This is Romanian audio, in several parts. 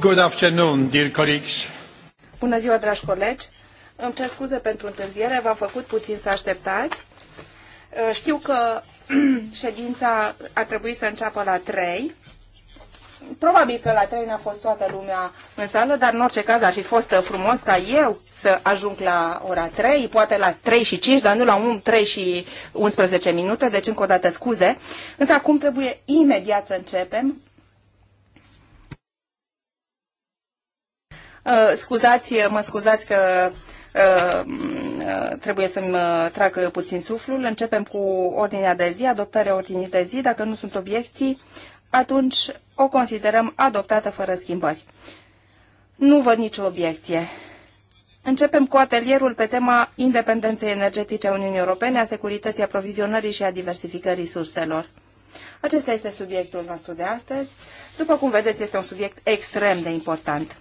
Good afternoon, dear colleagues. Bună ziua, dragi colegi. Îmi cer scuze pentru întârziere, v-am făcut puțin să așteptați. Uh, știu că ședința a trebuit să înceapă la 3. Probabil că la 3 n-a fost toată lumea în sală, dar în orice caz ar fi fost uh, frumos ca eu să ajung la ora 3, poate la 3 și 5, dar nu la 1, 3 și 11 minute, deci încă o dată scuze. Însă acum trebuie imediat să începem Uh, scuzați, mă scuzați că uh, uh trebuie să-mi uh, trag puțin suflul. Începem cu ordinea de zi, adoptarea ordinii de zi. Dacă nu sunt obiecții, atunci o considerăm adoptată fără schimbări. Nu văd nicio obiecție. Începem cu atelierul pe tema independenței energetice a Uniunii Europene, a securității aprovizionării și a diversificării surselor. Acesta este subiectul nostru de astăzi. După cum vedeți, este un subiect extrem de important.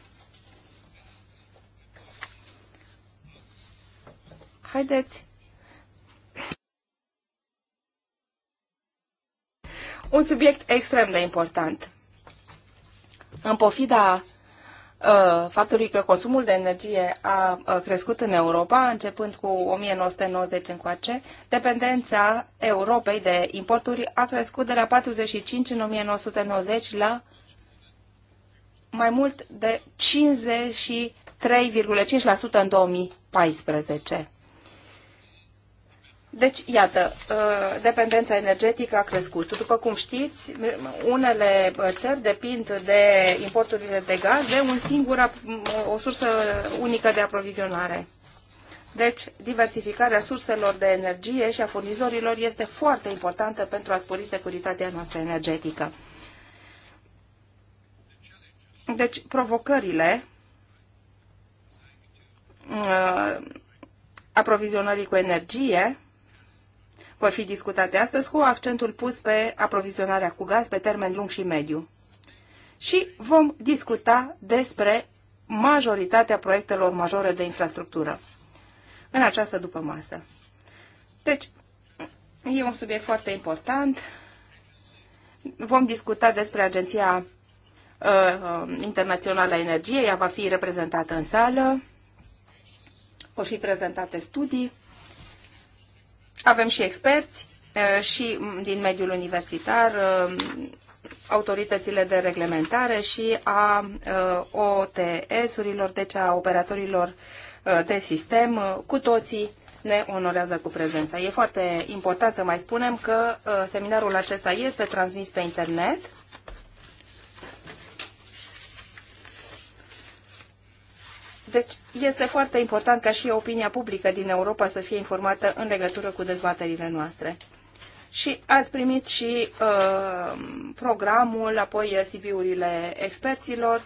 Haideți un subiect extrem de important. În pofida uh, faptului că consumul de energie a uh, crescut în Europa, începând cu 1990 încoace, dependența Europei de importuri a crescut de la 45 în 1990 la mai mult de 53,5% în 2014. Deci, iată, ă, dependența energetică a crescut. După cum știți, unele ă, țări depind de importurile de gaz de un singur, o sursă unică de aprovizionare. Deci, diversificarea surselor de energie și a furnizorilor este foarte importantă pentru a spori securitatea noastră energetică. Deci, provocările ă, aprovizionării cu energie vor fi discutate astăzi cu accentul pus pe aprovizionarea cu gaz pe termen lung și mediu. Și vom discuta despre majoritatea proiectelor majore de infrastructură în această după masă. Deci, e un subiect foarte important. Vom discuta despre Agenția uh, uh, Internațională a Energiei. Ea va fi reprezentată în sală. Vor fi prezentate studii avem și experți uh, și din mediul universitar, uh, autoritățile de reglementare și a uh, OTS-urilor, deci a operatorilor de sistem, cu toții ne onorează cu prezența. E foarte important să mai spunem că seminarul acesta este transmis pe internet Deci este foarte important ca și opinia publică din Europa să fie informată în legătură cu dezbaterile noastre. Și ați primit și uh, programul, apoi CV-urile experților,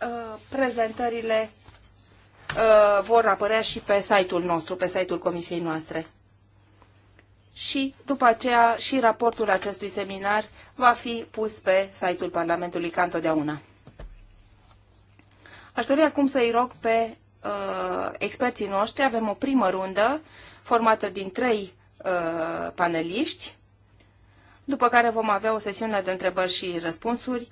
uh, prezentările uh, vor apărea și pe site-ul nostru, pe site-ul comisiei noastre. Și după aceea și raportul acestui seminar va fi pus pe site-ul Parlamentului ca întotdeauna. Aș dori acum să-i rog pe uh, experții noștri. Avem o primă rundă formată din trei uh, paneliști, după care vom avea o sesiune de întrebări și răspunsuri.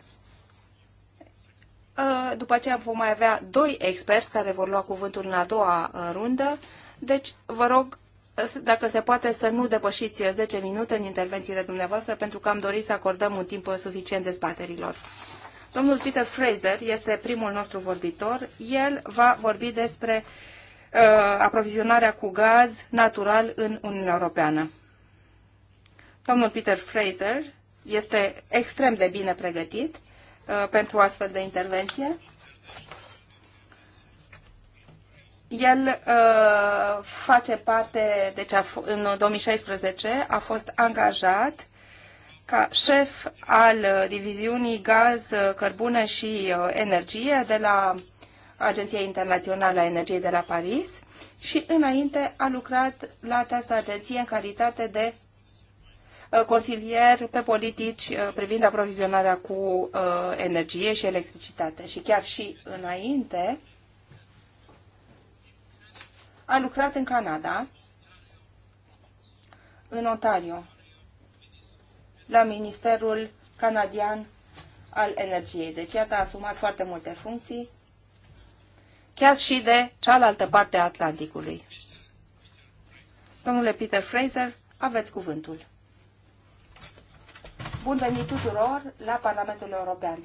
Uh, după aceea vom mai avea doi experți care vor lua cuvântul în a doua uh, rundă. Deci, vă rog, uh, dacă se poate, să nu depășiți 10 uh, minute în intervențiile dumneavoastră, pentru că am dorit să acordăm un timp uh, suficient dezbaterilor. Domnul Peter Fraser este primul nostru vorbitor. El va vorbi despre uh, aprovizionarea cu gaz natural în Uniunea Europeană. Domnul Peter Fraser este extrem de bine pregătit uh, pentru astfel de intervenție. El uh, face parte, deci a, în 2016 a fost angajat ca șef al uh, diviziunii gaz, uh, cărbune și uh, energie de la Agenția Internațională a Energiei de la Paris și înainte a lucrat la această agenție în calitate de consilier pe politici privind aprovizionarea cu energie și electricitate. Și chiar și înainte a lucrat în Canada, în Ontario, la Ministerul Canadian al Energiei. Deci, iată, a asumat foarte multe funcții, chiar și de cealaltă parte a Atlanticului. Domnule Peter Fraser, aveți cuvântul. Bun venit tuturor la Parlamentul European.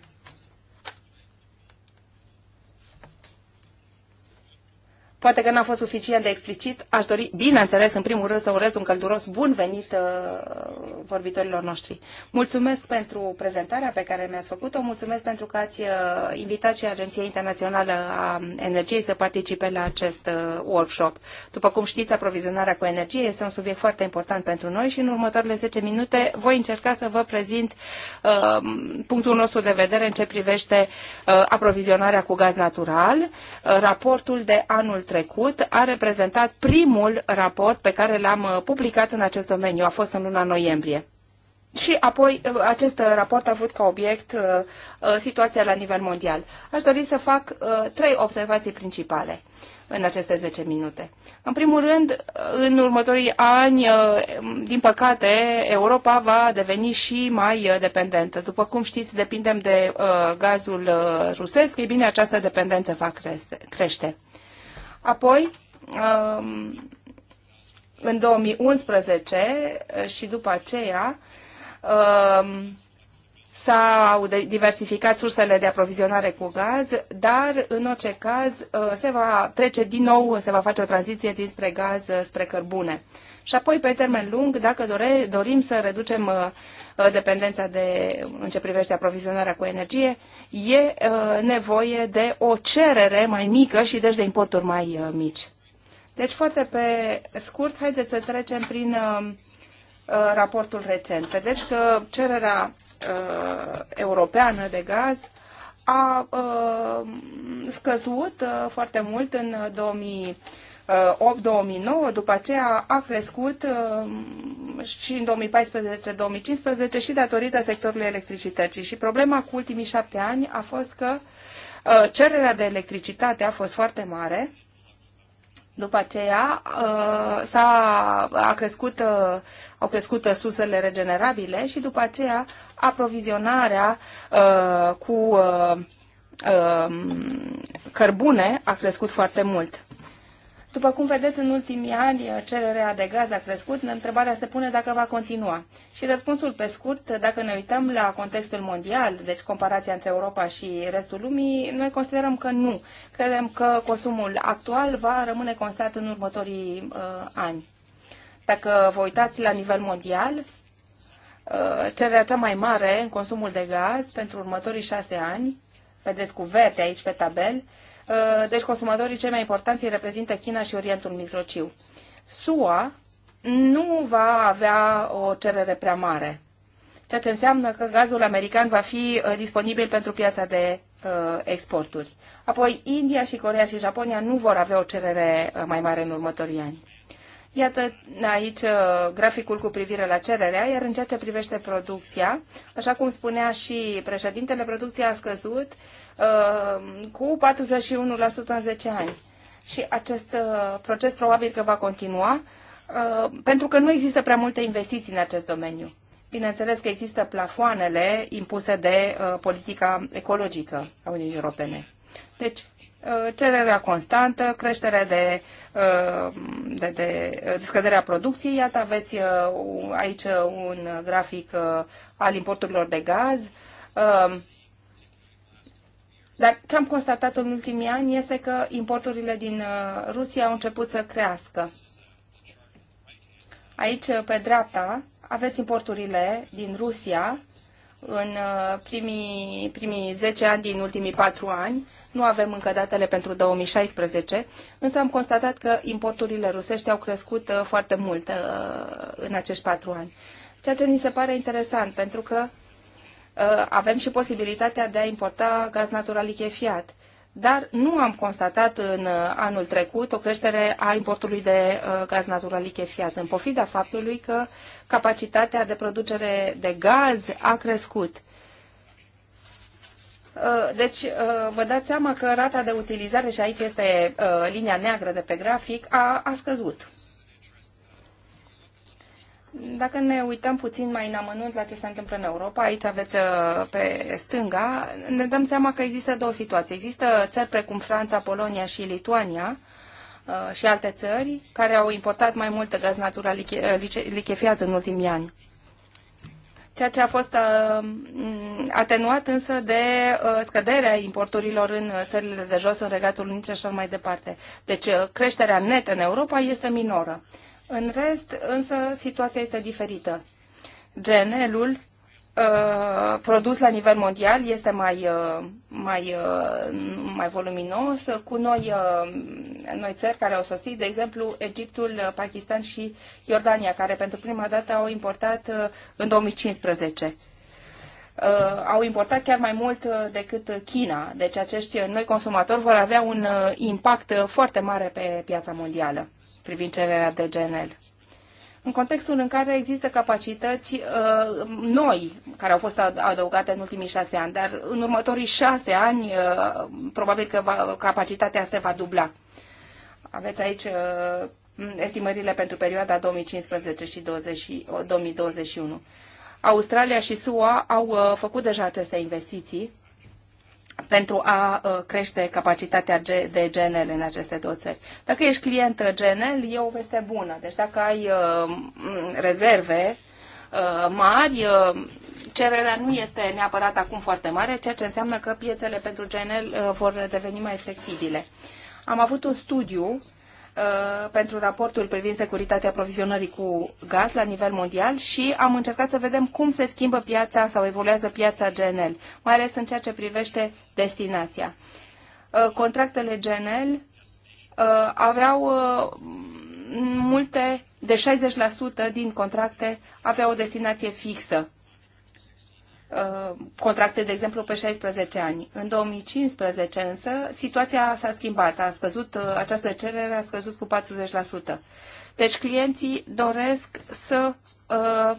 Poate că n-a fost suficient de explicit. Aș dori, bineînțeles, în primul rând să urez un călduros bun venit uh, vorbitorilor noștri. Mulțumesc pentru prezentarea pe care mi-ați făcut-o, mulțumesc pentru că ați uh, invitat și Agenția Internațională a Energiei să participe la acest uh, workshop. După cum știți, aprovizionarea cu energie este un subiect foarte important pentru noi și în următoarele 10 minute voi încerca să vă prezint uh, punctul nostru de vedere în ce privește uh, aprovizionarea cu gaz natural, uh, raportul de anul trecut a reprezentat primul raport pe care l-am uh, publicat în acest domeniu. A fost în luna noiembrie. Și apoi uh, acest uh, raport a avut ca obiect situația la nivel mondial. Aș dori să fac trei observații principale în aceste 10 minute. În primul rând, în următorii ani, din păcate, Europa va deveni și mai dependentă. După cum știți, depindem de gazul rusesc, ei bine, această dependență va crește. Apoi, um, în 2011 și după aceea, um, s-au diversificat sursele de aprovizionare cu gaz, dar în orice caz uh, se va trece din nou, se va face o tranziție dinspre gaz uh, spre cărbune. Și apoi, pe termen lung, dacă dore, dorim să reducem uh, dependența de, în ce privește aprovizionarea cu energie, e nevoie de o cerere mai mică și deci de importuri mai mici. Deci, foarte pe scurt, haideți să trecem prin raportul recent. Vedeți că cererea Uh, europeană de gaz a uh, scăzut uh, foarte mult în 2000 2008-2009, după aceea a crescut și în 2014-2015 și datorită sectorului electricității. Și problema cu ultimii șapte ani a fost că cererea de electricitate a fost foarte mare, după aceea s-a, a crescut, au crescut susele regenerabile și după aceea aprovizionarea uh, cu uh, uh, cărbune a crescut foarte mult. După cum vedeți, în ultimii ani uh, cererea de gaz a crescut, întrebarea se pune dacă va continua. Și răspunsul pe scurt, dacă ne uităm la contextul mondial, deci comparația între Europa și restul lumii, noi considerăm că nu. Credem că consumul actual va rămâne constat în următorii uh, ani. Dacă vă uitați la nivel mondial, Uh, cererea cea mai mare în consumul de gaz pentru următorii șase ani, vedeți cu verde aici pe tabel, uh, deci consumatorii cei mai importanți îi reprezintă China și Orientul Mijlociu. SUA nu va avea o cerere prea mare, ceea ce înseamnă că gazul american va fi uh, disponibil pentru piața de exporturi. Apoi India și Corea și Japonia nu vor avea o cerere mai mare în următorii ani. Iată aici uh, graficul cu privire la cererea, iar în ceea ce privește producția, așa cum spunea și președintele, producția a scăzut uh, cu 41% în 10 ani. Și acest uh, proces probabil că va continua, pentru că nu există prea multe investiții în acest domeniu. Bineînțeles că există plafoanele impuse de politica ecologică a Uniunii Europene. Deci, Uh, cererea constantă, creșterea de, uh, de, de uh, scăderea producției. Iată, aveți aici un grafic al importurilor de gaz. Dar ce am constatat în ultimii ani este că importurile din Rusia au început să crească. Aici, pe dreapta, aveți importurile din Rusia în primii, primii 10 ani din ultimii 4 ani nu avem încă datele pentru 2016, însă am constatat că importurile rusești au crescut uh, foarte mult uh, în acești patru ani. Ceea ce ni se pare interesant, pentru că uh, avem și posibilitatea de a importa gaz natural lichefiat. Dar nu am constatat în anul trecut o creștere a importului de gaz natural lichefiat, în pofida faptului că capacitatea de producere de gaz a crescut Uh, deci, uh, vă dați seama că rata de utilizare, și aici este uh, linia neagră de pe grafic, a, a scăzut. Dacă ne uităm puțin mai în amănunt la ce se întâmplă în Europa, aici aveți pe stânga, ne dăm seama că există două situații. Există țări precum Franța, Polonia și Lituania și alte țări care au importat mai mult gaz natural lichefiat în ultimii ani ceea ce a fost uh, atenuat însă de uh, scăderea importurilor în uh, țările de jos, în Regatul Unit și așa mai departe. Deci creșterea netă în Europa este minoră. În rest, însă, situația este diferită. GNL-ul Uh, produs la nivel mondial este mai, uh, mai, uh, mai voluminos cu noi, noi țări care au sosit, de exemplu Egiptul, Pakistan și Iordania, care pentru prima dată au importat în 2015 au importat chiar mai mult decât China. Deci acești noi consumatori vor avea un impact foarte mare pe piața mondială privind cererea de GNL în contextul în care există capacități uh, noi care au fost adăugate în ultimii șase ani, dar în următorii șase ani uh, probabil că va, capacitatea se va dubla. Aveți aici uh, estimările pentru perioada 2015 și 20, 2021. Australia și SUA au uh, făcut deja aceste investiții pentru a uh, crește capacitatea de GNL în aceste două țări. Dacă ești client uh, GNL, e o veste bună. Deci dacă ai uh, rezerve mari, cererea nu este neapărat acum foarte mare, ceea ce înseamnă că piețele pentru GNL vor deveni mai flexibile. Am avut un studiu Uh, pentru raportul privind securitatea aprovizionării cu gaz la nivel mondial și am încercat să vedem cum se schimbă piața sau evoluează piața GNL, mai ales în ceea ce privește destinația. Uh, contractele GNL uh, aveau multe de 60% din contracte aveau o destinație fixă Uh, contracte, de exemplu, pe 16 ani. În 2015 însă, situația s-a schimbat, a scăzut, uh, această cerere a scăzut cu 40%. Deci clienții doresc să uh,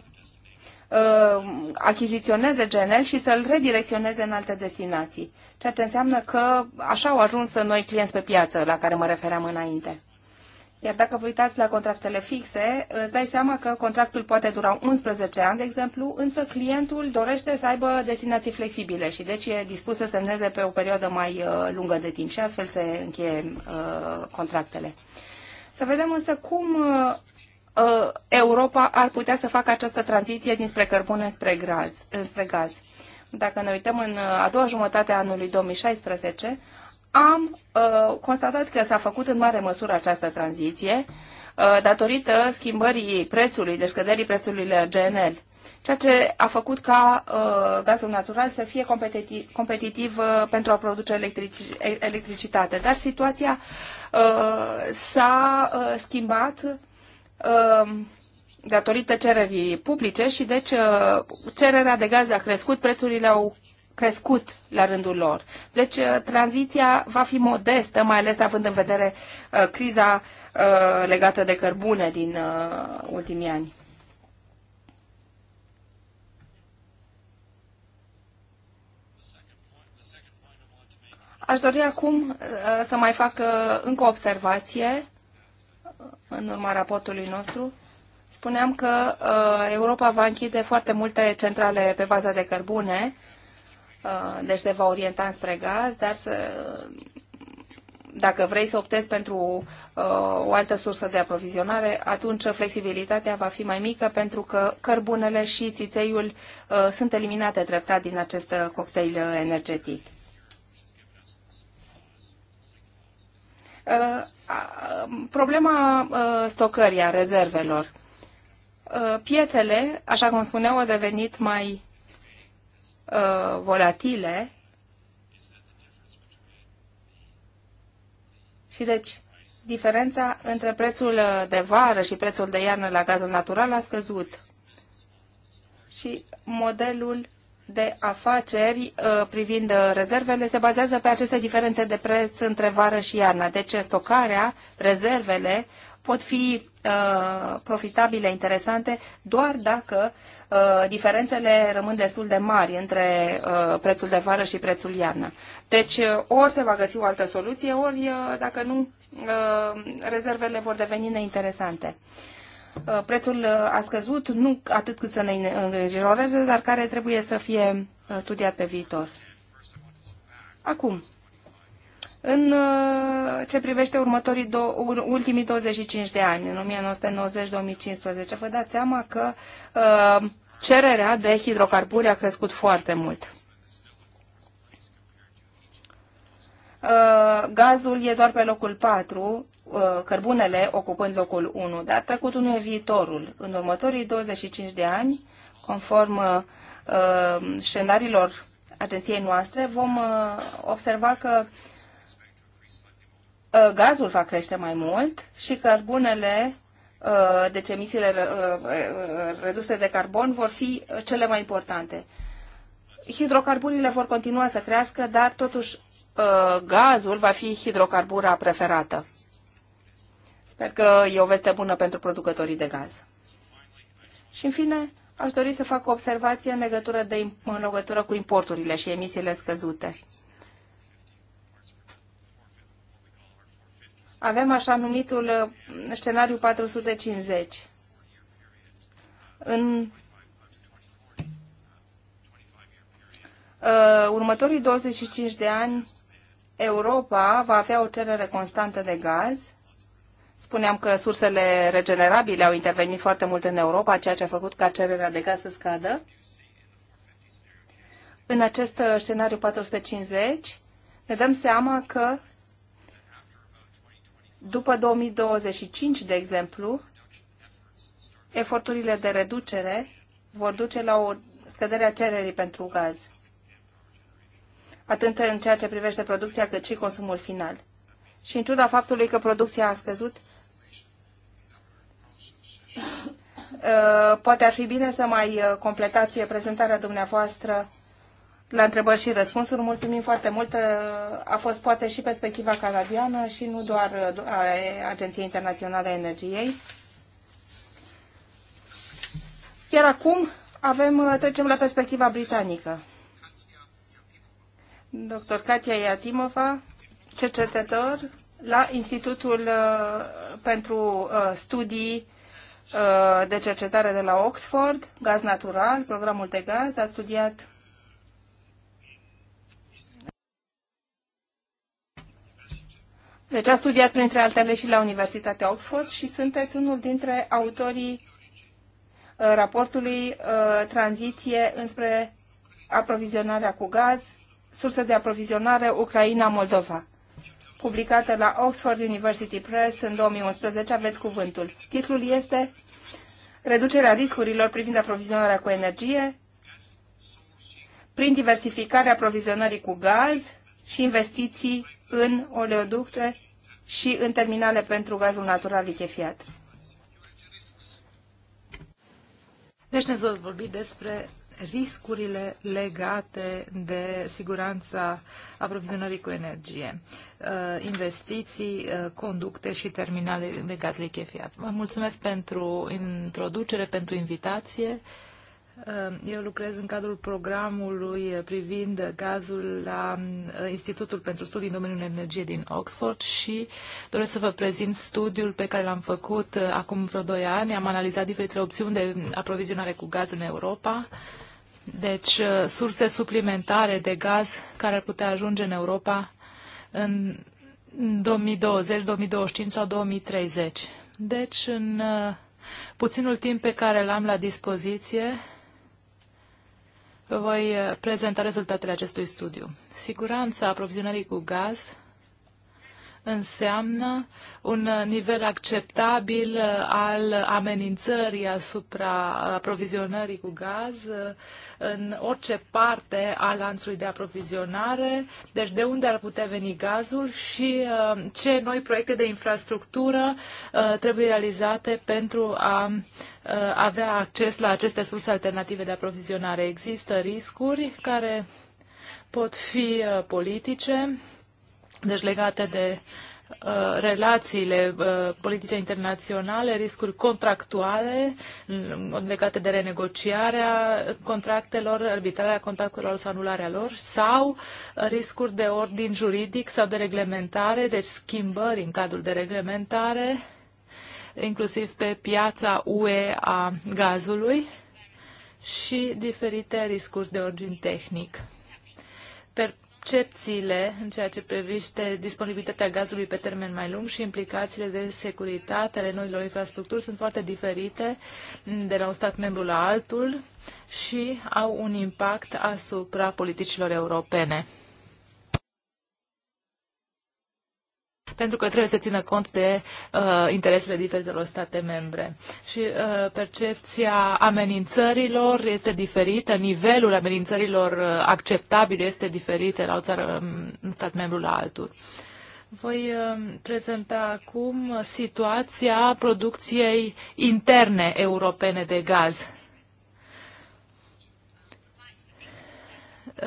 uh, achiziționeze GNL și să-l redirecționeze în alte destinații. Ceea ce înseamnă că așa au ajuns noi clienți pe piață, la care mă refeream înainte. Iar dacă vă uitați la contractele fixe, îți dai seama că contractul poate dura 11 ani, de exemplu, însă clientul dorește să aibă destinații flexibile și deci e dispus să semneze pe o perioadă mai uh, lungă de timp și astfel se încheie uh, contractele. Să vedem însă cum uh, uh Europa ar putea să facă această tranziție dinspre cărbune spre gaz. Spre gaz. Dacă ne uităm în uh, a doua jumătate a anului 2016, am uh, constatat că s-a făcut în mare măsură această tranziție uh, datorită schimbării prețului, deci scăderii prețului la GNL, ceea ce a făcut ca uh, gazul natural să fie competitiv, competitiv uh, pentru a produce electric, electricitate. Dar situația uh, s-a uh, schimbat uh, datorită cererii publice și deci uh, cererea de gaze a crescut, prețurile au crescut la rândul lor. Deci, uh, tranziția va fi modestă, mai ales având în vedere uh, criza uh, legată de cărbune din uh, ultimii ani. Aș dori acum uh, să mai fac uh, încă o observație în urma raportului nostru. Spuneam că Europa va închide foarte multe centrale pe baza de cărbune, Uh, deci se va orienta spre gaz, dar să, dacă vrei să optezi pentru uh, o altă sursă de aprovizionare, atunci flexibilitatea va fi mai mică pentru că cărbunele și țițeiul uh, sunt eliminate treptat din acest cocktail energetic. Problema stocării a rezervelor. Piețele, așa cum spuneau, au devenit mai Uh, volatile și deci diferența între prețul de vară și prețul de iarnă la gazul natural a scăzut și modelul de afaceri uh, privind rezervele se bazează pe aceste diferențe de preț între vară și iarnă. Deci stocarea, rezervele pot fi Uh, profitabile, interesante, doar dacă uh, diferențele rămân destul de mari între uh, prețul de vară și prețul iarnă. Deci ori se va găsi o altă soluție, ori dacă nu, rezervele vor deveni neinteresante prețul a scăzut, nu atât cât să ne îngrijoreze, dar care trebuie să fie studiat pe viitor. Acum, în uh, ce privește următorii do, ultimii 25 de ani, în 1990-2015. Vă dați seama că uh, cererea de hidrocarburi a crescut foarte mult. Uh, gazul e doar pe locul 4, uh, cărbunele ocupând locul 1, dar trecutul nu e viitorul. În următorii 25 de ani, conform uh, scenariilor agenției noastre, vom uh, observa că Uh, gazul va crește mai mult și cărbunele, uh, deci emisiile uh, reduse de carbon, vor fi cele mai importante. Hidrocarburile vor continua să crească, dar totuși gazul va fi hidrocarbura preferată. Sper că e o veste bună pentru producătorii de gaz. Și în fine, aș dori să fac o observație în legătură, de, în legătură cu importurile și emisiile scăzute. Avem așa numitul uh, scenariu 450. În uh, următorii 25 de ani, Europa va avea o cerere constantă de gaz. Spuneam că sursele regenerabile au intervenit foarte mult în Europa, ceea ce a făcut ca cererea de gaz să scadă. În acest uh, scenariu 450 ne dăm seama că după 2025, de exemplu, eforturile de reducere vor duce la o scădere a cererii pentru gaz, atât în ceea ce privește producția, cât și consumul final. Și în ciuda faptului că producția a scăzut, uh, poate ar fi bine să mai uh, completați prezentarea dumneavoastră la întrebări și răspunsuri. Mulțumim foarte mult. A fost poate și perspectiva canadiană și nu doar a Agenției Internaționale a Energiei. Iar acum avem, trecem la perspectiva britanică. Dr. Katia Iatimova, cercetător la Institutul uh, pentru uh, Studii uh, de Cercetare de la Oxford, Gaz Natural, programul de gaz, a studiat Deci a studiat printre altele și la Universitatea Oxford și sunteți unul dintre autorii uh, raportului uh, Tranziție înspre aprovizionarea cu gaz, sursă de aprovizionare Ucraina-Moldova. Publicată la Oxford University Press în 2011, aveți cuvântul. Titlul este Reducerea riscurilor privind aprovizionarea cu energie prin diversificarea aprovizionării cu gaz și investiții în oleoducte și în terminale pentru gazul natural lichefiat. Deci ne vom vorbi despre riscurile legate de siguranța aprovizionării cu energie, uh, investiții, uh, conducte și terminale de gaz lichefiat. Vă mulțumesc pentru introducere, pentru invitație. Ehm, eu lucrez în cadrul programului privind gazul la eh, Institutul pentru Studii în domeniul energiei din Oxford și doresc să vă prezint studiul pe care l-am făcut eh, acum vreo 2 ani. Am analizat diferite opțiuni de aprovizionare cu gaz în Europa. Deci, eh, surse suplimentare de gaz care ar putea ajunge în Europa în 2020, 2025 sau 2030. Deci, în puținul timp pe care l-am la dispoziție, Vă voi eh, prezenta rezultatele acestui studiu. Siguranța aprovizionării cu gaz înseamnă un nivel acceptabil uh, al amenințării asupra aprovizionării cu gaz uh, în orice parte a lanțului de aprovizionare, deci de unde ar putea veni gazul și uh, ce noi proiecte de infrastructură trebuie realizate pentru a avea acces la aceste surse alternative de aprovizionare. Există riscuri care pot fi politice, deci legate de uh, relațiile uh, politice internaționale, riscuri contractuale mm, legate de renegociarea contractelor, arbitrarea contractelor sau anularea lor, sau riscuri de ordin juridic sau de reglementare, deci schimbări în cadrul de reglementare, inclusiv pe piața UE a gazului și diferite riscuri de ordin tehnic excepțiile în ceea ce privește disponibilitatea gazului pe termen mai lung și implicațiile de securitate ale noilor infrastructuri sunt foarte diferite de la un stat membru la altul și au un impact asupra politicilor europene. pentru că trebuie să țină cont de uh, interesele diferitelor state membre. Și uh, percepția amenințărilor este diferită, nivelul amenințărilor uh, acceptabil este diferit la o țară, un um, stat membru la altul. Voi uh, prezenta acum situația producției interne europene de gaz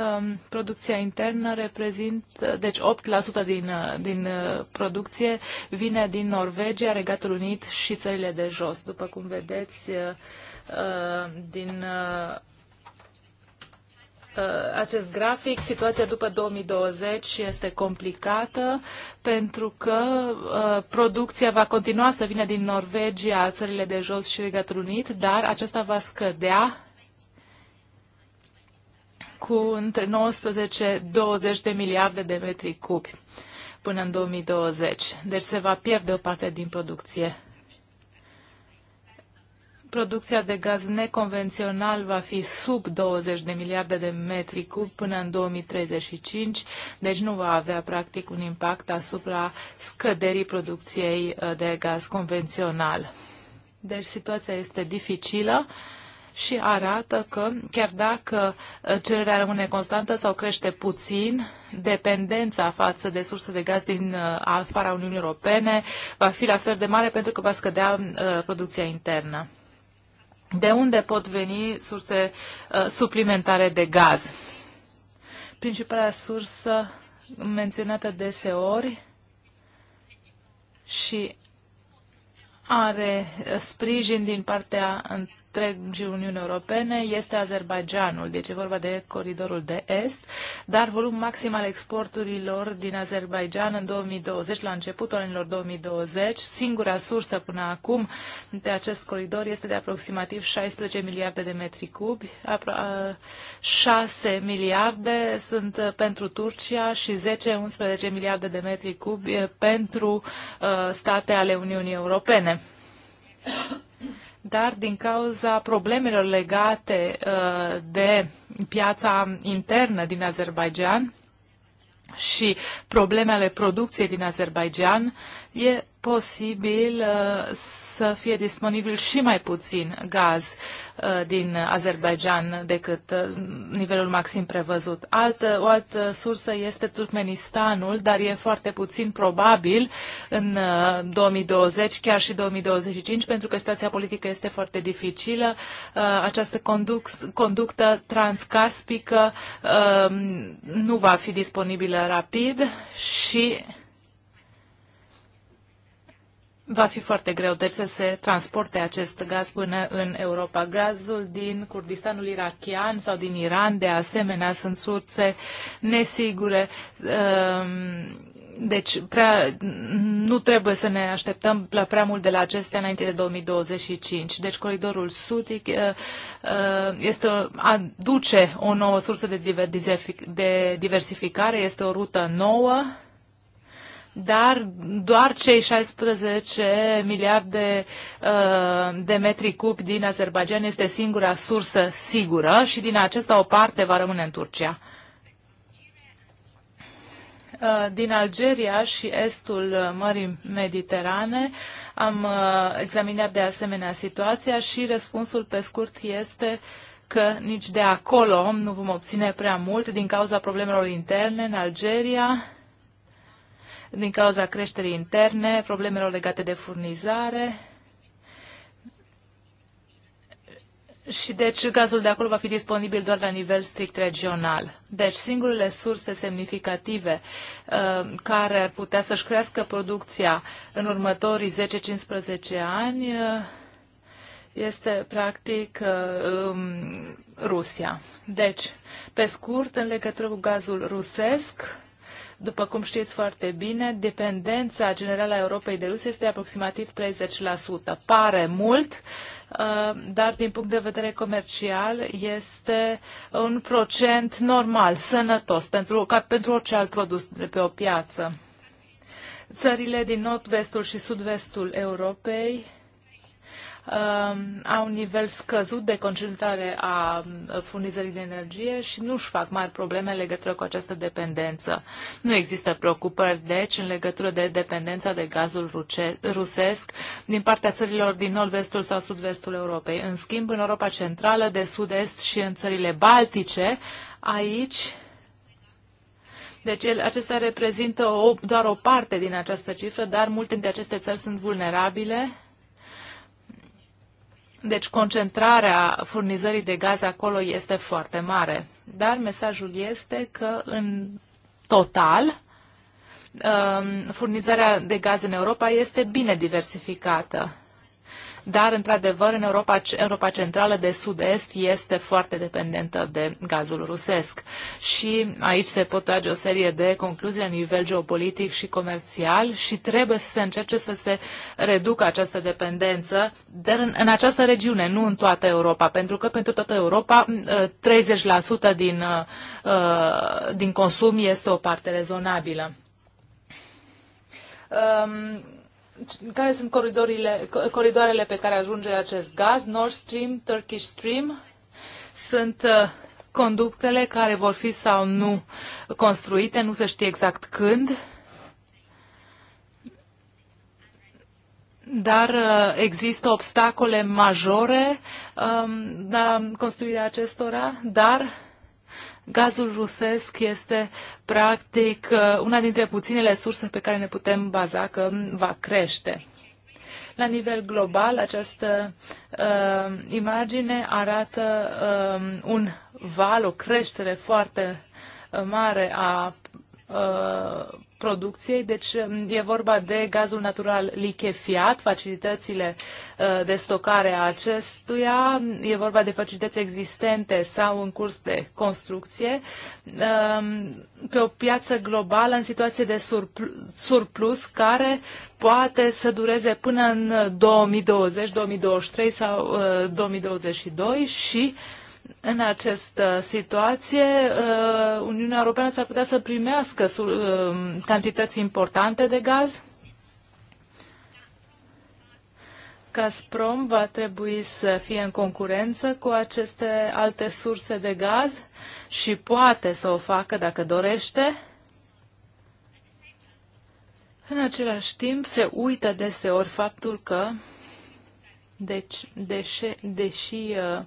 um, producția internă reprezintă, deci 8% din, uh, din uh, producție vine din Norvegia, Regatul Unit și țările de jos. După cum vedeți, uh, uh din uh, acest grafic, situația după 2020 este complicată pentru că uh, producția va continua să vină din Norvegia, țările de jos și Regatul Unit, dar aceasta va scădea cu între 19-20 de miliarde de metri cubi până în 2020. Deci se va pierde o parte din producție. Producția de gaz neconvențional va fi sub 20 de miliarde de metri cub până în 2035, deci nu va avea practic un impact asupra scăderii producției uh, de gaz convențional. Deci situația este dificilă și arată că chiar dacă uh, cererea rămâne constantă sau crește puțin, dependența față de surse de gaz din uh, afara Uniunii Europene va fi la fel de mare pentru că va scădea uh, producția internă. De unde pot veni surse suplimentare de gaz? Principala sursă menționată deseori și are sprijin din partea întregii Uniuni Europene este Azerbaijanul, deci e vorba de coridorul de est, dar volum maxim al exporturilor din Azerbaijan în 2020, la începutul anilor 2020, singura sursă până acum de acest coridor este de aproximativ 16 miliarde de metri cubi, 6 miliarde sunt pentru Turcia și 10-11 miliarde de metri cubi pentru uh, state ale Uniunii Europene dar din cauza problemelor legate uh, de piața internă din Azerbaijan și probleme ale producției din Azerbaijan, e posibil uh, să fie disponibil și mai puțin gaz. Uh, din Azerbaijan decât uh, nivelul maxim prevăzut. Altă, o altă sursă este Turkmenistanul, dar e foarte puțin probabil în 2020, uh, chiar și 2025, pentru că situația politică este foarte dificilă. Această conduc, conductă transcaspică nu va fi disponibilă rapid și va fi foarte greu deci să se transporte acest gaz până în Europa. Gazul din Kurdistanul irachian sau din Iran, de asemenea, sunt surse nesigure. Ehm, deci prea, nu trebuie să ne așteptăm la prea mult de la acestea înainte de 2025. Deci coridorul sudic este, aduce o nouă sursă de diversificare, este o rută nouă dar doar cei 16 miliarde uh, de metri cub din Azerbaijan este singura sursă sigură și din acesta o parte va rămâne în Turcia uh, din Algeria și estul Mării Mediterane. Am uh, examinat de asemenea situația și răspunsul pe scurt este că nici de acolo nu vom obține prea mult din cauza problemelor interne în Algeria din cauza creșterii interne, problemelor legate de furnizare. Și deci gazul de acolo va fi disponibil doar la nivel strict regional. Deci singurele surse semnificative uh, care ar putea să-și crească producția în următorii 10-15 ani uh, este practic uh, um, Rusia. Deci, pe scurt, în legătură cu gazul rusesc, după cum știți foarte bine, dependența generală a Europei de Rusia este aproximativ 30%. Pare mult, uh, dar din punct de vedere comercial este un procent normal, sănătos, pentru, ca pentru orice alt produs de pe o piață. Țările din nord-vestul și sud-vestul Europei Um, au un nivel scăzut de concentrare a uh, furnizării de energie și nu-și fac mari probleme în legătură cu această dependență. Nu există preocupări, deci, în legătură de dependența de gazul rusesc din partea țărilor din nord-vestul sau sud-vestul Europei. În schimb, în Europa Centrală, de sud-est și în țările Baltice, aici deci el, acesta reprezintă o, doar o parte din această cifră, dar multe dintre aceste țări sunt vulnerabile deci concentrarea furnizării de gaze acolo este foarte mare. Dar mesajul este că în total um, furnizarea de gaze în Europa este bine diversificată dar, într-adevăr, în Europa, Europa Centrală de Sud-Est este foarte dependentă de gazul rusesc. Și aici se pot trage o serie de concluzii la nivel geopolitic și comercial și trebuie să se încerce să se reducă această dependență, dar în, în această regiune, nu în toată Europa, pentru că pentru toată Europa 30% ă, din, ă, ă, din consum este o parte rezonabilă care sunt coridorile, coridoarele pe care ajunge acest gaz, Nord Stream, Turkish Stream, sunt uh, conductele care vor fi sau nu construite, nu se știe exact când, dar uh, există obstacole majore um, la construirea acestora, dar Gazul rusesc este practic una dintre puținele surse pe care ne putem baza că va crește. La nivel global, această uh, imagine arată uh, un val, o creștere foarte uh, mare a uh, producției, deci um, e vorba de gazul natural lichefiat, facilitățile uh, de stocare a acestuia, e vorba de facilități existente sau în curs de construcție, um, pe o piață globală în situație de surplus care poate să dureze până în 2020, 2023 sau 2022 uh, și în această situație, uh, Uniunea Europeană s-ar putea să primească uh, cantități importante de gaz? Gazprom va trebui să fie în concurență cu aceste alte surse de gaz și poate să o facă dacă dorește. În același timp, se uită deseori faptul că, deci, deși, deși uh,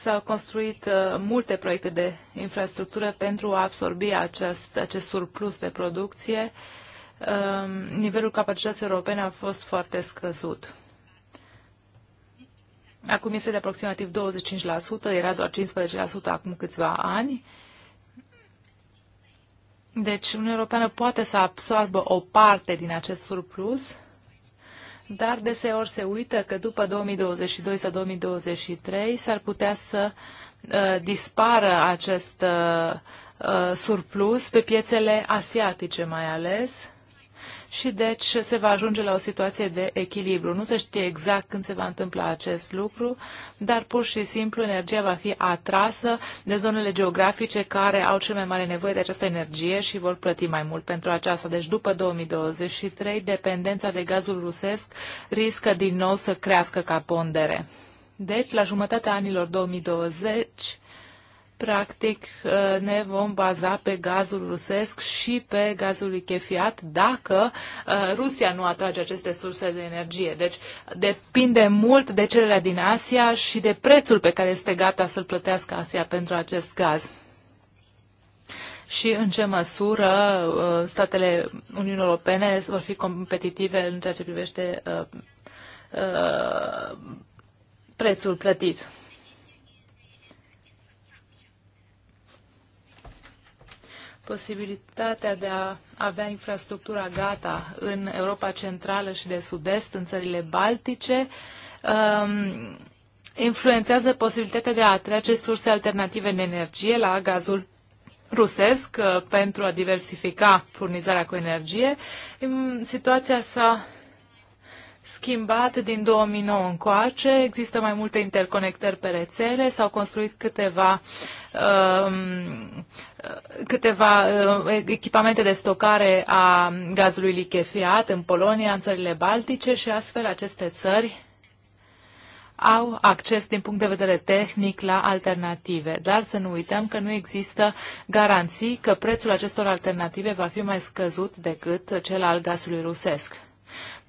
S-au construit uh, multe proiecte de infrastructură pentru a absorbi acest, acest surplus de producție. Um, nivelul capacității europene a fost foarte scăzut. Acum este de aproximativ 25%, era doar 15% acum câțiva ani. Deci Uniunea Europeană poate să absorbă o parte din acest surplus dar deseori se uită că după 2022 sau 2023 s-ar putea să uh, dispară acest uh, uh surplus pe piețele asiatice mai ales și deci se va ajunge la o situație de echilibru. Nu se știe exact când se va întâmpla acest lucru, dar pur și simplu energia va fi atrasă de zonele geografice care au cel mai mare nevoie de această energie și vor plăti mai mult pentru aceasta. Deci după 2023, dependența de gazul rusesc riscă din nou să crească ca pondere. Deci, la jumătatea anilor 2020, Practic, uh, ne vom baza pe gazul rusesc și pe gazul lichefiat dacă uh, Rusia nu atrage aceste surse de energie. Deci, depinde mult de cererea din Asia și de prețul pe care este gata să-l plătească Asia pentru acest gaz și în ce măsură uh, statele Uniunii Europene vor fi competitive în ceea ce privește prețul plătit. posibilitatea de a avea infrastructura gata în Europa Centrală și de Sud-Est, în țările Baltice, um, influențează posibilitatea de a atrage surse alternative de energie la gazul rusesc uh, pentru a diversifica furnizarea cu energie. Situația s-a schimbat din 2009 încoace, există mai multe interconectări pe rețele, s-au construit câteva uh, câteva uh, echipamente de stocare a gazului lichefiat în Polonia, în țările Baltice și astfel aceste țări au acces din punct de vedere tehnic la alternative, dar să nu uităm că nu există garanții că prețul acestor alternative va fi mai scăzut decât cel al gazului rusesc.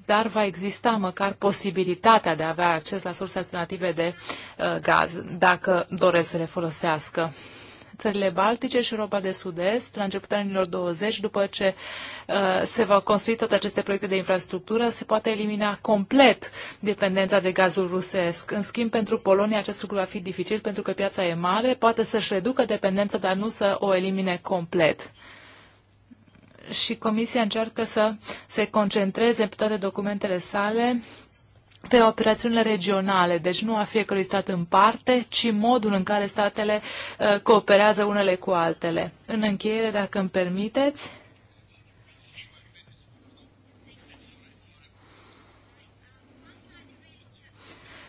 Dar va exista măcar posibilitatea de a avea acces la surse alternative de uh, gaz, dacă doresc să le folosească țările Baltice și Europa de Sud-Est la începutul anilor 20, după ce uh, se va construi toate aceste proiecte de infrastructură, se poate elimina complet dependența de gazul rusesc. În schimb, pentru Polonia acest lucru va fi dificil pentru că piața e mare, poate să-și reducă dependența, dar nu să o elimine complet și Comisia încearcă să se concentreze pe toate documentele sale pe operațiunile regionale, deci nu a fiecărui stat în parte, ci modul în care statele uh, cooperează unele cu altele. În încheiere, dacă îmi permiteți,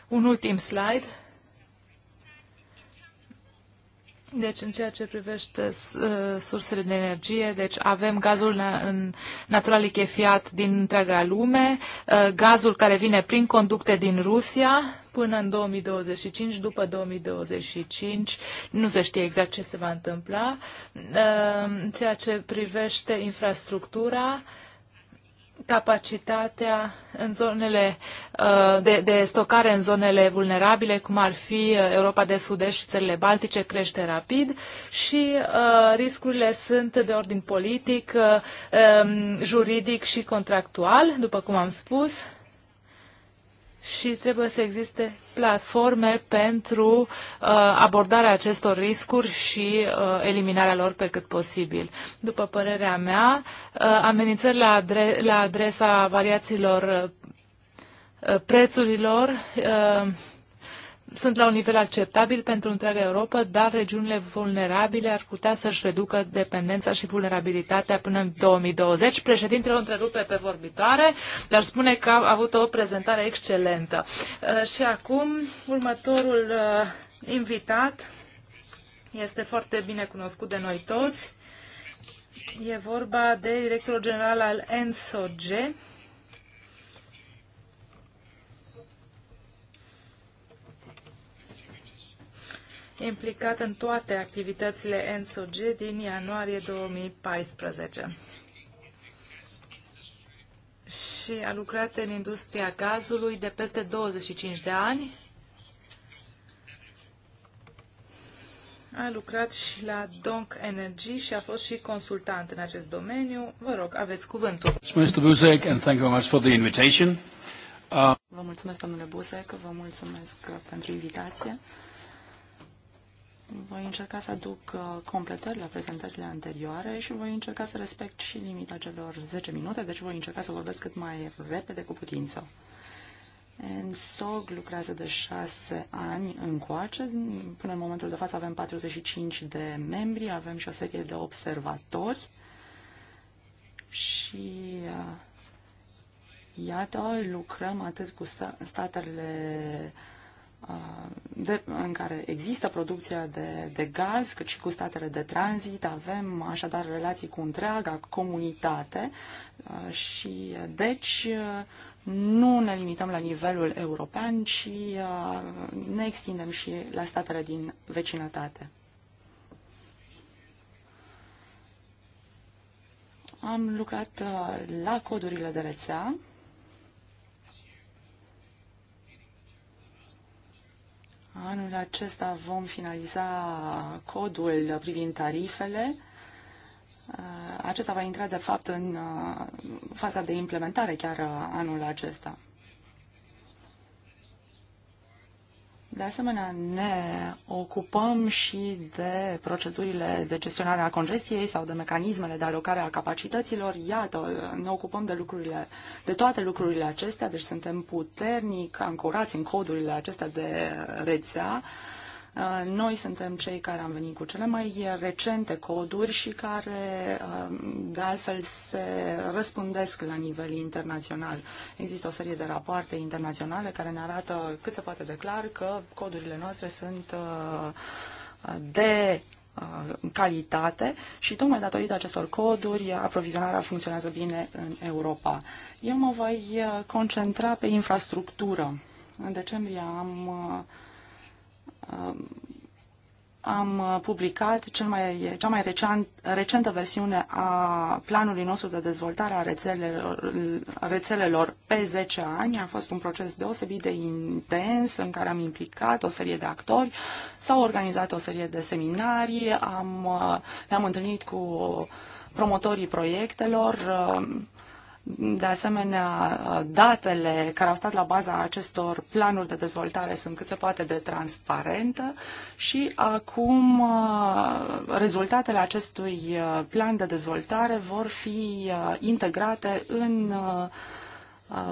un ultim slide. Deci, în ceea ce privește uh, sursele de energie, deci avem gazul natural lichefiat din întreaga lume, uh, gazul care vine prin conducte din Rusia până în 2025, după 2025, nu se știe exact ce se va întâmpla. Uh, în ceea ce privește infrastructura, capacitatea în zonele uh, de, de stocare în zonele vulnerabile, cum ar fi uh, Europa de Sud-Est și țările Baltice, crește rapid și uh, riscurile sunt de ordin politic, uh, um, juridic și contractual, după cum am spus și trebuie să existe platforme pentru uh, abordarea acestor riscuri și uh, eliminarea lor pe cât posibil. După părerea mea, uh, amenințări la, adre- la adresa variațiilor uh, prețurilor uh, sunt la un nivel acceptabil pentru întreaga Europa, dar regiunile vulnerabile ar putea să-și reducă dependența și vulnerabilitatea până în 2020. Președintele o întrerupe pe vorbitoare, dar spune că a avut o prezentare excelentă. Uh, și acum, următorul uh, invitat este foarte bine cunoscut de noi toți. E vorba de directorul general al ENSOG, implicat în toate activitățile NSOG din ianuarie 2014 și a lucrat în industria gazului de peste 25 de ani. A lucrat și la Donc Energy și a fost și consultant în acest domeniu. Vă rog, aveți cuvântul. Mr. and thank you very much for the invitation. Vă mulțumesc, domnule Buzek, vă mulțumesc pentru invitație. Voi încerca să aduc uh, completări la prezentările anterioare și voi încerca să respect și limita celor 10 minute, deci voi încerca să vorbesc cât mai repede cu putință. ENSOG lucrează de șase ani încoace. Până în momentul de față avem 45 de membri, avem și o serie de observatori și uh, iată, lucrăm atât cu statele Uh, de, în care există producția de, de gaz, cât și cu statele de tranzit. Avem așadar relații cu întreaga comunitate uh, și uh, deci nu ne limităm la nivelul european, ci ne extindem și la statele din vecinătate. Am lucrat la codurile de rețea Anul acesta vom finaliza codul privind tarifele. Acesta va intra, de fapt, în uh, faza de implementare chiar uh, anul acesta. De asemenea, ne ocupăm și de procedurile de gestionare a congestiei sau de mecanismele de alocare a capacităților. Iată, ne ocupăm de lucrurile, de toate lucrurile acestea, deci suntem puternic ancorați în codurile acestea de rețea. Uh, Uh, noi suntem cei care am venit cu cele mai recente coduri și care, uh, de altfel, se răspândesc la nivel internațional. Există o serie de rapoarte internaționale care ne arată cât se poate declar că codurile noastre sunt uh, de calitate și tocmai datorită acestor coduri aprovizionarea funcționează bine în Europa. Eu mă voi concentra pe infrastructură. În decembrie am uh, am uh, publicat cel mai, cea mai recent, recentă versiune a planului nostru de dezvoltare a rețelelor, rețelelor pe 10 ani. A fost un proces deosebit de intens în care am implicat o serie de actori, s-au organizat o serie de seminarii, am, uh, ne-am întâlnit cu promotorii proiectelor, uh, de asemenea, datele care au stat la baza acestor planuri de dezvoltare sunt cât se poate de transparentă și acum uh, rezultatele acestui uh, plan de dezvoltare vor fi uh, integrate în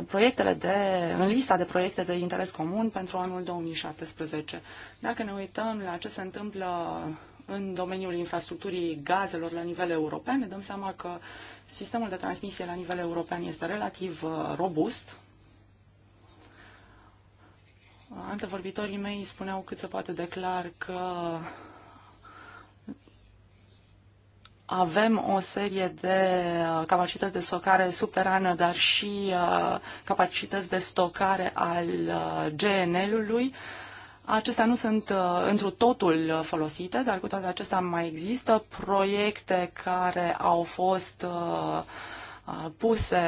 proiectele de, în lista de proiecte de interes comun pentru anul 2017. Dacă ne uităm la ce se întâmplă în domeniul infrastructurii gazelor la nivel european, ne dăm seama că sistemul de transmisie la nivel european este relativ uh, robust. Antevorbitorii mei spuneau cât se poate declar că avem o serie de uh, capacități de stocare subterană, dar și uh, capacități de stocare al GNL-ului. Acestea nu sunt uh, întru totul uh, folosite, dar cu toate acestea mai există proiecte care au fost uh, puse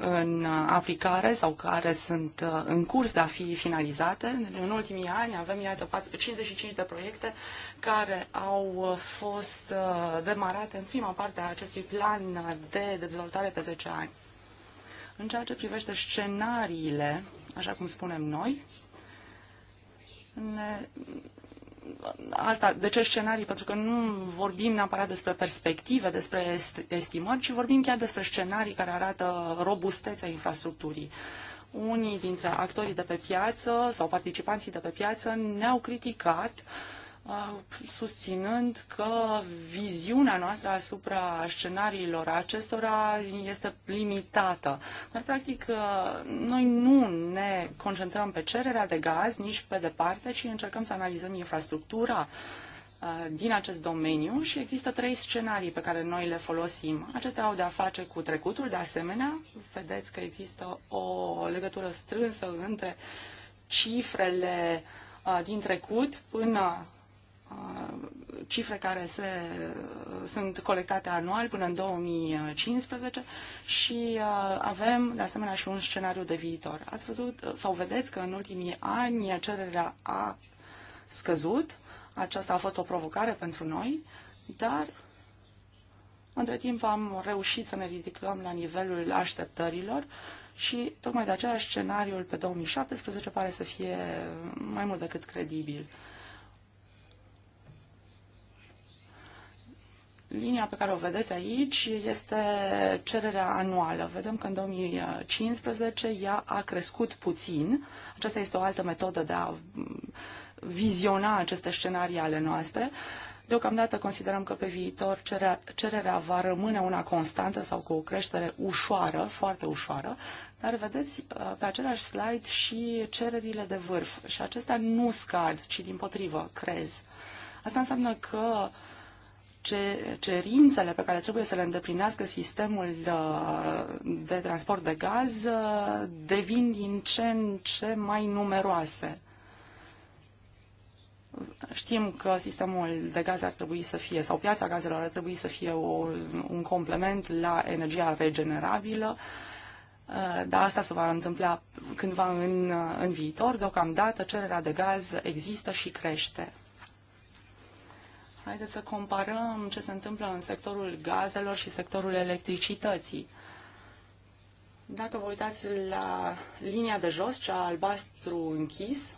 în aplicare sau care sunt în curs de a fi finalizate. Deci, în ultimii ani avem, iată, 55 de proiecte care au fost demarate în prima parte a acestui plan de dezvoltare pe 10 ani. În ceea ce privește scenariile, așa cum spunem noi, ne, asta, de ce scenarii? Pentru că nu vorbim neapărat despre perspective, despre estimări, ci vorbim chiar despre scenarii care arată robustețea infrastructurii. Unii dintre actorii de pe piață sau participanții de pe piață ne-au criticat uh, susținând că viziunea noastră asupra scenariilor acestora este limitată. Dar, practic, noi nu ne concentrăm pe cererea de gaz, nici pe departe, ci încercăm să analizăm infrastructura din acest domeniu și există trei scenarii pe care noi le folosim. Acestea au de-a face cu trecutul, de asemenea, vedeți că există o legătură strânsă între cifrele din trecut până cifre care se, sunt colectate anual până în 2015 și uh, avem de asemenea și un scenariu de viitor. Ați văzut uh, sau vedeți că în ultimii ani cererea a scăzut, aceasta a fost o provocare pentru noi, dar între timp am reușit să ne ridicăm la nivelul așteptărilor și tocmai de aceea scenariul pe 2017 pare să fie mai mult decât credibil. linia pe care o vedeți aici este cererea anuală. Vedem că în 2015 ea a crescut puțin. Aceasta este o altă metodă de a viziona aceste scenarii ale noastre. Deocamdată considerăm că pe viitor cererea, cererea va rămâne una constantă sau cu o creștere ușoară, foarte ușoară, dar vedeți uh, pe același slide și cererile de vârf și acestea nu scad, ci din potrivă crez. Asta înseamnă că uh, cerințele pe care trebuie să le îndeplinească sistemul uh, de transport de gaz uh, devin din ce în ce mai numeroase. Știm că sistemul de gaze ar trebui să fie, sau piața gazelor ar trebui să fie o, un complement la energia regenerabilă, uh, dar asta se va întâmpla cândva în, în viitor. Deocamdată cererea de gaz există și crește. Haideți să comparăm ce se întâmplă în sectorul gazelor și sectorul electricității. Dacă vă uitați la linia de jos, cea albastru închis,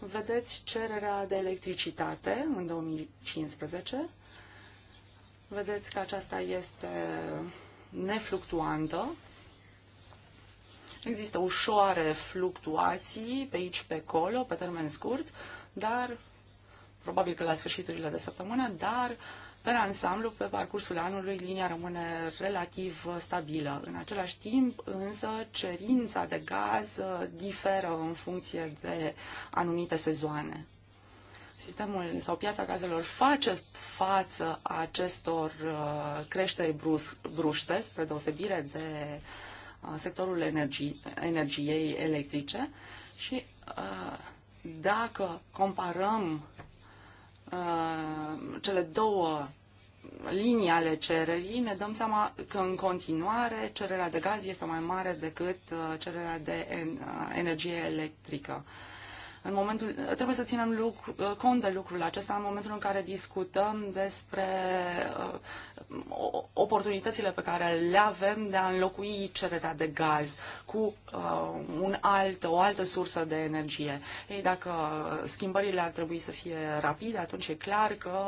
vedeți cererea de electricitate în 2015. Vedeți că aceasta este nefluctuantă. Există ușoare fluctuații pe aici, pe acolo, pe termen scurt, dar probabil că la sfârșiturile de săptămână, dar pe ansamblu, pe parcursul anului, linia rămâne relativ stabilă. În același timp, însă, cerința de gaz uh, diferă în funcție de anumite sezoane. Sistemul sau piața gazelor face față acestor uh, creșteri bruște, spre deosebire de uh, sectorul energie, energiei electrice și dacă comparăm Uh, cele două linii ale cererii, ne dăm seama că în continuare cererea de gaz este mai mare decât uh, cererea de uh, energie electrică. Uh, în momentul, trebuie să ținem lucru, uh, cont de lucrul acesta în momentul în care discutăm despre uh, oportunitățile pe care le avem de a înlocui cererea de gaz cu uh, un alt, o altă sursă de energie. Ei, dacă schimbările ar trebui să fie rapide, atunci e clar că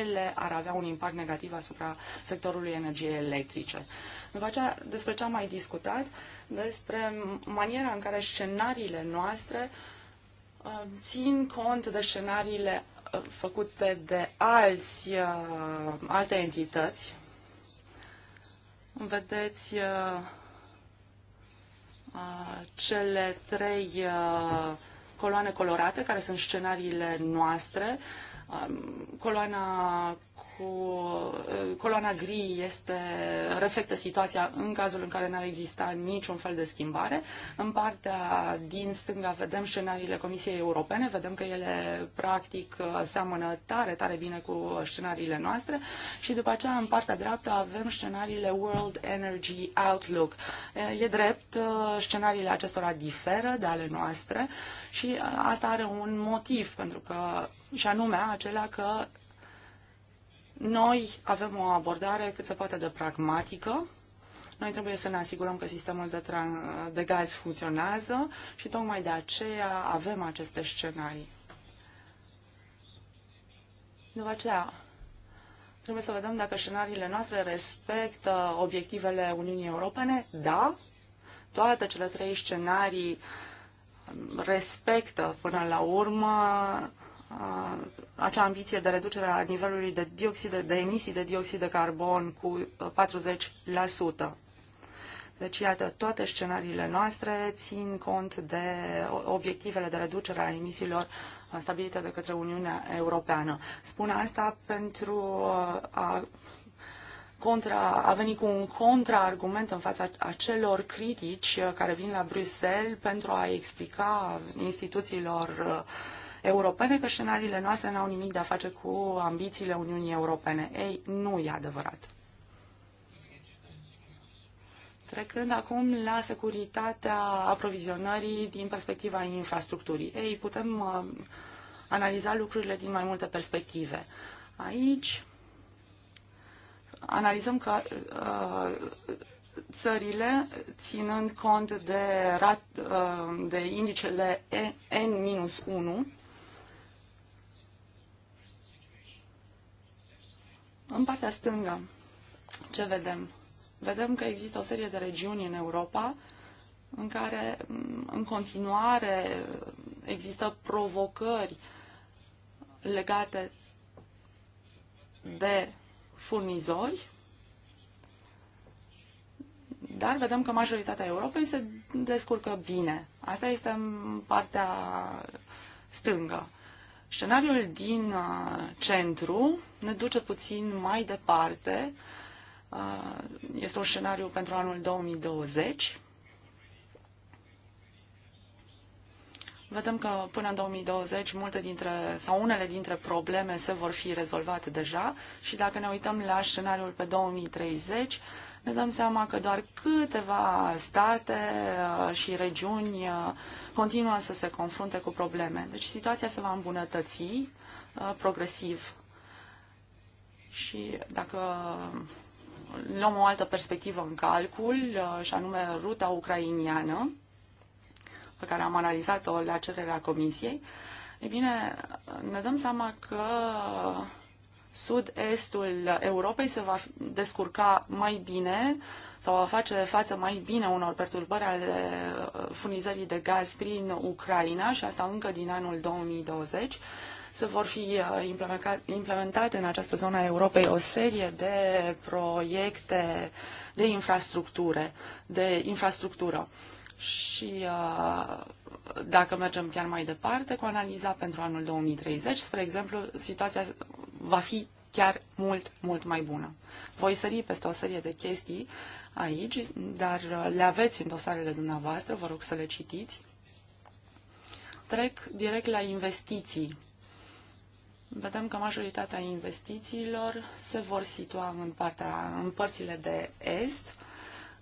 ele ar avea un impact negativ asupra sectorului energiei electrice. După aceea, despre ce am mai discutat, despre maniera în care scenariile noastre uh, Uh, țin cont de scenariile uh, făcute de alți, uh, alte entități. Vedeți cele trei coloane colorate, care sunt scenariile noastre. Um, coloana cu coloana gri este, reflectă situația în cazul în care n-ar exista niciun fel de schimbare. În partea din stânga vedem scenariile Comisiei Europene, vedem că ele practic seamănă tare, tare bine cu scenariile noastre și după aceea în partea dreaptă avem scenariile World Energy Outlook. E drept, scenariile acestora diferă de ale noastre și asta are un motiv pentru că și anume acela că noi avem o abordare cât se poate de pragmatică. Noi trebuie să ne asigurăm că sistemul de, de gaz funcționează și tocmai de aceea avem aceste scenarii. După aceea, trebuie să vedem dacă scenariile noastre respectă obiectivele Uniunii Europene. Da, toate cele trei scenarii respectă până la urmă Uh, acea ambiție de reducere a nivelului de, dioxid, de emisii de dioxid de carbon cu 40%. Uh, deci, iată, toate scenariile noastre țin cont de obiectivele de reducere a emisiilor uh, stabilite de către Uniunea Europeană. Spun asta pentru a, contra, a veni cu un contraargument în fața acelor critici care vin la Bruxelles pentru a explica instituțiilor uh, europene că scenariile noastre n-au nimic de a face cu ambițiile Uniunii Europene. Ei, nu e adevărat. Trecând acum la securitatea aprovizionării din perspectiva infrastructurii. Ei, putem uh, analiza lucrurile din mai multe perspective. Aici analizăm că uh, țările, ținând cont de, rat, uh, de indicele N-1, În partea stângă, ce vedem? Vedem că există o serie de regiuni în Europa în care mm, în continuare există provocări legate de furnizori, dar vedem că majoritatea Europei se descurcă bine. Asta este în partea stângă. Scenariul din uh, centru ne duce puțin mai departe. Uh, este un scenariu pentru anul 2020. Vedem că până în 2020 multe dintre, sau unele dintre probleme se vor fi rezolvate deja și dacă ne uităm la scenariul pe 2030, ne dăm seama că doar câteva state uh, și regiuni uh, continuă să se confrunte cu probleme. Deci situația se va îmbunătăți uh, progresiv. Și dacă luăm o altă perspectivă în calcul, și anume ruta ucrainiană, pe care am analizat-o la cererea Comisiei, e bine, ne dăm seama că sud-estul Europei se va descurca mai bine sau va face față mai bine unor perturbări ale uh, furnizării de gaz prin Ucraina și asta încă din anul 2020. Se vor fi uh, implementate în această zonă a Europei o serie de proiecte de infrastructură, de infrastructură. Și uh, dacă mergem chiar mai departe cu analiza pentru anul 2030, spre exemplu, situația va fi chiar mult, mult mai bună. Voi sări peste o serie de chestii aici, dar uh, le aveți în dosarele dumneavoastră, vă rog să le citiți. Trec direct la investiții. Vedem că majoritatea investițiilor se vor situa în, partea, în părțile de est,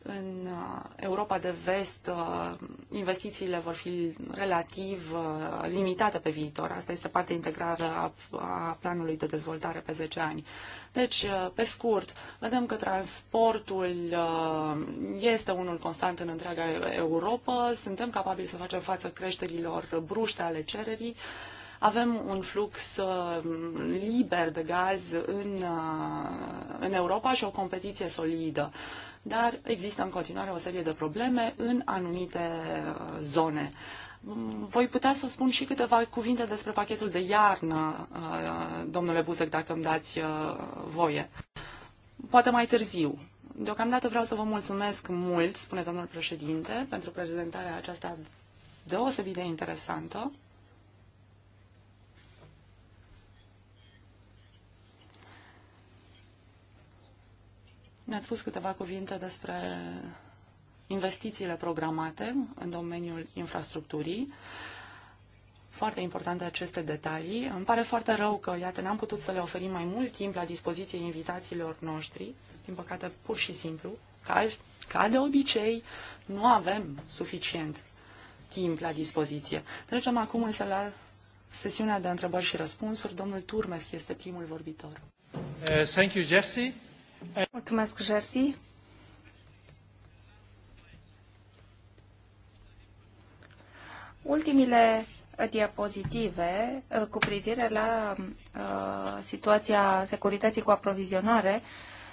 în uh, Europa de vest, uh, investițiile vor fi relativ uh, limitate pe viitor. Asta este parte integrală a planului de dezvoltare pe 10 ani. Deci, pe scurt, vedem că transportul este unul constant în întreaga Europa. Suntem capabili să facem față creșterilor bruște ale cererii avem un flux liber de gaz în, în Europa și o competiție solidă dar există în continuare o serie de probleme în anumite uh, zone. Mm, voi putea să spun și câteva cuvinte despre pachetul de iarnă, uh, domnule Buzec, dacă îmi dați uh, voie. Poate mai târziu. Deocamdată vreau să vă mulțumesc mult, spune domnul președinte, pentru prezentarea aceasta deosebit de interesantă. Ne-ați spus câteva cuvinte despre investițiile programate în domeniul infrastructurii. Foarte importante aceste detalii. Îmi pare foarte rău că, iată, n-am putut să le oferim mai mult timp la dispoziție invitațiilor noștri. Din păcate, pur și simplu, ca, ca de obicei, nu avem suficient timp la dispoziție. Trecem acum însă la sesiunea de întrebări și răspunsuri. Domnul Turmes este primul vorbitor. Uh, thank you, Jesse. Mulțumesc, Jersey. Ultimile diapozitive uh, cu privire la uh, situația securității cu aprovizionare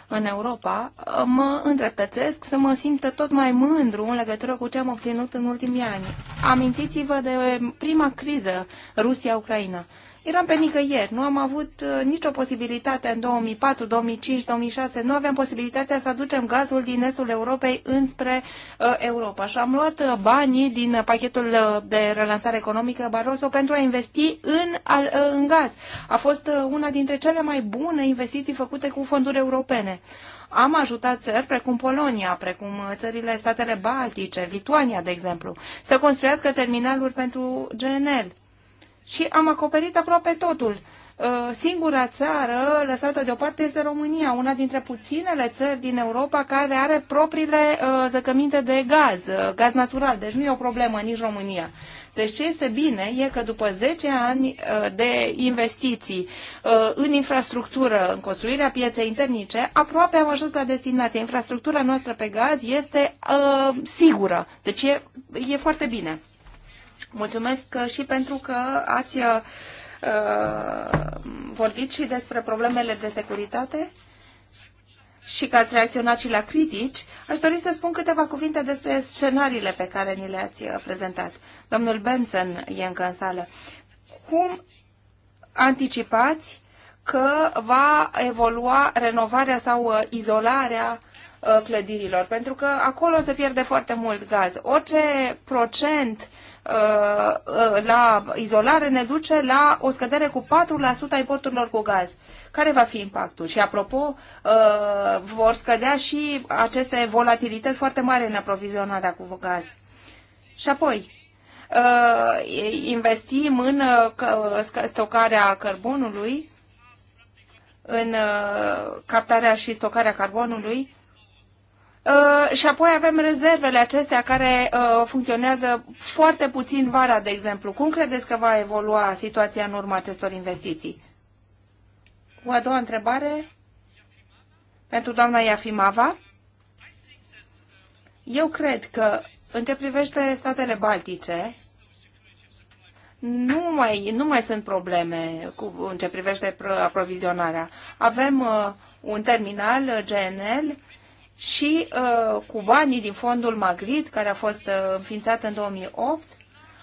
în Europa, uh, mă îndreptățesc să mă simt tot mai mândru în legătură cu ce am obținut în ultimii ani. Amintiți-vă de prima criză Rusia-Ucraina. Eram pe nicăieri, nu am avut uh, nicio posibilitate în 2004, 2005, 2006, nu aveam posibilitatea să aducem gazul din estul Europei înspre uh, Europa. Și am luat uh, banii din pachetul de relansare economică Barroso pentru a investi în, în gaz. A fost una dintre cele mai bune investiții făcute cu fonduri europene. Am ajutat țări precum Polonia, precum țările statele baltice, Lituania, de exemplu, să construiască terminaluri pentru GNL și am acoperit aproape totul. Uh, singura țară lăsată deoparte este România, una dintre puținele țări din Europa care are propriile uh, zăcăminte de gaz, uh, gaz natural, deci nu e o problemă nici România. Deci ce este bine e că după 10 ani de investiții în infrastructură, în construirea pieței internice, aproape am ajuns la destinație. Infrastructura noastră pe gaz este sigură. Deci e, e foarte bine. Mulțumesc și pentru că ați uh, vorbit și despre problemele de securitate și că ați reacționat și la critici, aș dori să spun câteva cuvinte despre scenariile pe care ni le-ați uh, prezentat. Domnul Benson e încă în sală. Cum anticipați că va evolua renovarea sau uh, izolarea Uh, clădirilor, pentru că acolo se pierde foarte mult gaz. Orice procent uh, uh, la izolare ne duce la o scădere cu 4% a importurilor cu gaz. Care va fi impactul? Și apropo, vor scădea și aceste volatilități foarte mari în aprovizionarea cu gaz. Și apoi, investim în stocarea carbonului, în captarea și stocarea carbonului, Uh, și apoi avem rezervele acestea care uh, funcționează foarte puțin vara, de exemplu. Cum credeți că va evolua situația în urma acestor investiții? O a doua întrebare pentru doamna Iafimava. Eu cred că în ce privește statele baltice, nu mai, nu mai sunt probleme cu, în ce privește aprovizionarea. Avem uh, un terminal uh, GNL și uh, cu banii din fondul Magrid, care a fost uh, înființat în 2008,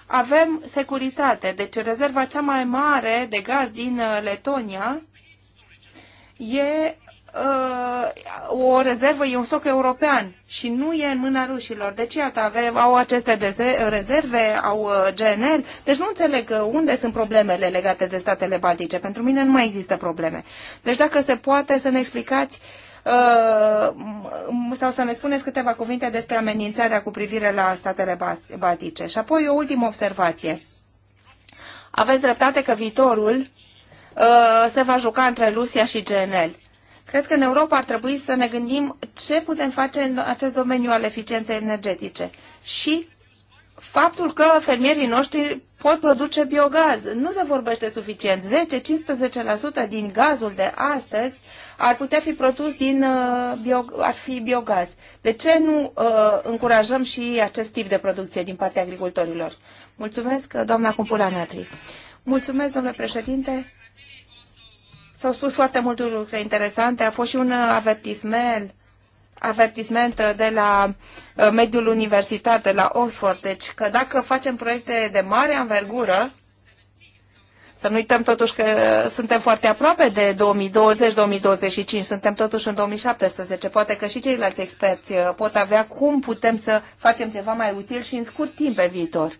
avem securitate. Deci rezerva cea mai mare de gaz din uh, Letonia e uh, o rezervă, e un stoc european și nu e în mâna rușilor. Deci, iată, avem, au aceste rezerve, au uh, GNL. Deci nu înțeleg uh, unde sunt problemele legate de statele baltice. Pentru mine nu mai există probleme. Deci dacă se poate să ne explicați uh, Uh, sau să ne spuneți câteva cuvinte despre amenințarea cu privire la statele baltice. Și apoi o ultimă observație. Aveți dreptate că viitorul uh, se va juca între Rusia și GNL. Cred că în Europa ar trebui să ne gândim ce putem face în acest domeniu al eficienței energetice și faptul că fermierii noștri pot produce biogaz. Nu se vorbește suficient. 10-15% din gazul de astăzi ar putea fi produs din uh, bio, ar fi biogaz. De ce nu uh, încurajăm și acest tip de producție din partea agricultorilor? Mulțumesc, uh, doamna Cumpula Natri. Mulțumesc, domnule președinte. S-au spus foarte multe lucruri interesante. A fost și un avertisment avertisment de la mediul universitar, de la Oxford, deci că dacă facem proiecte de mare anvergură, să nu uităm totuși că suntem foarte aproape de 2020-2025, suntem totuși în 2017. Poate că și ceilalți experți uh, pot avea cum putem să facem ceva mai util și în scurt timp pe viitor.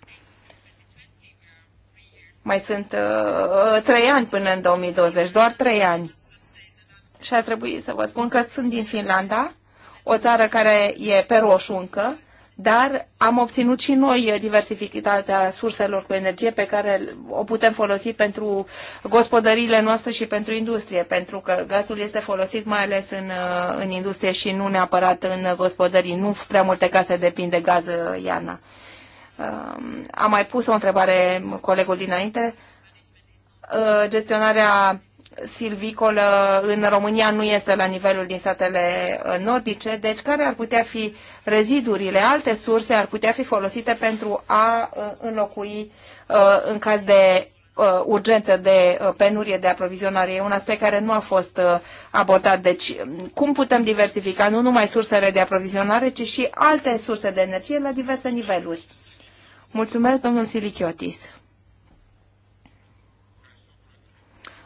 Mai sunt uh, uh trei ani până în 2020, doar trei ani. Și a trebuit să vă spun că sunt din Finlanda, o țară care e pe roșu încă, dar am obținut și noi diversificitatea surselor cu energie pe care o putem folosi pentru gospodăriile noastre și pentru industrie, pentru că gazul este folosit mai ales în, uh, în industrie și nu neapărat în gospodării. Nu prea multe case depind de gaz, uh, Iana. Uh, am mai pus o întrebare colegul dinainte. Gestionarea silvicolă uh, în România nu este la nivelul din statele uh, nordice, deci care ar putea fi rezidurile, alte surse ar putea fi folosite pentru a uh, înlocui în caz de urgență de penurie de aprovizionare. E un aspect care nu a fost abordat. Deci, cum putem diversifica nu numai sursele de aprovizionare, ci și alte surse de energie la diverse niveluri? Mulțumesc, domnul Silichiotis.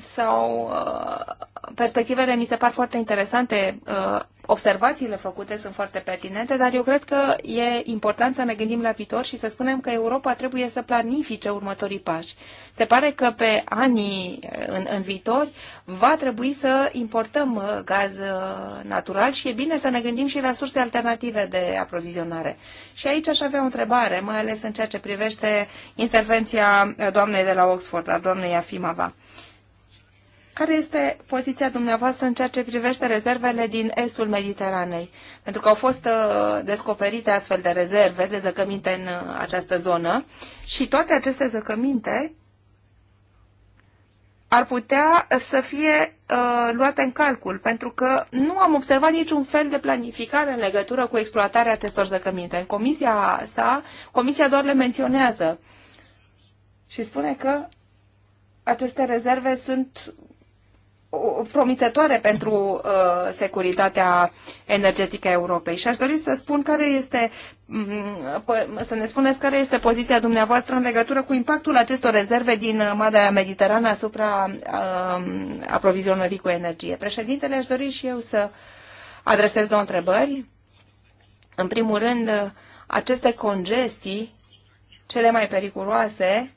sau uh, perspectivele mi se par foarte interesante, uh, observațiile făcute sunt foarte pertinente, dar eu cred că e important să ne gândim la viitor și să spunem că Europa trebuie să planifice următorii pași. Se pare că pe anii uh, în, în viitor va trebui să importăm uh, gaz uh, natural și e bine să ne gândim și la surse alternative de aprovizionare. Și aici aș avea o întrebare, mai ales în ceea ce privește intervenția doamnei de la Oxford, a doamnei Afimava. Care este poziția dumneavoastră în ceea ce privește rezervele din estul Mediteranei? Pentru că au fost uh, descoperite astfel de rezerve de zăcăminte în uh, această zonă și toate aceste zăcăminte ar putea să fie uh, luate în calcul, pentru că nu am observat niciun fel de planificare în legătură cu exploatarea acestor zăcăminte. În comisia sa, comisia doar le menționează și spune că aceste rezerve sunt promițătoare pentru uh, securitatea energetică a Europei. Și aș dori să spun care este, mm, să ne spuneți care este poziția dumneavoastră în legătură cu impactul acestor rezerve din Marea Mediterană asupra uh, aprovizionării cu energie. Președintele, aș dori și eu să adresez două întrebări. În primul rând, aceste congestii cele mai periculoase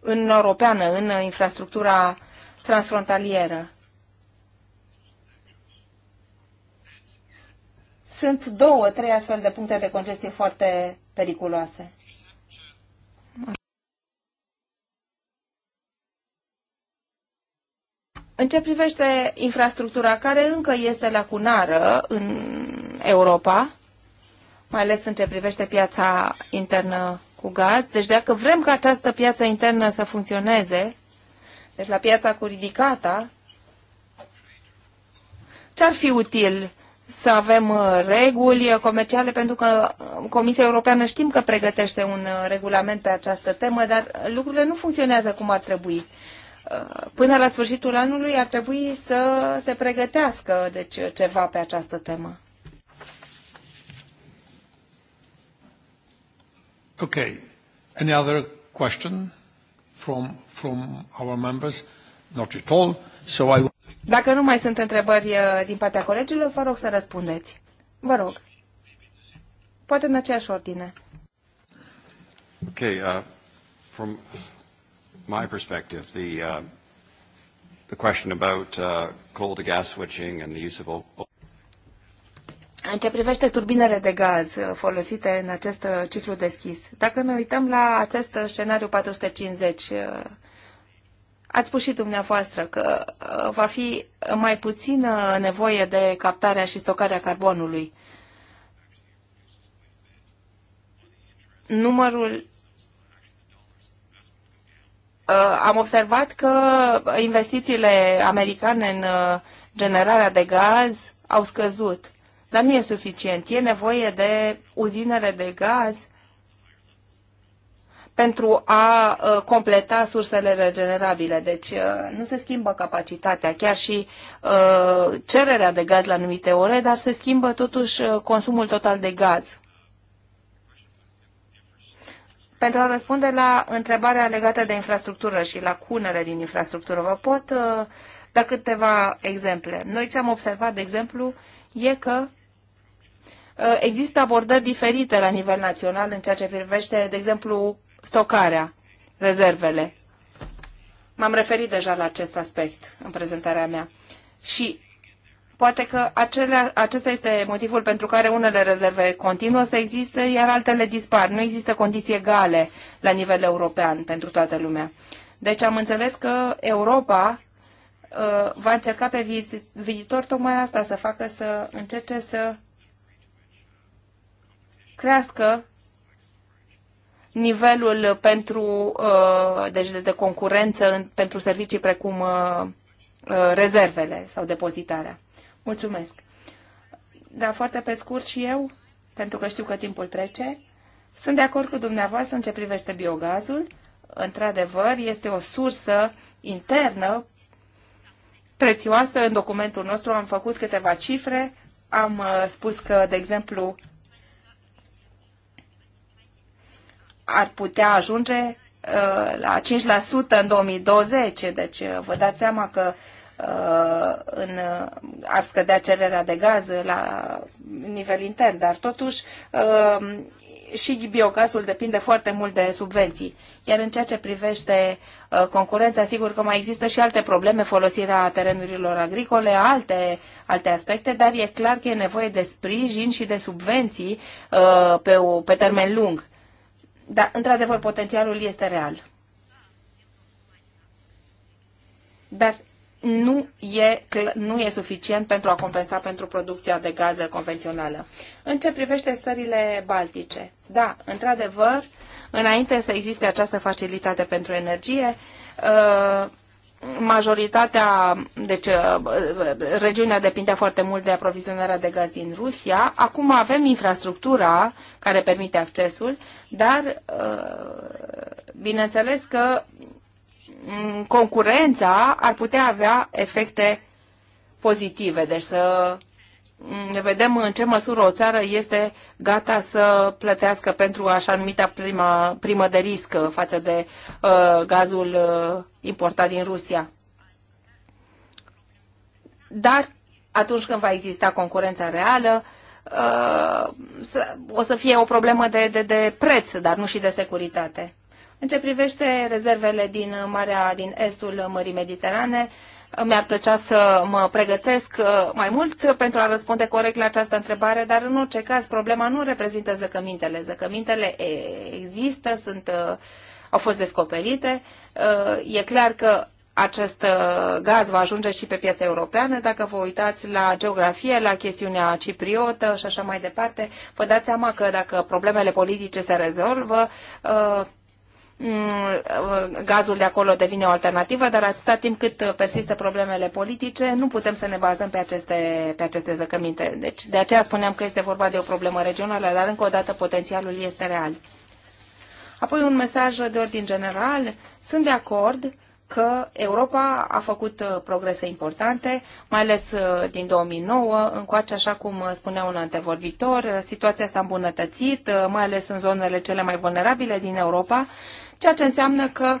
în Europeană, în infrastructura transfrontalieră. Sunt două, trei astfel de puncte de congestie foarte periculoase. În ce privește infrastructura care încă este lacunară în Europa, mai ales în ce privește piața internă cu gaz, deci dacă vrem ca această piață internă să funcționeze, deci la piața cu ridicata, ce ar fi util să avem uh, reguli comerciale, pentru că uh, Comisia Europeană știm că pregătește un uh, regulament pe această temă, dar lucrurile nu funcționează cum ar trebui. Până la sfârșitul anului ar trebui să se pregătească deci, ceva pe această temă. Okay. Any other question from, from our members? Not at all. So I... Dacă nu mai sunt întrebări uh, din partea colegilor, vă rog să răspundeți. Vă rog. Poate în aceeași ordine. Ok. Uh, from my perspective, the, uh, the question about uh, coal to gas switching and the use of în ce privește turbinele de gaz uh, folosite în acest uh, ciclu deschis, dacă ne uităm la acest scenariu 450 Ați spus și dumneavoastră că uh, va fi mai puțină nevoie de captarea și stocarea carbonului. Numărul uh, am observat că investițiile americane în uh, generarea de gaz au scăzut, dar nu e suficient. E nevoie de uzinele de gaz pentru a uh, completa sursele regenerabile. Deci uh, nu se schimbă capacitatea, chiar și uh, cererea de gaz la anumite ore, dar se schimbă totuși consumul total de gaz. Pentru a răspunde la întrebarea legată de infrastructură și lacunele din infrastructură, vă pot da câteva exemple. Noi ce am observat, de exemplu, e că există abordări diferite la nivel național în ceea ce privește, de exemplu, stocarea, rezervele. M-am referit deja la acest aspect în prezentarea mea. Și poate că acelea, acesta este motivul pentru care unele rezerve continuă să existe, iar altele dispar. Nu există condiții egale la nivel european pentru toată lumea. Deci am înțeles că Europa uh, va încerca pe vi viitor tocmai asta, să facă să încerce să crească nivelul pentru, uh, deci de, concurență pentru servicii precum uh, uh, rezervele sau depozitarea. Mulțumesc. Da, foarte pe scurt și eu, pentru că știu că timpul trece. Sunt de acord cu dumneavoastră în ce privește biogazul. Într-adevăr, este o sursă internă prețioasă. În documentul nostru am făcut câteva cifre. Am spus că, de exemplu, ar putea ajunge uh, la 5% în 2020, deci uh, vă dați seama că uh, în, ar scădea cererea de gaz la nivel intern, dar totuși și biogazul depinde foarte mult de subvenții. Iar în ceea ce privește concurența, sigur că mai există și alte probleme, folosirea terenurilor agricole, alte, alte aspecte, dar e clar că e nevoie de sprijin și de subvenții pe, o, pe termen lung da, într-adevăr, potențialul este real. Dar nu e, nu e suficient pentru a compensa pentru producția de gaze convențională. În ce privește țările baltice, da, într-adevăr, înainte să existe această facilitate pentru energie, uh, majoritatea, deci uh, uh, regiunea depindea foarte mult de aprovizionarea de gaz din Rusia. Acum avem infrastructura care permite accesul, dar uh, bineînțeles că mm, concurența ar putea avea efecte pozitive, deci să Mm, vedem în ce măsură o țară este gata să plătească pentru așa numita prima, primă de risc uh, față de uh, gazul uh, importat din Rusia. Dar atunci când va exista concurența reală, uh, o să fie o problemă de, de, de preț, dar nu și de securitate. În ce privește rezervele din Marea din Estul Mării Mediterane, uh, mi-ar plăcea să mă pregătesc uh, mai mult pentru a răspunde corect la această întrebare, dar în orice caz problema nu reprezintă zăcămintele. Zăcămintele există, sunt, uh, au fost descoperite. Uh, e clar că acest gaz va ajunge și pe piața europeană. Dacă vă uitați la geografie, la chestiunea cipriotă și așa mai departe, vă dați seama că dacă problemele politice se rezolvă, Mm, uh, gazul de acolo devine o alternativă, dar atâta timp cât uh, persistă problemele politice, nu putem să ne bazăm pe aceste, pe aceste zăcăminte. Deci, de aceea spuneam că este vorba de o problemă regională, dar încă o dată potențialul este real. Apoi un mesaj de ordin general. Sunt de acord că Europa a făcut uh, progrese importante, mai ales din 2009, încoace, așa cum spunea un antevorbitor, situația s-a îmbunătățit, mai ales în zonele cele mai vulnerabile din Europa ceea ce înseamnă că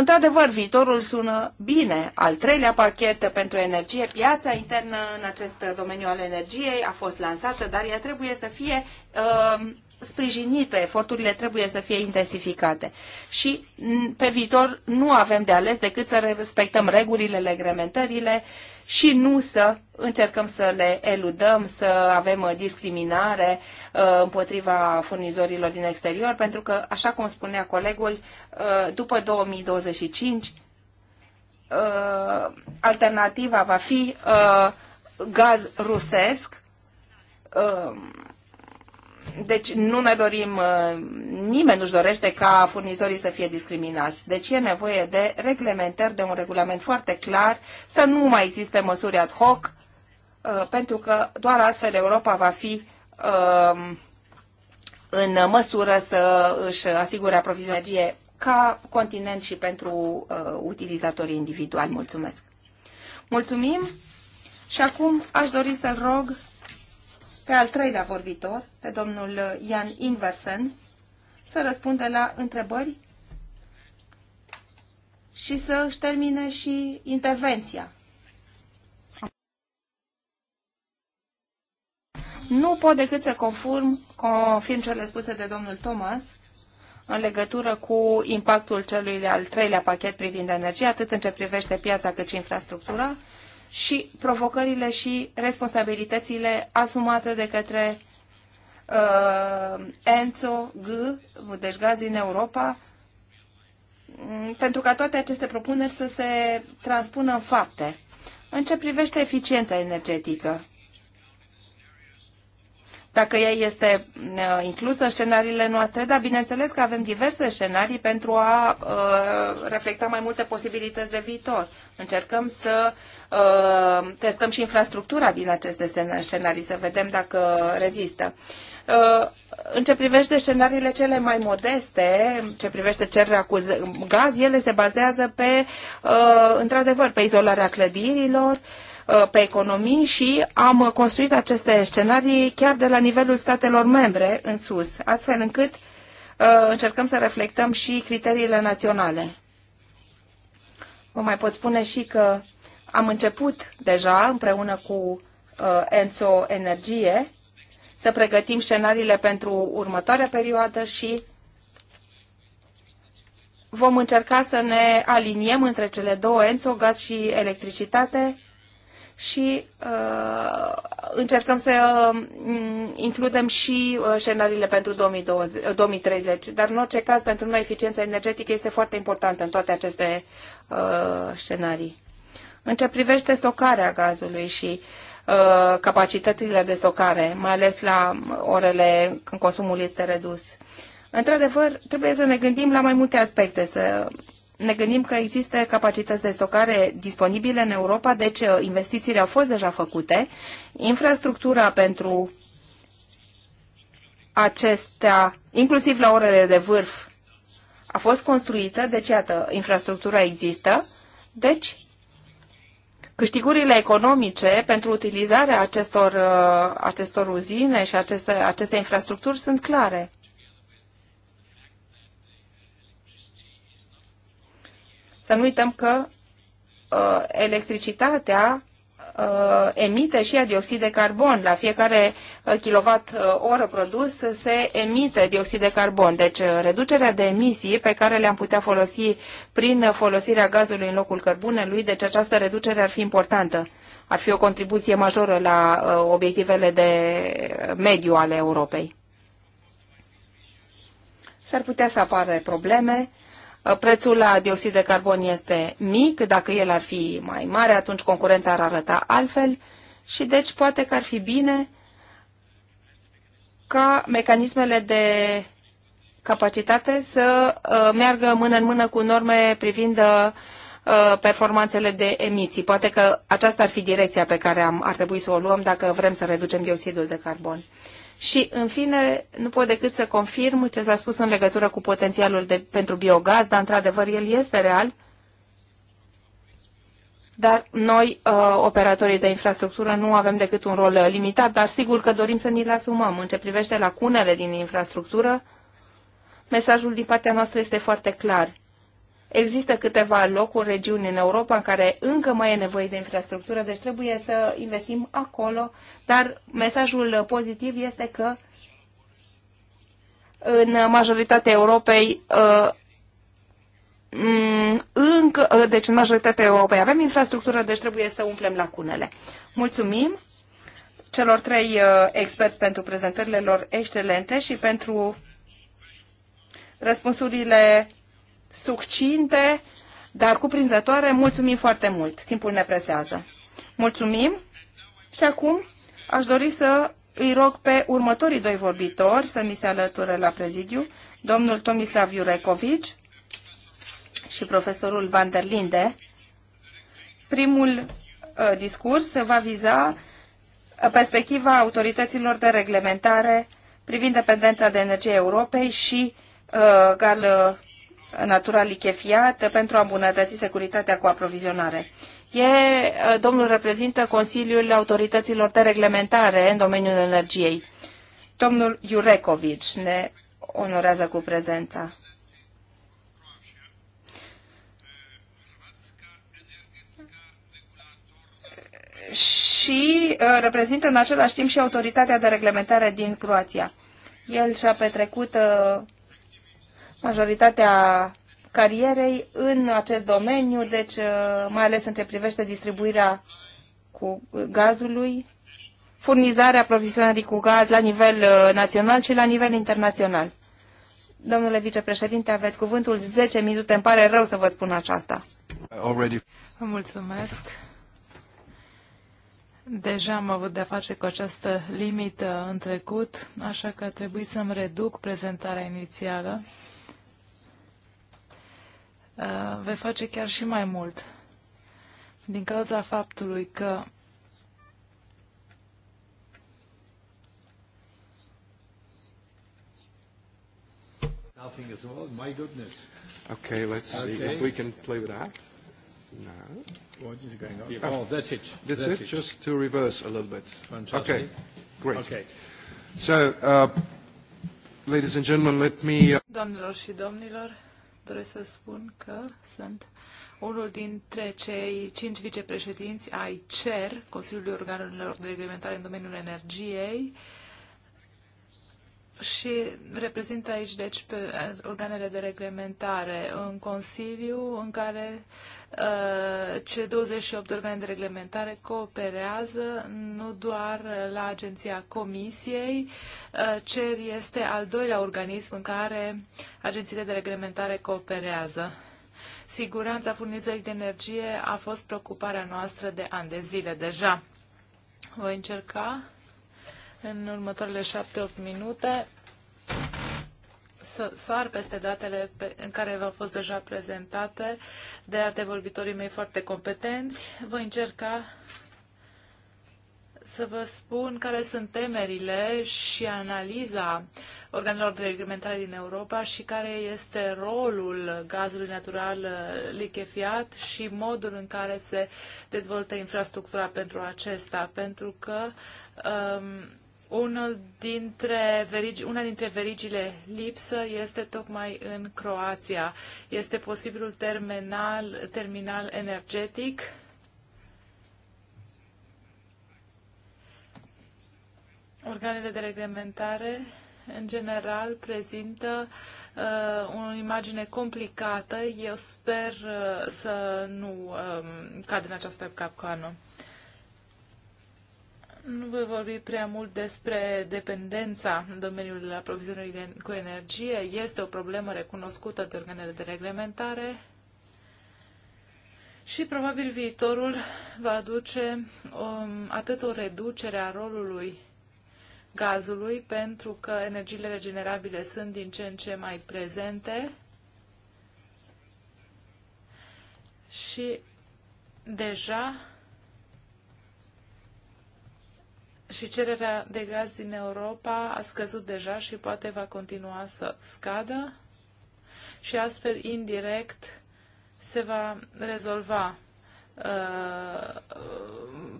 Într-adevăr, viitorul sună bine. Al treilea pachet pentru energie, piața internă în acest domeniu al energiei a fost lansată, dar ea trebuie să fie uh, sprijinită, eforturile trebuie să fie intensificate. Și mm, pe viitor nu avem de ales decât să respectăm regulile, reglementările și nu să încercăm să le eludăm, să avem uh, discriminare uh, împotriva furnizorilor din exterior, pentru că, așa cum spunea colegul, uh, după 2025 alternativa va fi gaz rusesc deci nu ne dorim, uh, nimeni nu-și dorește ca furnizorii să fie discriminați. Deci e nevoie de reglementări, de un regulament foarte clar, să nu mai existe măsuri ad hoc, uh, pentru că doar astfel Europa va fi uh, în măsură să își asigure aprovizionarea ca continent și pentru utilizatorii individuali. Mulțumesc! Mulțumim și acum aș dori să rog pe al treilea vorbitor, pe domnul Ian Inversen, să răspundă la întrebări și să își termine și intervenția. Nu pot decât să conform, confirm cele spuse de domnul Thomas în legătură cu impactul celui de-al treilea pachet privind energia, atât în ce privește piața cât și infrastructura, și provocările și responsabilitățile asumate de către uh, Enzo G, deci gaz din Europa, mm, pentru ca toate aceste propuneri să se transpună în fapte. În ce privește eficiența energetică, dacă ea este uh, inclusă în scenariile noastre, dar bineînțeles că avem diverse scenarii pentru a uh, reflecta mai multe posibilități de viitor. Încercăm să uh, testăm și infrastructura din aceste scenarii, să vedem dacă rezistă. Uh, în ce privește scenariile cele mai modeste, în ce privește cererea cu gaz, ele se bazează pe, uh, într-adevăr, pe izolarea clădirilor, Uh, pe economii și am construit aceste scenarii chiar de la nivelul statelor membre în sus, astfel încât uh, încercăm să reflectăm și criteriile naționale. Vă mai pot spune și că am început deja împreună cu uh, Enso Energie să pregătim scenariile pentru următoarea perioadă și vom încerca să ne aliniem între cele două, Enso, gaz și electricitate, și uh, încercăm să uh, includem și uh, scenariile pentru 2020, 2030. Uh, Dar, în orice caz, pentru noi eficiența energetică este foarte importantă în toate aceste uh, scenarii. În ce privește stocarea gazului și uh, capacitățile de stocare, mai ales la orele când consumul este redus, într-adevăr, trebuie să ne gândim la mai multe aspecte, să ne gândim că există capacități de stocare disponibile în Europa, deci uh, investițiile au fost deja făcute. Infrastructura pentru acestea, inclusiv la orele de vârf, a fost construită, deci iată, infrastructura există, deci câștigurile economice pentru utilizarea acestor, uh, acestor uzine și aceste, aceste infrastructuri sunt clare. Să nu uităm că uh, electricitatea uh, emite și dioxid de carbon. La fiecare uh, kilowatt uh, oră produs se emite dioxid de carbon. Deci uh, reducerea de emisii pe care le-am putea folosi prin folosirea gazului în locul cărbunelui, deci această reducere ar fi importantă. Ar fi o contribuție majoră la uh, obiectivele de mediu ale Europei. S-ar putea să apară probleme Uh, prețul la dioxid de carbon este mic, dacă el ar fi mai mare, atunci concurența ar arăta altfel și deci poate că ar fi bine ca mecanismele de capacitate să uh, meargă mână în mână cu norme privind uh, performanțele de emisii. Poate că aceasta ar fi direcția pe care am, ar trebui să o luăm dacă vrem să reducem dioxidul de carbon. Și, în fine, nu pot decât să confirm ce s-a spus în legătură cu potențialul de, pentru biogaz, dar, într-adevăr, el este real. Dar noi, uh, operatorii de infrastructură, nu avem decât un rol uh, limitat, dar sigur că dorim să ni-l asumăm. În ce privește lacunele din infrastructură, mesajul din partea noastră este foarte clar. Există câteva locuri, regiuni în Europa în care încă mai e nevoie de infrastructură, deci trebuie să investim acolo, dar mesajul pozitiv este că în majoritatea Europei uh, încă, uh, deci în majoritatea Europei avem infrastructură, deci trebuie să umplem lacunele. Mulțumim celor trei uh, experți pentru prezentările lor excelente și pentru răspunsurile succinte, dar cuprinzătoare. Mulțumim foarte mult. Timpul ne presează. Mulțumim. Și acum aș dori să îi rog pe următorii doi vorbitori să mi se alăture la prezidiu, domnul Tomislav Iurecovici și profesorul Van der Linde. Primul uh, discurs va viza uh, perspectiva autorităților de reglementare privind dependența de energie Europei și uh, Gal natura lichefiată pentru a îmbunătăți securitatea cu aprovizionare. E, uh, domnul reprezintă Consiliul Autorităților de Reglementare în domeniul energiei. Domnul Jurekovic ne onorează cu prezența. și uh, reprezintă în același timp și autoritatea de reglementare din Croația. El și-a petrecut uh, majoritatea carierei în acest domeniu, deci uh, mai ales în ce privește distribuirea cu gazului, furnizarea aprovizionării cu gaz la nivel uh, național și la nivel internațional. Domnule vicepreședinte, aveți cuvântul 10 minute. Îmi pare rău să vă spun aceasta. Vă mulțumesc. Deja am avut de-a face cu această limită în trecut, așa că a trebuit să-mi reduc prezentarea inițială Uh, vei face chiar și mai mult. Din cauza faptului că Nothing My goodness. Okay, let's okay. see if we can play with that. No. What is going on? Oh, oh, that's it. That's, that's it. it. Just to reverse a little bit. Fantastic. Okay. Great. Okay. So, uh, ladies and gentlemen, let me. Uh, domnilor și domnilor doresc să spun că sunt unul dintre cei cinci vicepreședinți ai CER, Consiliului Organelor de Reglementare în domeniul energiei, uh, și reprezintă aici, deci, pe organele de reglementare în Consiliu, în care uh, cele 28 de organe de reglementare cooperează nu doar la agenția Comisiei. Uh, CER este al doilea organism în care agențiile de reglementare cooperează. Siguranța furnizării de energie a fost preocuparea noastră de ani de zile deja. Voi încerca în următoarele 7-8 minute să sar peste datele pe, în care v-au fost deja prezentate de vorbitorii mei foarte competenți. Voi încerca să vă spun care sunt temerile și analiza organelor de reglementare din Europa și care este rolul gazului natural lichefiat și modul în care se dezvoltă infrastructura pentru acesta, pentru că um, unul dintre verigi, una dintre verigile lipsă este tocmai în Croația. Este posibilul terminal, terminal energetic Organele de reglementare, în general, prezintă uh, o imagine complicată. Eu sper uh, să nu uh, cad în această capcană. Nu voi vorbi prea mult despre dependența în domeniul aprovizionării cu energie. Este o problemă recunoscută de organele de reglementare și probabil viitorul va aduce um, atât o reducere a rolului gazului, pentru că energiile regenerabile sunt din ce în ce mai prezente și deja și cererea de gaz din Europa a scăzut deja și poate va continua să scadă și astfel indirect se va rezolva uh,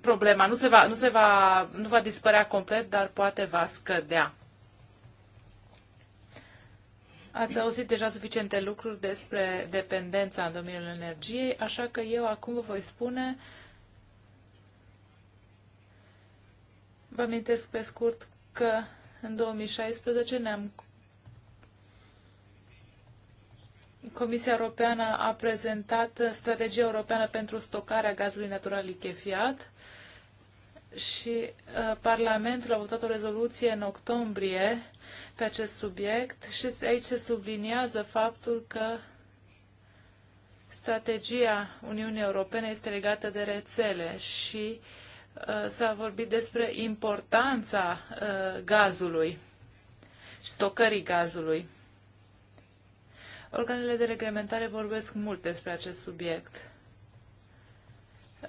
problema. Nu, se va, nu, se va, nu va dispărea complet, dar poate va scădea. Ați auzit deja suficiente lucruri despre dependența în domeniul energiei, așa că eu acum vă voi spune uh, Vă amintesc pe scurt că în 2016 ne-am Comisia Europeană a prezentat strategia europeană pentru stocarea gazului natural lichefiat și uh, Parlamentul a votat o rezoluție în octombrie pe acest subiect și aici se subliniază faptul că strategia Uniunii Europene este legată de rețele și uh, Uh, s-a vorbit despre importanța uh, gazului și stocării gazului. Organele de reglementare vorbesc mult despre acest subiect.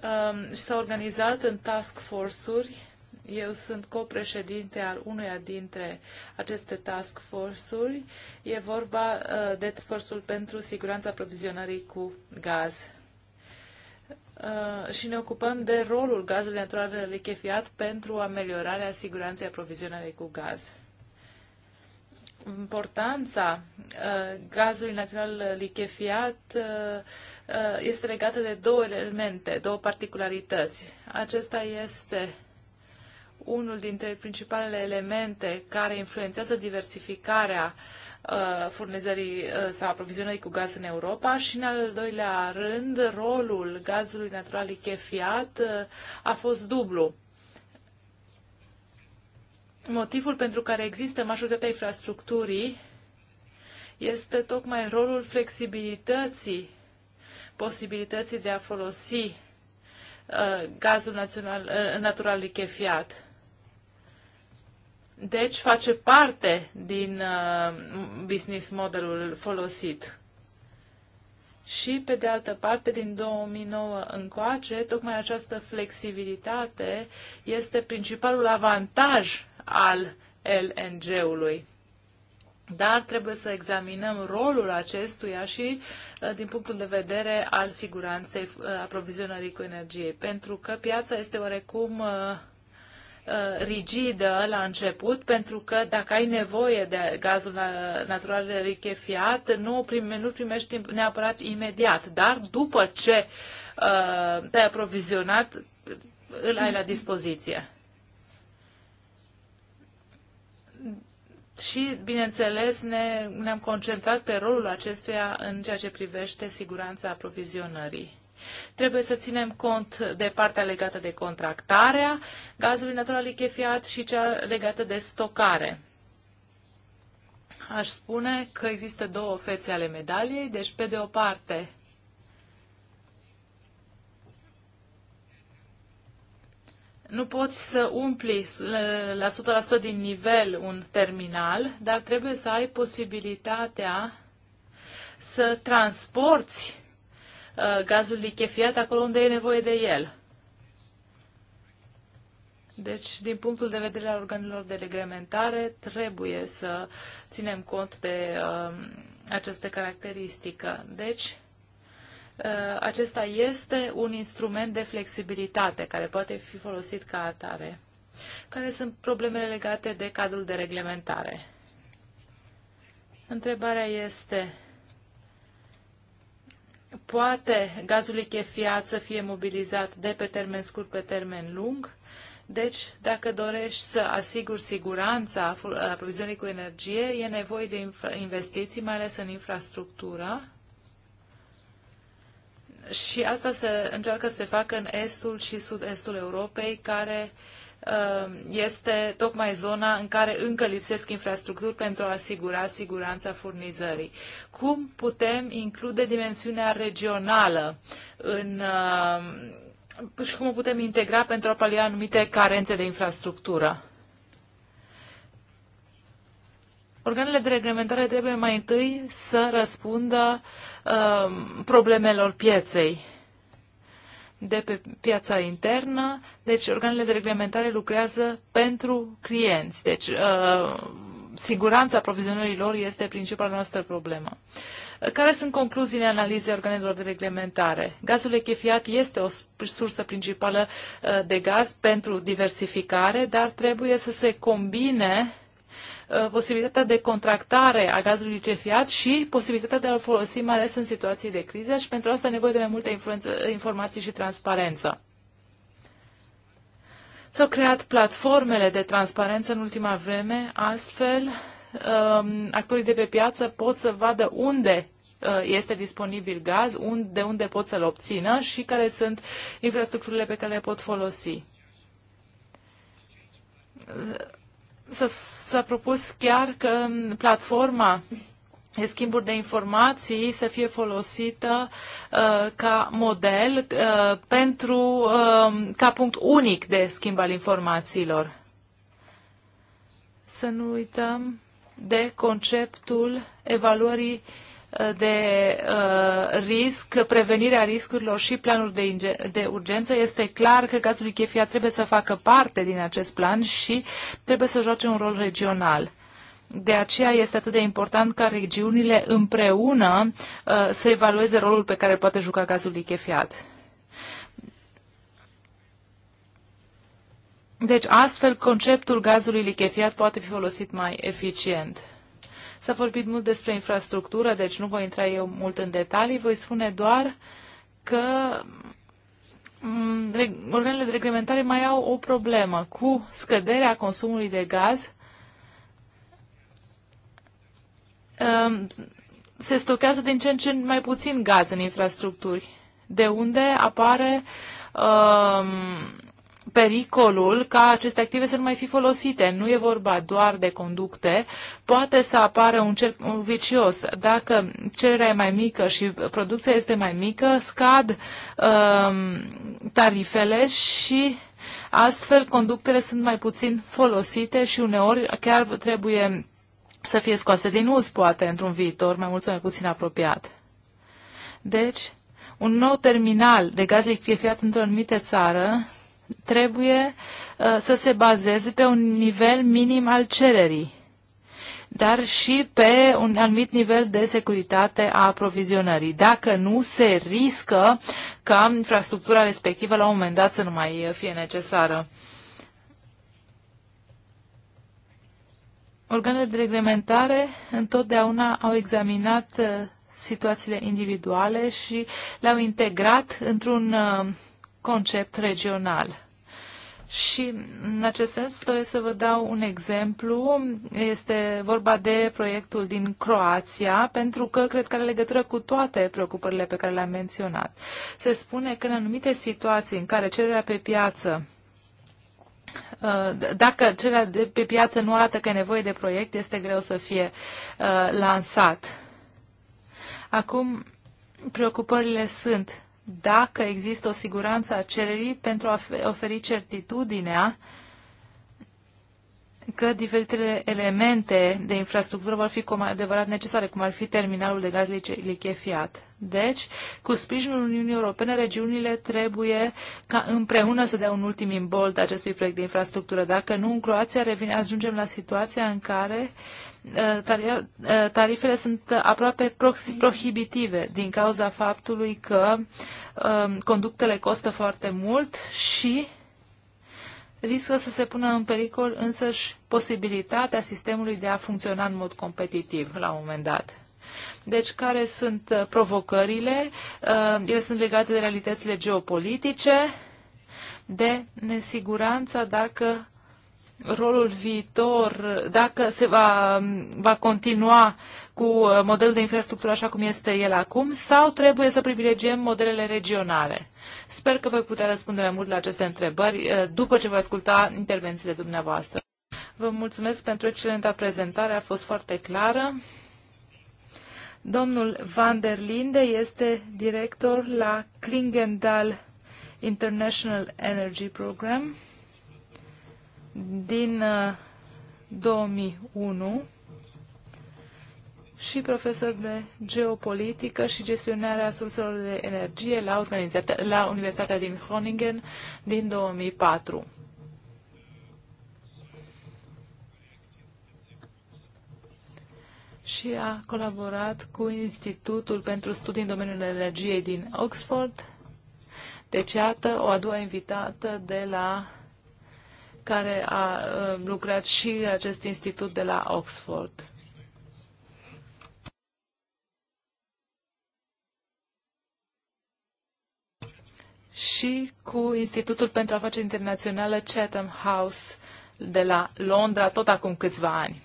Um, și s-au organizat în task force-uri. Eu sunt copreședinte al unuia dintre aceste task force-uri. E vorba uh, de task force-ul pentru siguranța aprovizionării cu gaz. Uh, și ne ocupăm de rolul gazului natural lichefiat pentru ameliorarea siguranței aprovizionării cu gaz. Importanța uh, gazului natural lichefiat uh, uh este legată de două elemente, două particularități. Acesta este unul dintre principalele elemente care influențează diversificarea uh, Uh, furnizării uh, sau aprovizionării cu gaz în Europa și, în al doilea rând, rolul gazului natural lichefiat uh, a fost dublu. Motivul pentru care există majoritatea infrastructurii este tocmai rolul flexibilității, posibilității de a folosi uh, gazul național, uh, natural lichefiat. Deci face parte din uh, business modelul folosit. Și, pe de altă parte, din 2009 încoace, tocmai această flexibilitate este principalul avantaj al LNG-ului. Dar trebuie să examinăm rolul acestuia și uh, din punctul de vedere al siguranței uh, aprovizionării cu energie, pentru că piața este oarecum Uh, rigidă la început, pentru că dacă ai nevoie de gazul natural richefiat, nu, prime, nu primești neapărat imediat, dar după ce uh, te-ai aprovizionat, îl ai la dispoziție. Și, bineînțeles, ne, ne-am concentrat pe rolul acestuia în ceea ce privește siguranța aprovizionării. Trebuie să ținem cont de partea legată de contractarea gazului natural lichefiat și cea legată de stocare. Aș spune că există două fețe ale medaliei, deci pe de o parte nu poți să umpli la 100% din nivel un terminal, dar trebuie să ai posibilitatea să transporti Uh, gazul lichefiat acolo unde e nevoie de el. Deci, din punctul de vedere al organelor de reglementare, trebuie să ținem cont de uh, um, această caracteristică. Deci, uh, acesta este un instrument de flexibilitate care poate fi folosit ca atare. Care sunt problemele legate de cadrul de reglementare? Întrebarea este, poate gazul lichefiat să fie mobilizat de pe termen scurt pe termen lung. Deci, dacă dorești să asiguri siguranța aprovizionării cu energie, e nevoie de investiții, mai ales în infrastructură. Și asta se încearcă să se facă în estul și sud-estul Europei, care uh, Um, este tocmai zona în care încă lipsesc infrastructuri pentru a asigura siguranța furnizării. Cum putem include dimensiunea regională în um, și cum o putem integra pentru a palia anumite carențe de infrastructură. Organele de reglementare trebuie mai întâi să răspundă uh, problemelor pieței de pe piața internă, deci organele de reglementare lucrează pentru clienți. Deci uh, siguranța provizionării lor este principala noastră problemă. Uh, care sunt concluziile analizei organelor de reglementare? Gazul echefiat este o sursă principală uh, de gaz pentru diversificare, dar trebuie să se combine Uh, posibilitatea de contractare a gazului cefiat și posibilitatea de a-l folosi mai ales în situații de criză și pentru asta nevoie de mai multe informații și transparență. S-au creat platformele de transparență în ultima vreme, astfel um, actorii de pe piață pot să vadă unde uh, este disponibil gaz, de unde pot să-l obțină și care sunt infrastructurile pe care le pot folosi S-a propus chiar că platforma de schimburi de informații să fie folosită uh, ca model uh, pentru uh, ca punct unic de schimb al informațiilor. Să nu uităm de conceptul evaluării uh, de uh, risc, prevenirea riscurilor și planuri de, de urgență. Este clar că cazul Ichefia trebuie să facă parte din acest plan și trebuie să joace un rol regional. De aceea este atât de important ca regiunile împreună uh, să evalueze rolul pe care poate juca gazul lichefiat. Deci, astfel, conceptul gazului lichefiat poate fi folosit mai eficient. S-a vorbit mult despre infrastructură, deci nu voi intra eu mult în detalii, voi spune doar că mm, organele de reglementare mai au o problemă cu scăderea consumului de gaz. Ehm, se stochează din ce în ce mai puțin gaz în infrastructuri, de unde apare ehm, pericolul ca aceste active să nu mai fi folosite. Nu e vorba doar de conducte, poate să apară un cerc vicios. Dacă cererea e mai mică și producția este mai mică, scad um, tarifele și astfel conductele sunt mai puțin folosite și uneori chiar trebuie să fie scoase din uz, poate, într-un viitor mai mult sau mai puțin apropiat. Deci, un nou terminal de gaz lichefiat într-o anumită țară trebuie uh, să se bazeze pe un nivel minim al cererii, dar și pe un anumit nivel de securitate a aprovizionării. Dacă nu, se riscă ca infrastructura respectivă la un moment dat să nu mai fie necesară. Organele de reglementare întotdeauna au examinat uh, situațiile individuale și le-au integrat într-un uh, concept regional. Și în acest sens doresc să vă dau un exemplu. Este vorba de proiectul din Croația, pentru că cred că are legătură cu toate preocupările pe care le-am menționat. Se spune că în anumite situații în care cererea pe piață uh, dacă cererea de pe piață nu arată că e nevoie de proiect, este greu să fie uh, lansat. Acum, preocupările sunt dacă există o siguranță a cererii pentru a oferi certitudinea că diferitele elemente de infrastructură vor fi cum adevărat necesare, cum ar fi terminalul de gaz lichefiat. Deci, cu sprijinul Uniunii Europene, regiunile trebuie ca împreună să dea un ultim imbold acestui proiect de infrastructură. Dacă nu, în Croația revine, ajungem la situația în care Eh, eh, tarifele sunt aproape prohibitive din cauza faptului că ehm, conductele costă foarte mult și riscă să se pună în pericol însăși posibilitatea sistemului de a funcționa în mod competitiv la un moment dat. Deci, care sunt eh, provocările? Ele sunt legate de realitățile geopolitice, de nesiguranța dacă rolul viitor, dacă se va, va continua cu uh, modelul de infrastructură așa cum este el acum, sau trebuie să privilegiem modelele regionale? Sper că voi putea răspunde mai mult la aceste întrebări uh, după ce voi asculta intervențiile dumneavoastră. Vă mulțumesc pentru excelenta prezentare, a fost foarte clară. Domnul Van der Linde este director la Klingendal International Energy Program din 2001 uh, și profesor de geopolitică și gestionarea surselor de energie la, la Universitatea din Groningen din 2004. și a colaborat cu Institutul pentru Studii în domeniul energiei din Oxford. Deci, iată, o a doua invitată de la care a uh, lucrat și acest institut de la Oxford. și cu Institutul pentru Afaceri Internaționale Chatham House de la Londra, tot acum câțiva ani.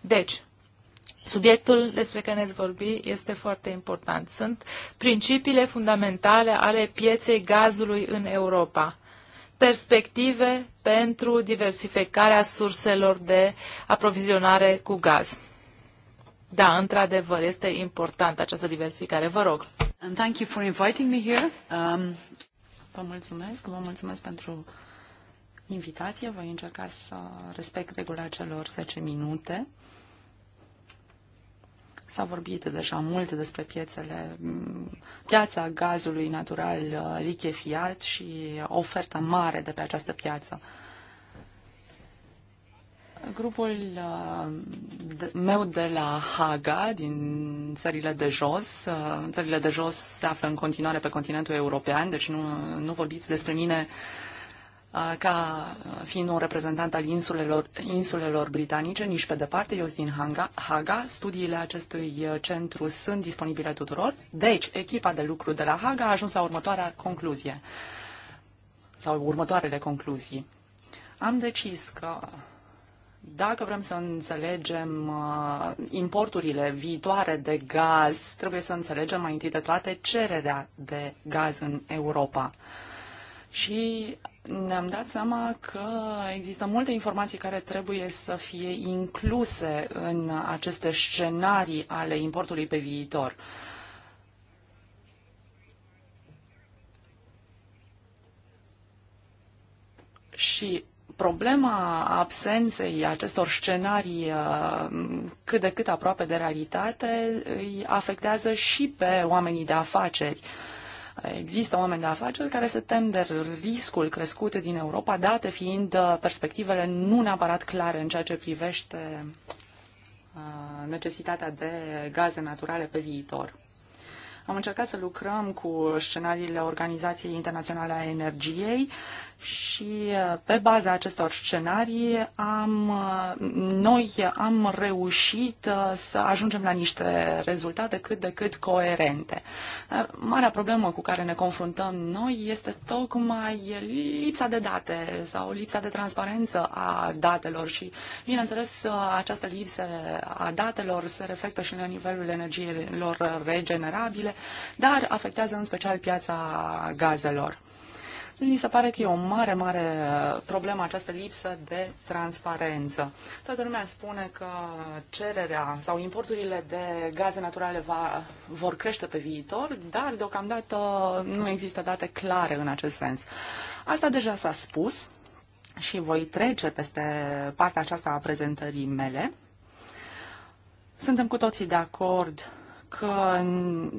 Deci, subiectul despre care ne vorbi este foarte important. Sunt principiile fundamentale ale pieței gazului în Europa perspective pentru diversificarea surselor de aprovizionare cu gaz. Da, într-adevăr, este importantă această diversificare. Vă rog. And thank you for inviting me here. Um... Vă mulțumesc, vă mulțumesc pentru invitație. Voi încerca să respect regula celor 10 minute. S-a vorbit deja mult despre piețele, piața gazului natural uh, lichefiat și oferta mare de pe această piață. Grupul uh, meu de la Haga, din țările de jos, uh, țările de jos se află în continuare pe continentul european, deci nu, nu vorbiți despre mine ca fiind un reprezentant al insulelor, insulelor britanice, nici pe departe. Eu sunt din Hanga, Haga. Studiile acestui centru sunt disponibile tuturor. Deci, echipa de lucru de la Haga a ajuns la următoarea concluzie sau următoarele concluzii. Am decis că dacă vrem să înțelegem importurile viitoare de gaz, trebuie să înțelegem mai întâi de toate cererea de gaz în Europa. Uh, și ne-am dat seama că există multe informații care trebuie să fie incluse în aceste scenarii ale importului pe viitor. Și problema absenței acestor scenarii uh, cât de cât aproape de realitate îi afectează și pe oamenii de afaceri. Există oameni de afaceri care se tem de riscul crescut din Europa, date fiind uh, perspectivele nu neapărat clare în ceea ce privește uh, necesitatea de gaze naturale pe viitor. Am încercat să lucrăm cu scenariile Organizației Internaționale a Energiei, și uh, pe baza acestor scenarii am, uh, noi am reușit uh, să ajungem la niște rezultate cât de cât coerente. marea problemă cu care ne confruntăm noi este tocmai lipsa de date sau lipsa de transparență a datelor și, bineînțeles, această lipsă a datelor se reflectă și la nivelul energiilor regenerabile, dar afectează în special piața gazelor. Mi se pare că e o mare, mare uh, problemă această lipsă de transparență. Toată lumea spune că cererea sau importurile de gaze naturale va, vor crește pe viitor, dar deocamdată nu există date clare în acest sens. Asta deja s-a spus și voi trece peste partea aceasta a prezentării mele. Suntem cu toții de acord că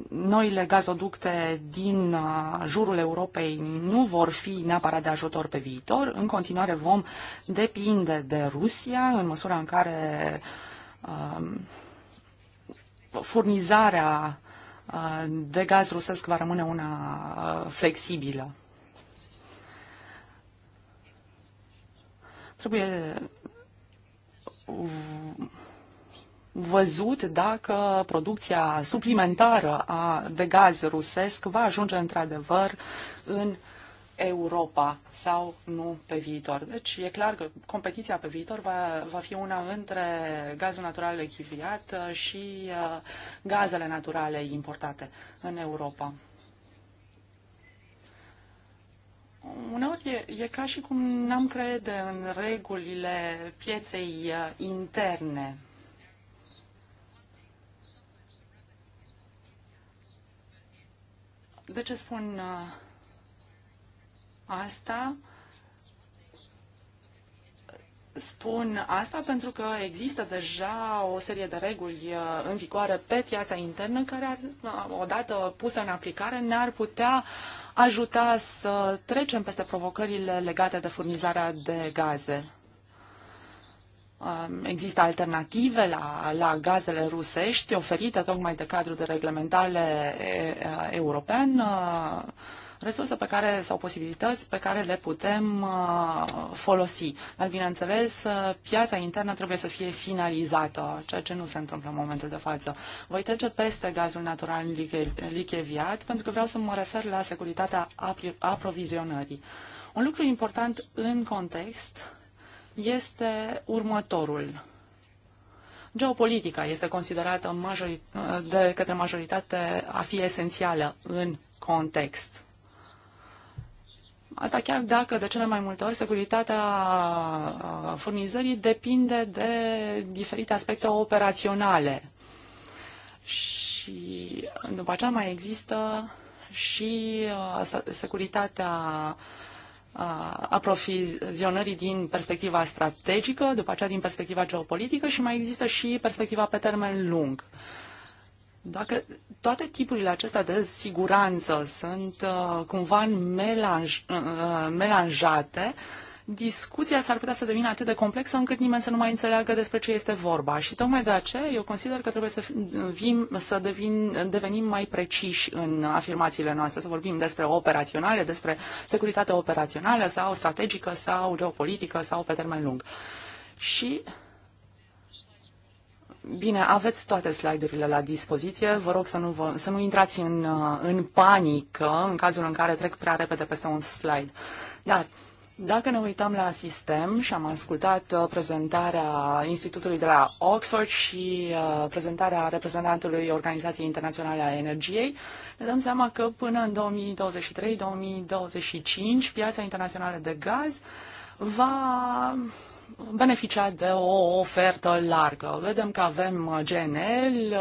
noile gazoducte din uh, jurul Europei nu vor fi neapărat de ajutor pe viitor. În continuare vom depinde de Rusia în măsura în care um, furnizarea uh, de gaz rusesc va rămâne una uh, flexibilă. Trebuie văzut dacă producția suplimentară a, de gaz rusesc va ajunge într-adevăr în Europa sau nu pe viitor. Deci e clar că competiția pe viitor va, va fi una între gazul natural echiviat uh, și uh, gazele naturale importate în Europa. Uneori e, e ca și cum n-am crede în regulile pieței uh, interne De ce spun uh, asta? Spun asta pentru că există deja o serie de reguli uh, în vigoare pe piața internă care, ar, uh, odată pusă în aplicare, ne-ar putea ajuta să trecem peste provocările legate de furnizarea de gaze. Um, există alternative la, la gazele rusești oferite tocmai de cadrul de reglementare european, uh, resurse pe care sau posibilități pe care le putem uh, folosi. Dar, bineînțeles, uh, piața internă trebuie să fie finalizată, ceea ce nu se întâmplă în momentul de față. Voi trece peste gazul natural licheviat pentru că vreau să mă refer la securitatea aprovizionării. Un lucru important în context este următorul. Geopolitica este considerată de către majoritate a fi esențială în context. Asta chiar dacă de cele mai multe ori securitatea furnizării depinde de diferite aspecte operaționale. Și după aceea mai există și uh, securitatea uh, aprovizionării din perspectiva strategică, după aceea din perspectiva geopolitică și mai există și perspectiva pe termen lung. Dacă toate tipurile acestea de siguranță sunt uh, cumva melanj, uh, uh melanjate, uh, discuția s-ar putea să devină atât de complexă încât nimeni să nu mai înțeleagă despre ce este vorba. Și tocmai de aceea eu consider că trebuie să, vin, să devin, devenim mai preciși în afirmațiile noastre, să vorbim despre operaționale, despre securitate operațională sau strategică sau geopolitică sau pe termen lung. Și Bine, aveți toate slide-urile la dispoziție. Vă rog să nu, vă, să nu intrați în, în panică în cazul în care trec prea repede peste un slide. Dar dacă ne uităm la sistem și am ascultat uh, prezentarea Institutului de la Oxford și uh, prezentarea reprezentantului Organizației Internaționale a Energiei, ne dăm seama că până în 2023-2025 piața internațională de gaz va beneficia de o ofertă largă. Vedem că avem uh, GNL,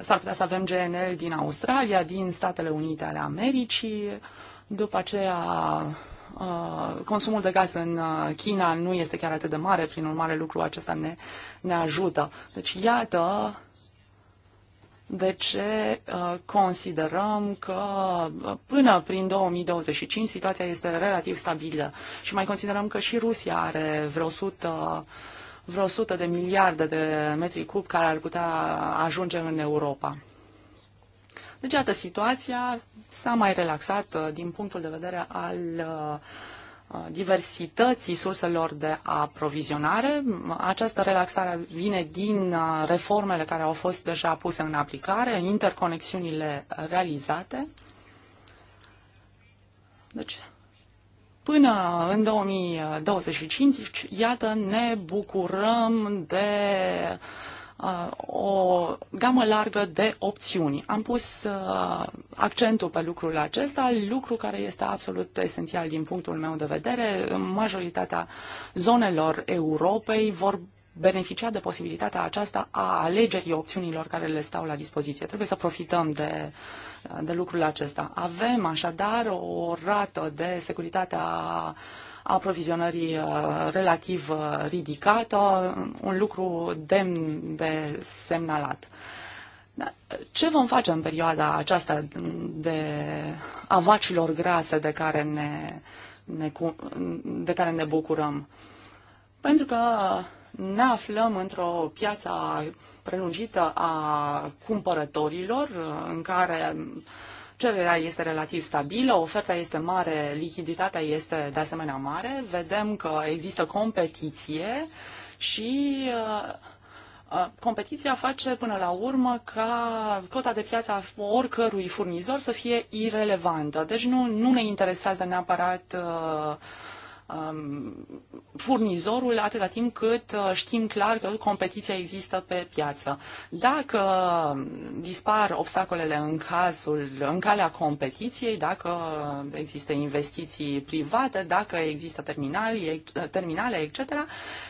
s-ar putea să avem GNL din Australia, din Statele Unite ale Americii, după aceea Uh, consumul de gaz în uh, China nu este chiar atât de mare, prin urmare lucrul acesta ne, ne ajută. Deci iată de ce uh, considerăm că până prin 2025 situația este relativ stabilă și mai considerăm că și Rusia are vreo 100 vreo 100 de miliarde de metri cub care ar putea ajunge în Europa. Deci, iată situația, s-a mai relaxat uh, din punctul de vedere al uh, uh, diversității surselor de aprovizionare. Această relaxare vine din reformele care au fost deja puse în aplicare, interconexiunile realizate. Deci, Până în 2025, iată, ne bucurăm de uh, Uh, o gamă largă de opțiuni. Am pus uh, accentul pe lucrul acesta, lucru care este absolut esențial din punctul meu de vedere. Majoritatea zonelor Europei vor beneficia de posibilitatea aceasta a alegerii opțiunilor care le stau la dispoziție. Trebuie să profităm de, de lucrul acesta. Avem așadar o rată de securitate a aprovizionării uh, relativ uh, ridicată, un lucru demn de semnalat. Da, ce vom face în perioada aceasta de avacilor grase de care ne, ne, de care ne bucurăm? Pentru că ne aflăm într-o piață prelungită a cumpărătorilor în care uh, Cererea este relativ stabilă, oferta este mare, lichiditatea este de asemenea mare, vedem că există competiție și uh, uh, competiția face până la urmă ca cota de piață a oricărui furnizor să fie irelevantă. Deci nu, nu ne interesează neapărat uh, Um, furnizorul atâta timp cât uh, știm clar că competiția există pe piață. Dacă um, dispar obstacolele în cazul, în calea competiției, dacă există investiții private, dacă există terminali, terminale, etc.,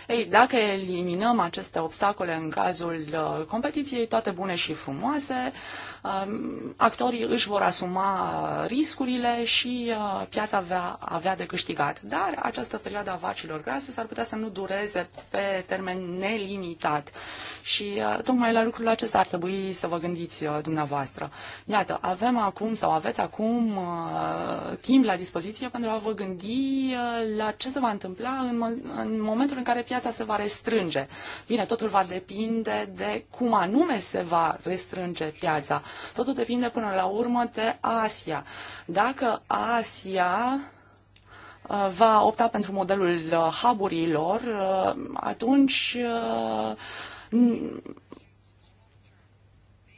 ei, dacă eliminăm aceste obstacole în cazul uh, competiției, toate bune și frumoase, uh, Um, actorii își vor asuma riscurile și uh, piața avea, avea de câștigat. Dar această perioadă a vacilor grase s-ar putea să nu dureze pe termen nelimitat. Și uh, tocmai la lucrul acesta ar trebui să vă gândiți uh, dumneavoastră. Iată, avem acum sau aveți acum timp la dispoziție pentru a vă gândi la ce se va întâmpla în, în momentul în care piața se va restrânge. Bine, totul va depinde de cum anume se va restrânge piața. Totul depinde până la urmă de Asia. Dacă Asia uh, va opta pentru modelul haburilor, uh, uh, atunci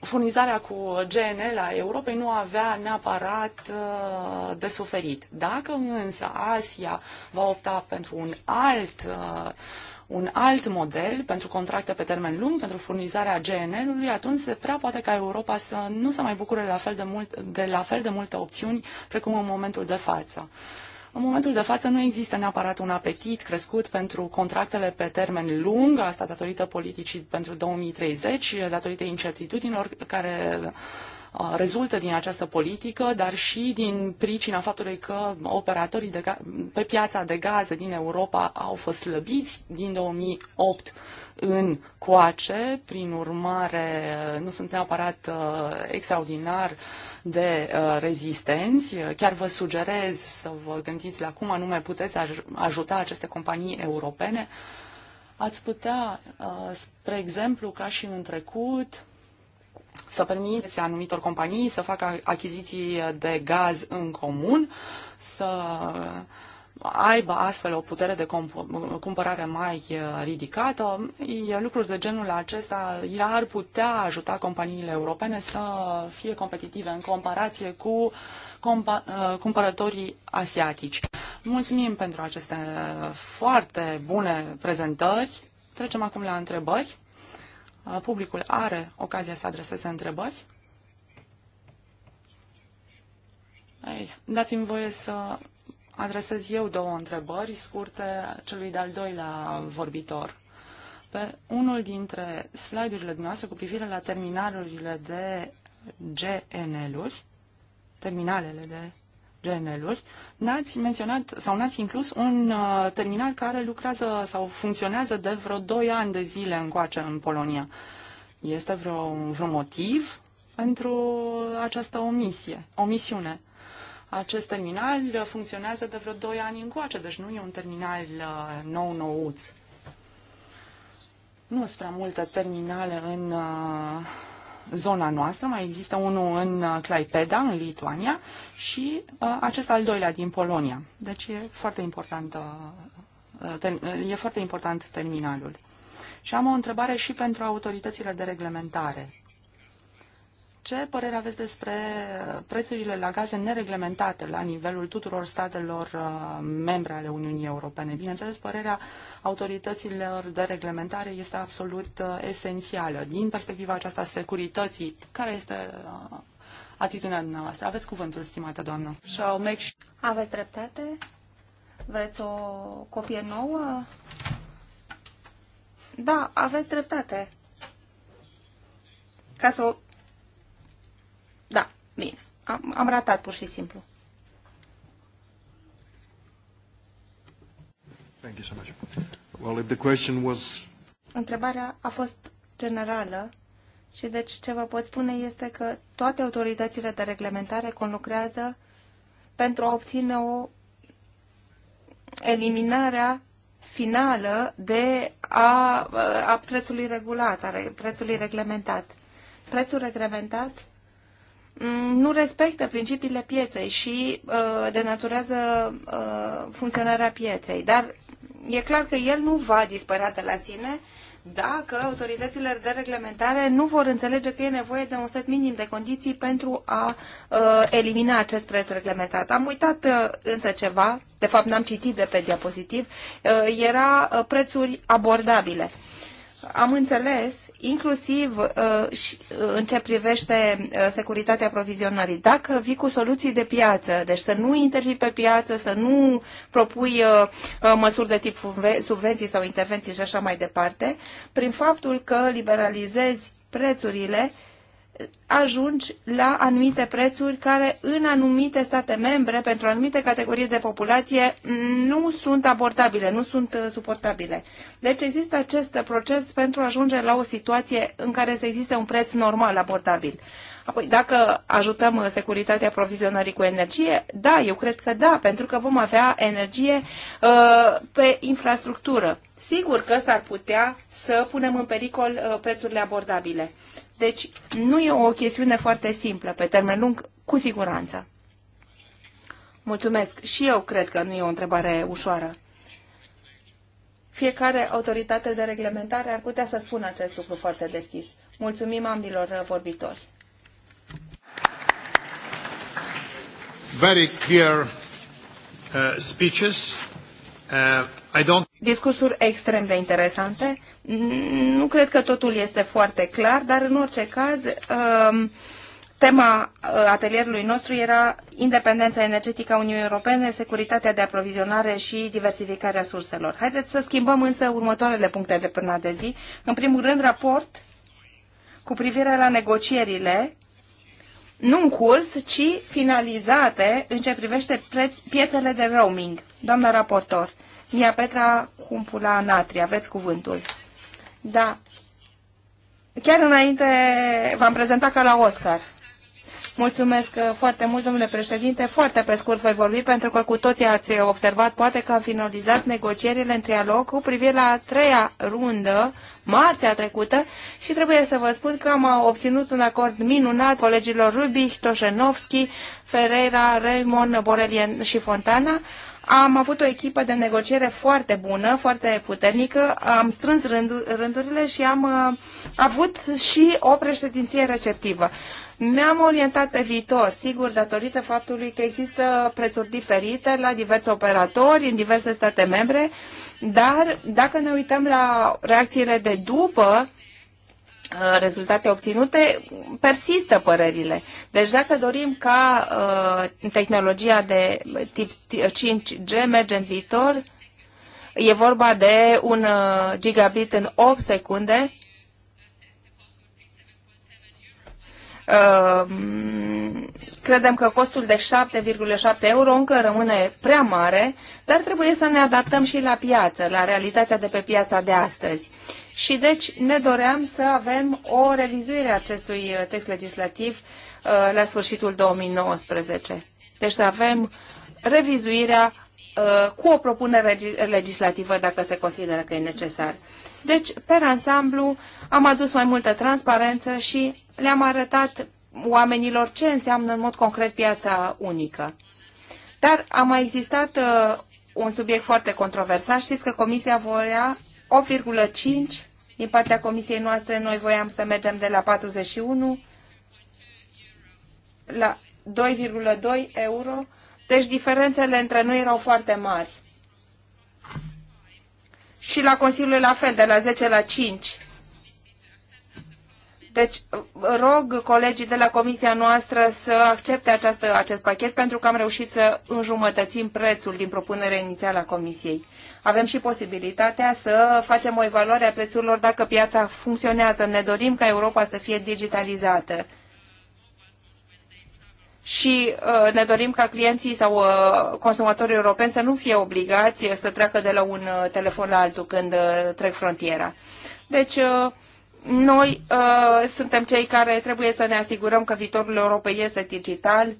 furnizarea cu GNL a Europei nu avea neapărat de suferit. Dacă însă Asia va opta pentru un alt un alt model pentru contracte pe termen lung, pentru furnizarea GNL-ului, atunci se prea poate ca Europa să nu se mai bucure la fel de, mult, de la fel de multe opțiuni precum în momentul de față. În momentul de față nu există neapărat un apetit crescut pentru contractele pe termen lung, asta datorită politicii pentru 2030, datorită incertitudinilor care uh, rezultă din această politică, dar și din pricina faptului că operatorii de pe piața de gaze din Europa au fost slăbiți din 2008 în coace, prin urmare nu sunt neapărat uh, extraordinar de uh, rezistenți. Chiar vă sugerez să vă gândiți la cum anume puteți aj- ajuta aceste companii europene. Ați putea, uh, spre exemplu, ca și în trecut, să permiteți anumitor companii să facă achiziții de gaz în comun, să aibă astfel o putere de cumpărare mai uh, ridicată, lucruri de genul acesta ar putea ajuta companiile europene să fie competitive în comparație cu uh, cumpărătorii asiatici. Mulțumim pentru aceste foarte bune prezentări. Trecem acum la întrebări. Uh, publicul are ocazia să adreseze întrebări. Ei, dați-mi voie să adresez eu două întrebări scurte celui de-al doilea vorbitor. Pe unul dintre slide-urile noastre cu privire la terminalurile de GNL-uri, terminalele de treneluri, n-ați menționat sau n-ați inclus un uh, terminal care lucrează sau funcționează de vreo 2 ani de zile încoace în Polonia. Este vreo, vreo motiv pentru această omisie, omisiune? Acest terminal funcționează de vreo 2 ani încoace, deci nu e un terminal uh, nou-nouț. Nu sunt prea multe terminale în uh, zona noastră, mai există unul în Claipeda, uh, în Lituania, și uh, acest al doilea din Polonia. Deci e foarte important, uh, ter- uh, e foarte important terminalul. Și am o întrebare și pentru autoritățile de reglementare. Ce părere aveți despre prețurile la gaze nereglementate la nivelul tuturor statelor uh, membre ale Uniunii Europene? Bineînțeles, părerea autorităților de reglementare este absolut uh, esențială. Din perspectiva aceasta securității, care este uh, atitudinea dumneavoastră? Aveți cuvântul, stimată doamnă. Aveți dreptate? Vreți o copie nouă? Da, aveți dreptate. Ca să Bine, am, am ratat pur și simplu. Thank you so much. Well, if the question was... Întrebarea a fost generală și deci ce vă pot spune este că toate autoritățile de reglementare conlucrează pentru a obține o eliminarea finală de a, a prețului regulat, a prețului reglementat. Prețul reglementat Mm, nu respectă principiile pieței și uh, denaturează uh, funcționarea pieței. Dar e clar că el nu va dispărea de la sine dacă autoritățile de reglementare nu vor înțelege că e nevoie de un set minim de condiții pentru a uh, elimina acest preț reglementat. Am uitat uh, însă ceva, de fapt n-am citit de pe diapozitiv, uh, era uh, prețuri abordabile. Uh, am înțeles, inclusiv uh, și, uh, în ce privește uh, securitatea provizionării. dacă vii cu soluții de piață, deci să nu intervii pe piață, să nu propui uh, uh, măsuri de tip subvenții sau intervenții și așa mai departe, prin faptul că liberalizezi prețurile, ajungi la anumite prețuri care în anumite state membre, pentru anumite categorii de populație, nu sunt abordabile, nu sunt uh, suportabile. Deci există acest proces pentru a ajunge la o situație în care să existe un preț normal abordabil. Apoi, dacă ajutăm uh, securitatea provizionării cu energie, da, eu cred că da, pentru că vom avea energie uh, pe infrastructură. Sigur că s-ar putea să punem în pericol uh, prețurile abordabile. Deci nu e o chestiune foarte simplă, pe termen lung, cu siguranță. Mulțumesc. Și eu cred că nu e o întrebare ușoară. Fiecare autoritate de reglementare ar putea să spună acest lucru foarte deschis. Mulțumim ambilor vorbitori. Very clear uh, speeches. Uh, Discursuri extrem de interesante. Nu cred că totul este foarte clar, dar în orice caz, um, tema uh, atelierului nostru era independența energetică a Uniunii Europene, securitatea de aprovizionare și diversificarea surselor. Haideți să schimbăm însă următoarele puncte de până de zi. În primul rând, raport cu privire la negocierile nu în curs, ci finalizate în ce privește piețele de roaming. Doamna raportor, Mia Petra Cumpula Natri, aveți cuvântul. Da. Chiar înainte v-am prezentat ca la Oscar. Mulțumesc uh, foarte mult, domnule președinte. Foarte pe scurt voi vorbi, pentru că cu toții ați observat, poate că am finalizat negocierile în trialog cu privire la a treia rundă, marțea trecută, și trebuie să vă spun că am obținut un acord minunat colegilor Rubich, Toșenovski, Ferreira, Raymond, Borelien și Fontana. Am avut o echipă de negociere foarte bună, foarte puternică, am strâns rândurile și am uh, avut și o președinție receptivă. Ne-am orientat pe viitor, sigur, datorită faptului că există prețuri diferite la diverse operatori în diverse state membre, dar dacă ne uităm la reacțiile de după Uh, rezultate obținute, persistă părerile. Deci dacă dorim ca uh, tehnologia de tip 5G uh, merge în viitor, e vorba de un uh, gigabit în 8 secunde, Ehm, credem că costul de 7,7 euro încă rămâne prea mare, dar trebuie să ne adaptăm și la piață, la realitatea de pe piața de astăzi. Și deci ne doream să avem o revizuire a acestui uh, text legislativ uh, la sfârșitul 2019. Deci să avem revizuirea uh, cu o propunere legislativă dacă se consideră că e necesar. Deci, pe ansamblu, am adus mai multă transparență și le-am arătat oamenilor ce înseamnă în mod concret piața unică. Dar a mai existat uh, un subiect foarte controversat. Știți că Comisia voia 8,5 din partea Comisiei noastre. Noi voiam să mergem de la 41 la 2,2 euro. Deci diferențele între noi erau foarte mari. Și la Consiliul la fel, de la 10 la 5 deci rog colegii de la comisia noastră să accepte această, acest pachet pentru că am reușit să înjumătățim prețul din propunerea inițială a comisiei. Avem și posibilitatea să facem o evaluare a prețurilor dacă piața funcționează. Ne dorim ca Europa să fie digitalizată și uh, ne dorim ca clienții sau uh, consumatorii europeni să nu fie obligați să treacă de la un uh, telefon la altul când uh, trec frontiera. Deci uh, noi uh, suntem cei care trebuie să ne asigurăm că viitorul Europei este digital.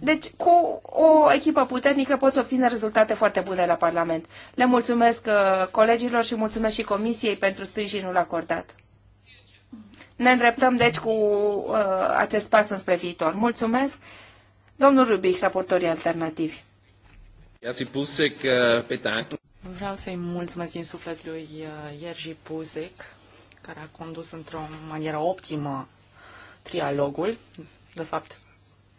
Deci, cu o echipă puternică poți obține rezultate foarte bune la Parlament. Le mulțumesc uh, colegilor și mulțumesc și Comisiei pentru sprijinul acordat. Ne îndreptăm, deci, cu uh, acest pas înspre viitor. Mulțumesc, domnul Rubic, raportorii alternativi. Vreau să-i mulțumesc din suflet lui uh, Iergi Puzic care a condus într-o manieră optimă trialogul. De fapt,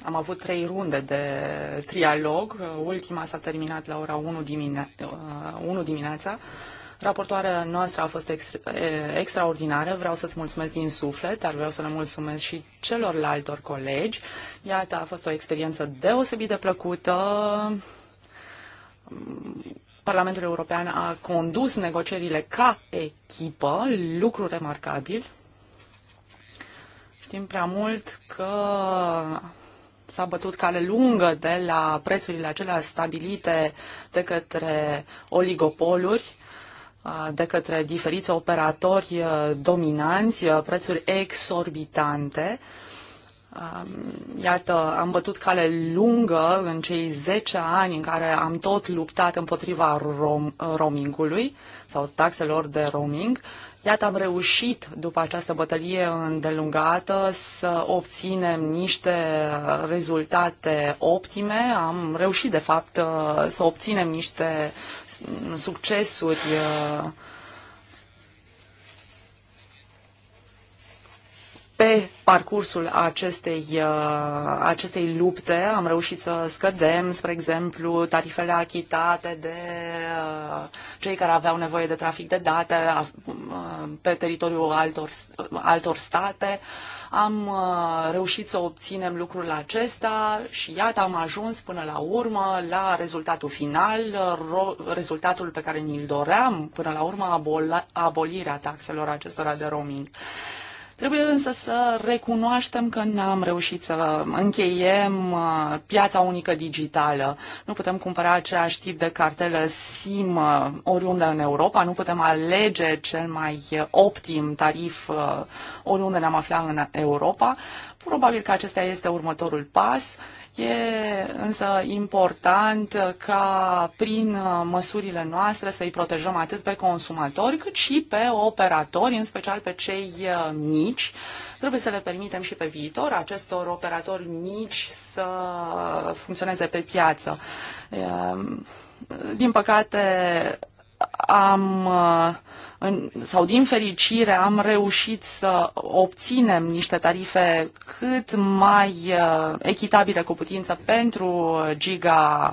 am avut trei runde de trialog. Ultima s-a terminat la ora 1, dimine- 1 uh, dimineața. Raportoarea noastră a fost extra- extraordinară. Vreau să-ți mulțumesc din suflet, dar vreau să le mulțumesc și celorlaltor colegi. Iată, a fost o experiență deosebit de plăcută Parlamentul European a condus negocierile ca echipă, lucru remarcabil. Știm prea mult că s-a bătut cale lungă de la prețurile acelea stabilite de către oligopoluri, de către diferiți operatori dominanți, prețuri exorbitante. Iată, am bătut cale lungă în cei 10 ani în care am tot luptat împotriva rom- roamingului sau taxelor de roaming. Iată, am reușit după această bătălie îndelungată să obținem niște rezultate optime. Am reușit, de fapt, să obținem niște succesuri uh, pe parcursul acestei, uh, acestei lupte am reușit să scădem, spre exemplu, tarifele achitate de uh, cei care aveau nevoie de trafic de date uh, pe teritoriul altor, altor state. Am reușit să obținem lucrul acesta și iată am ajuns până la urmă la rezultatul final, rezultatul pe care ni-l doream, până la urmă abolirea taxelor acestora de roaming. Trebuie însă să recunoaștem că n-am reușit să încheiem uh, piața unică digitală. Nu putem cumpăra aceeași tip de cartelă SIM uh, oriunde în Europa, nu putem alege cel mai optim tarif uh, oriunde ne-am aflat în Europa. Probabil că acesta este următorul pas E însă important ca prin uh, măsurile noastre să-i protejăm atât pe consumatori cât și pe operatori, în special pe cei uh, mici. Trebuie să le permitem și pe viitor acestor operatori mici să funcționeze pe piață. Ehm, din păcate, am uh, în, sau din fericire am reușit să obținem niște tarife cât mai uh, echitabile cu putință pentru giga,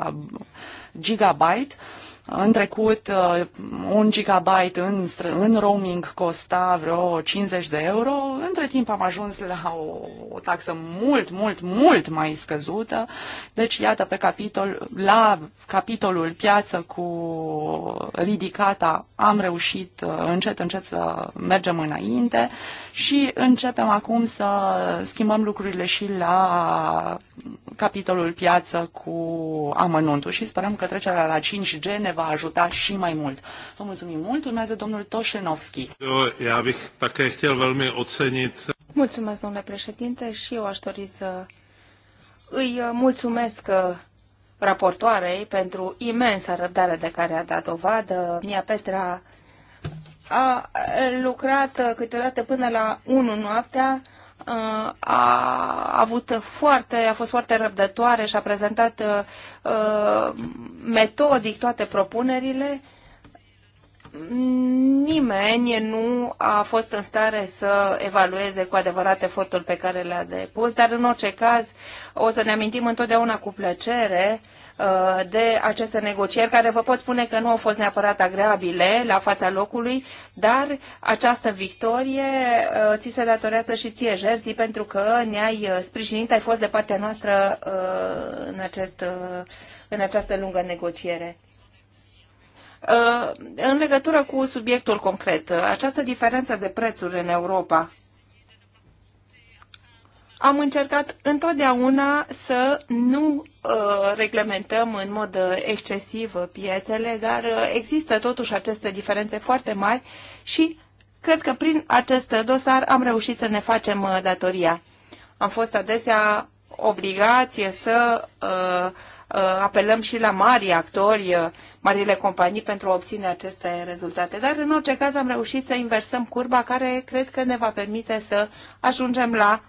gigabyte. Uh, în trecut, uh, un gigabyte în, în roaming costa vreo 50 de euro. Între timp am ajuns la o, o taxă mult, mult, mult mai scăzută. Deci, iată, pe capitol, la capitolul piață cu ridicata am reușit uh, încet, încet să mergem înainte și începem acum să schimbăm lucrurile și la capitolul piață cu amănuntul și sperăm că trecerea la 5G ne va ajuta și mai mult. Vă mulțumim mult. Urmează domnul Toșenovski. Eu, bych také chtěl velmi ocenit. Mulțumesc, domnule președinte, și eu aș dori să îi mulțumesc uh, raportoarei pentru imensa răbdare de care a dat dovadă. Mia Petra a lucrat uh, câteodată până la 1 noaptea, a avut foarte, a fost foarte răbdătoare și a prezentat uh, uh, metodic toate propunerile nimeni nu a fost în stare să evalueze cu adevărat efortul pe care le a depus, dar în orice caz o să ne amintim întotdeauna cu plăcere uh, de aceste negocieri, care vă pot spune că nu au fost neapărat agreabile la fața locului, dar această victorie uh, ți se datorează și ție, Jerzy, pentru că ne-ai uh, sprijinit, ai fost de partea noastră în, acest, în această lungă negociere. Uh, în legătură cu subiectul concret, uh, această diferență de prețuri în Europa, am încercat întotdeauna să nu uh, reglementăm în mod excesiv piețele, dar există totuși aceste diferențe foarte mari și cred că prin acest dosar am reușit să ne facem datoria. Am fost adesea obligație să uh, Uh, apelăm și la mari actori, uh, marile companii pentru a obține aceste rezultate. Dar în orice caz am reușit să inversăm curba care cred că ne va permite să ajungem la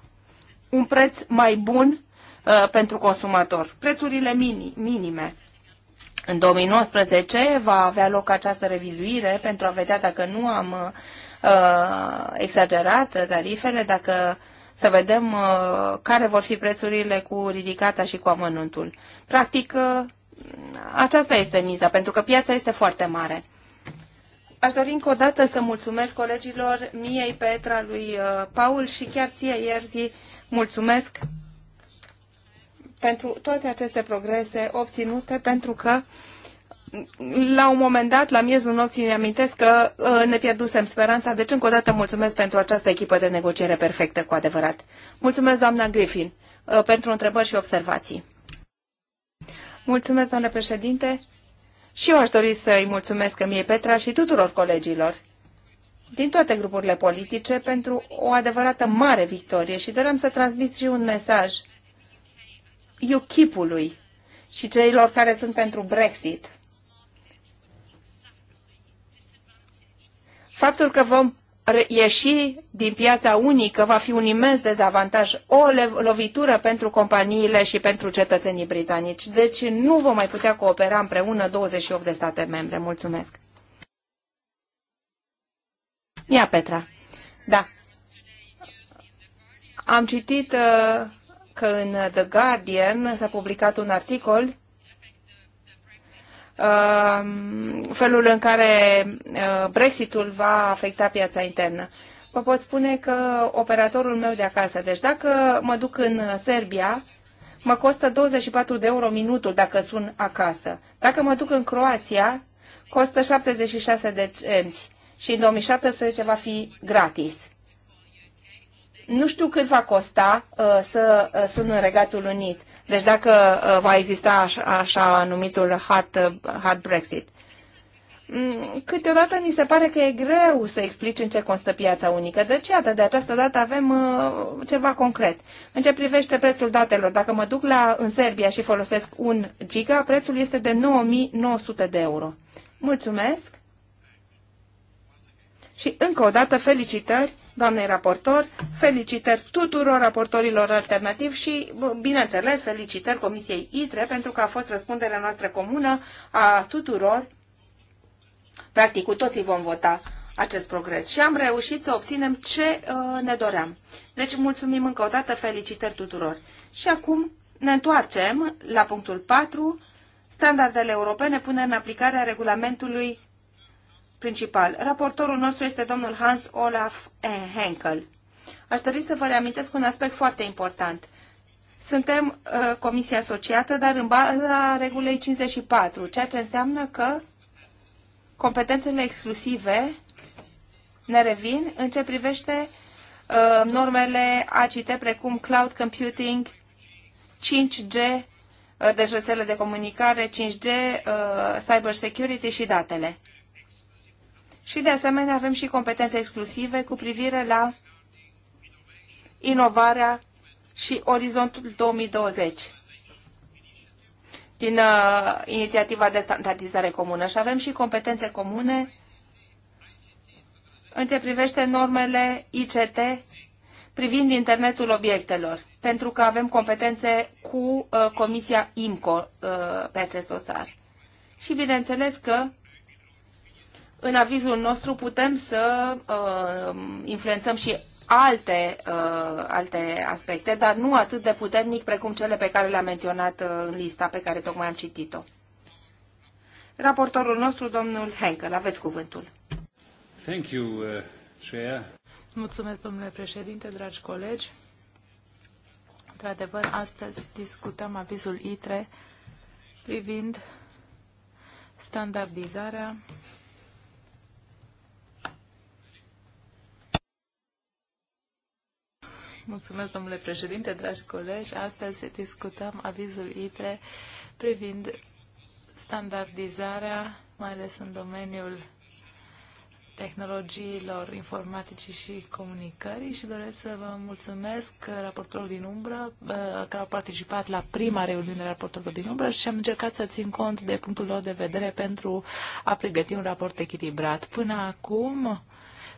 un preț mai bun uh, pentru consumator. Prețurile mini, minime. În 2019 va avea loc această revizuire pentru a vedea dacă nu am uh, exagerat tarifele, dacă să vedem uh, care vor fi prețurile cu ridicata și cu amănuntul. Practic, uh, aceasta este miza, pentru că piața este foarte mare. Aș dori încă o dată să mulțumesc colegilor Miei, Petra, lui uh, Paul și chiar ție, Ierzi, mulțumesc pentru toate aceste progrese obținute, pentru că la un moment dat, la miezul nopții, ne amintesc că uh, ne pierdusem speranța, deci încă o dată mulțumesc pentru această echipă de negociere perfectă, cu adevărat. Mulțumesc, doamna Griffin, uh, pentru întrebări și observații. Mulțumesc, doamne președinte. Și eu aș dori să-i mulțumesc mie Petra și tuturor colegilor din toate grupurile politice pentru o adevărată mare victorie și doream să transmit și un mesaj UKIP-ului și celor care sunt pentru Brexit Faptul că vom ieși din piața unică va fi un imens dezavantaj, o lovitură pentru companiile și pentru cetățenii britanici. Deci nu vom mai putea coopera împreună 28 de state membre. Mulțumesc. Ia, Petra. Da. Am citit uh, că în The Guardian s-a publicat un articol Um, felul în care uh, Brexitul va afecta piața internă. Vă pot spune că operatorul meu de acasă, deci dacă mă duc în Serbia, mă costă 24 de euro minutul dacă sun acasă. Dacă mă duc în Croația, costă 76 de cenți și în 2017 va fi gratis. Nu știu cât va costa uh, să uh, sun în Regatul Unit, deci dacă uh, va exista așa, așa numitul hard, hard Brexit. Mm, câteodată ni se pare că e greu să explici în ce constă piața unică. Deci, iată, de această dată avem uh, ceva concret. În ce privește prețul datelor, dacă mă duc la, în Serbia și folosesc un giga, prețul este de 9900 de euro. Mulțumesc! Și încă o dată felicitări doamnei raportor, felicitări tuturor raportorilor alternativi și, bineînțeles, felicitări Comisiei ITRE pentru că a fost răspunderea noastră comună a tuturor. Practic, cu toții vom vota acest progres și am reușit să obținem ce uh, ne doream. Deci, mulțumim încă o dată, felicitări tuturor. Și acum ne întoarcem la punctul 4, standardele europene pune în aplicare a regulamentului principal. Raportorul nostru este domnul Hans Olaf Henkel. Aș dori să vă reamintesc un aspect foarte important. Suntem uh, comisie asociată, dar în baza regulii 54, ceea ce înseamnă că competențele exclusive ne revin în ce privește uh, normele ACT precum cloud computing, 5G, uh, deci rețele de comunicare, 5G, uh, cyber security și datele. Și de asemenea avem și competențe exclusive cu privire la inovarea și orizontul 2020 din uh, inițiativa de standardizare comună și avem și competențe comune în ce privește normele ICT privind internetul obiectelor, pentru că avem competențe cu uh, Comisia IMCO uh, pe acest dosar. Și bineînțeles că în avizul nostru putem să uh, influențăm și alte, uh, alte aspecte, dar nu atât de puternic precum cele pe care le-am menționat uh, în lista pe care tocmai am citit-o. Raportorul nostru, domnul Henkel, aveți cuvântul. Thank you, uh, Chair. Mulțumesc, domnule președinte, dragi colegi. Într-adevăr, astăzi discutăm avizul ITRE privind standardizarea Mulțumesc, domnule președinte, dragi colegi. Astăzi discutăm avizul ITRE privind standardizarea, mai ales în domeniul tehnologiilor informaticii și comunicării și doresc să vă mulțumesc raportorul din umbră uh, că au participat la prima reuniune raportorului din umbră și am încercat să țin cont de punctul lor de vedere pentru a pregăti un raport echilibrat. Până acum,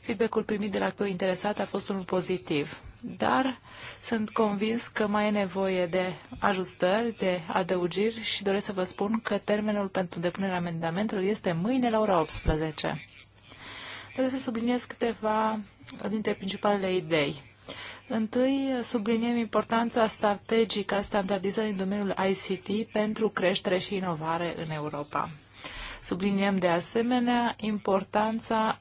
feedback-ul primit de la actorii interesat a fost unul pozitiv dar sunt convins că mai e nevoie de ajustări, de adăugiri și doresc să vă spun că termenul pentru depunerea amendamentelor este mâine la ora 18. Doresc să subliniez câteva dintre principalele idei. Întâi, subliniem importanța strategică a standardizării în domeniul ICT pentru creștere și inovare în Europa. Subliniem de asemenea importanța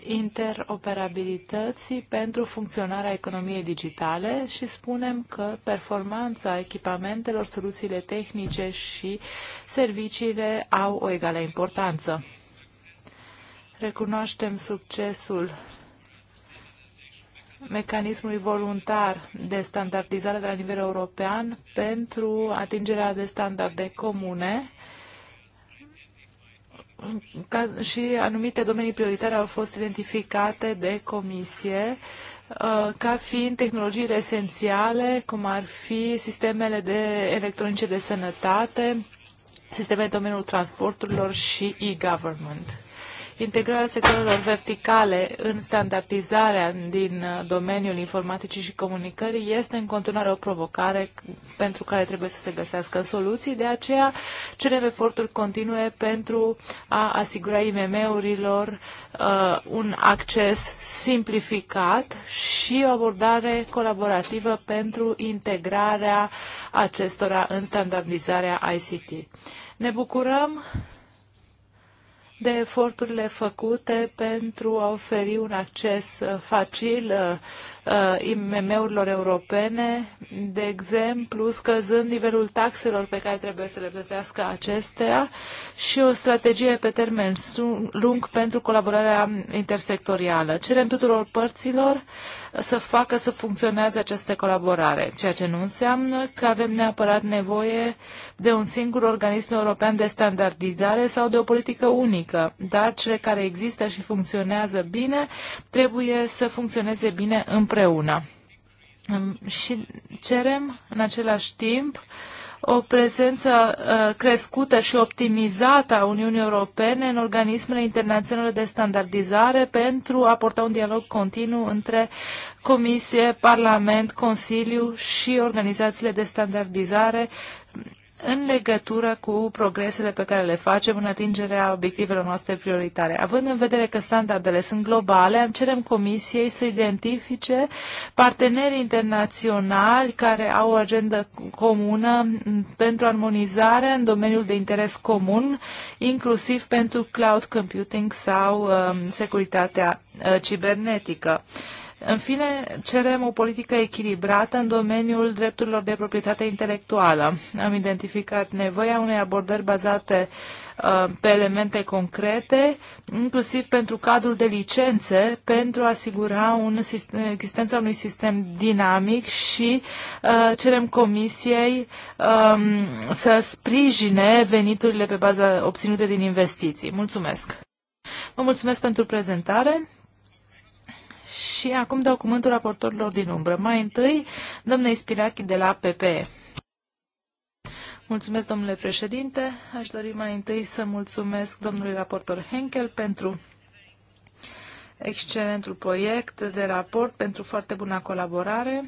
interoperabilității pentru funcționarea economiei digitale și spunem că performanța echipamentelor, soluțiile tehnice și serviciile au o egală importanță. Recunoaștem succesul mecanismului voluntar de standardizare de la nivel european pentru atingerea de standarde comune ca și anumite domenii prioritare au fost identificate de comisie uh, ca fiind tehnologiile esențiale, cum ar fi sistemele de electronice de sănătate, sistemele în domeniul transporturilor și e-government integrarea sectorilor verticale în standardizarea din uh, domeniul informaticii și comunicării este în continuare o provocare pentru care trebuie să se găsească soluții. De aceea cerem eforturi continue pentru a asigura IMM-urilor uh, un acces simplificat și o abordare colaborativă pentru integrarea acestora în standardizarea ICT. Ne bucurăm de eforturile făcute pentru a oferi un acces uh, facil uh, uh, IMM-urilor europene, de exemplu, scăzând nivelul taxelor pe care trebuie să le plătească acestea și o strategie pe termen lung pentru colaborarea intersectorială. Cerem tuturor părților să facă să funcționeze această colaborare, ceea ce nu înseamnă că avem neapărat nevoie de un singur organism european de standardizare sau de o politică unică, dar cele care există și funcționează bine trebuie să funcționeze bine împreună împreună. Și cerem în același timp o prezență uh, crescută și optimizată a Uniunii Europene în organismele internaționale de standardizare pentru a porta un dialog continuu între Comisie, Parlament, Consiliu și organizațiile de standardizare în legătură cu progresele pe care le facem în atingerea obiectivelor noastre prioritare. Având în vedere că standardele sunt globale, am cerem Comisiei să identifice parteneri internaționali care au o agendă comună pentru armonizare în domeniul de interes comun, inclusiv pentru cloud computing sau um, securitatea uh, cibernetică. Uh, în fine, cerem o politică echilibrată în domeniul drepturilor de proprietate intelectuală. Am identificat nevoia unei abordări bazate uh, pe elemente concrete, inclusiv pentru cadrul de licențe, pentru a asigura un, existența unui sistem dinamic și uh, cerem comisiei um, să sprijine veniturile pe baza obținute din investiții. Mulțumesc! Vă mulțumesc pentru prezentare și acum dau cuvântul raportorilor din umbră. Mai întâi, domnul Ispirachi de la PPE. Mulțumesc, domnule președinte. Aș dori mai întâi să mulțumesc domnului raportor Henkel pentru excelentul proiect de raport, pentru foarte bună colaborare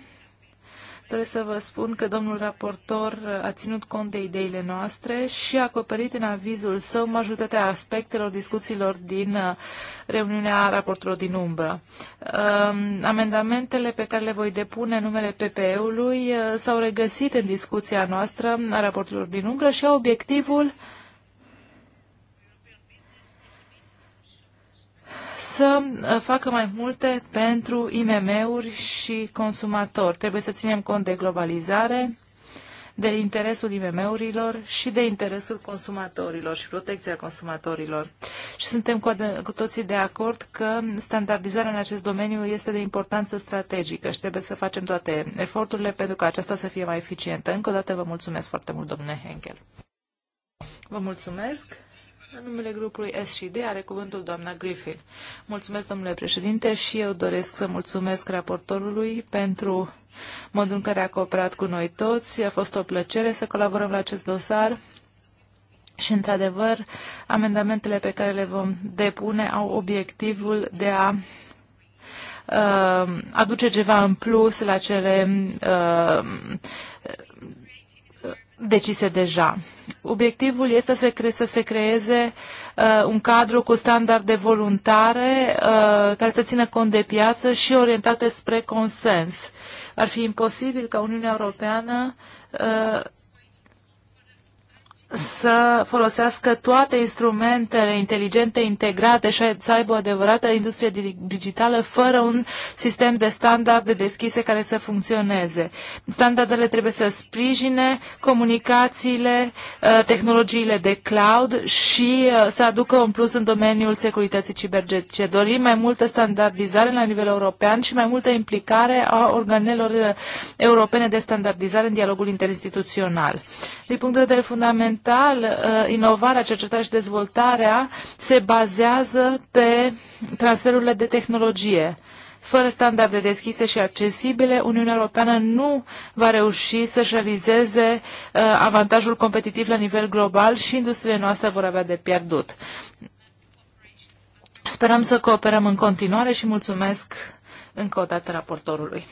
Doresc să vă spun că domnul raportor a ținut cont de ideile noastre și a acoperit în avizul său majoritatea aspectelor discuțiilor din uh, reuniunea raportorilor din umbră. Um, amendamentele pe care le voi depune în numele PPE-ului uh, s-au regăsit în discuția noastră a raportorilor din umbră și au obiectivul să uh, facă mai multe pentru IMM-uri și consumatori. Trebuie să ținem cont de globalizare, de interesul IMM-urilor și de interesul consumatorilor și protecția consumatorilor. Și suntem cu, cu toții de acord că standardizarea în acest domeniu este de importanță strategică și trebuie să facem toate eforturile pentru ca aceasta să fie mai eficientă. Încă o dată vă mulțumesc foarte mult, domnule Henkel. Vă mulțumesc. În numele grupului S și D are cuvântul doamna Griffin. Mulțumesc, domnule președinte, și eu doresc să mulțumesc raportorului pentru modul în care a cooperat cu noi toți. A fost o plăcere să colaborăm la acest dosar. Și, într-adevăr, amendamentele pe care le vom depune au obiectivul de a uh, aduce ceva în plus la cele uh, decise deja. Obiectivul este să, cre- să se creeze uh, un cadru cu standarde voluntare uh, care să țină cont de piață și orientate spre consens. Ar fi imposibil ca Uniunea Europeană uh, să folosească toate instrumentele inteligente integrate și să aibă o adevărată industrie digitală fără un sistem de standarde deschise care să funcționeze. Standardele trebuie să sprijine comunicațiile, uh, tehnologiile de cloud și uh, să aducă un plus în domeniul securității cibergetice. Dorim mai multă standardizare la nivel european și mai multă implicare a organelor uh, europene de standardizare în dialogul interinstituțional. Din punct de vedere fundamental, fundamental, uh, inovarea, cercetarea și dezvoltarea se bazează pe transferurile de tehnologie. Fără standarde deschise și accesibile, Uniunea Europeană nu va reuși să-și realizeze uh, avantajul competitiv la nivel global și industriile noastre vor avea de pierdut. Sperăm să cooperăm în continuare și mulțumesc încă o dată raportorului.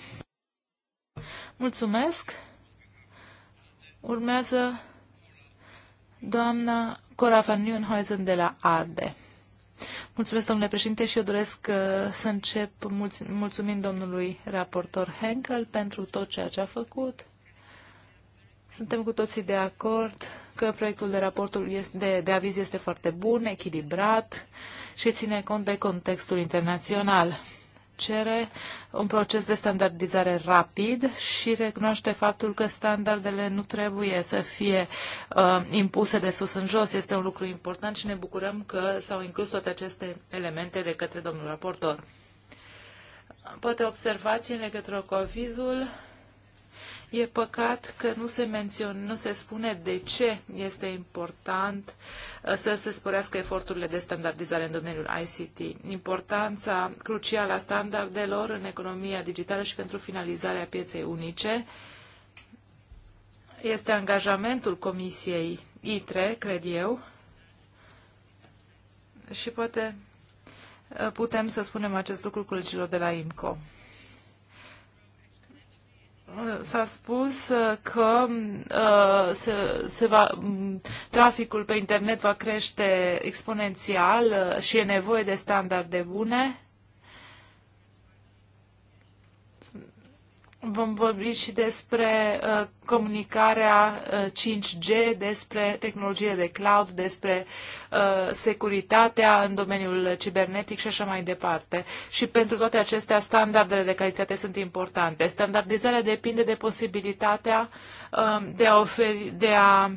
Mulțumesc! Urmează doamna Corafa van Nieuwenhuizen de la ARDE. Mulțumesc, domnule președinte, și eu doresc uh, să încep mulțumind domnului raportor Henkel pentru tot ceea ce a făcut. Suntem cu toții de acord că proiectul de, raportul este, de, de aviz este foarte bun, echilibrat și ține cont de contextul internațional cere un proces de standardizare rapid și recunoaște faptul că standardele nu trebuie să fie uh, impuse de sus în jos. Este un lucru important și ne bucurăm că s-au inclus toate aceste elemente de către domnul raportor. Poate observați în legătură cu avizul E păcat că nu se menționează, nu se spune de ce este important uh, să se sporească eforturile de standardizare în domeniul ICT. Importanța crucială a standardelor în economia digitală și pentru finalizarea pieței unice este angajamentul Comisiei ITRE, cred eu, și poate uh, putem să spunem acest lucru colegilor de la IMCO s-a spus uh, că uh, se, se va, traficul pe internet va crește exponențial uh, și e nevoie de standarde bune. Vom vorbi și despre uh, comunicarea uh, 5G, despre tehnologie de cloud, despre uh, securitatea în domeniul cibernetic și așa mai departe. Și pentru toate acestea, standardele de calitate sunt importante. Standardizarea depinde de posibilitatea uh, de a oferi, de a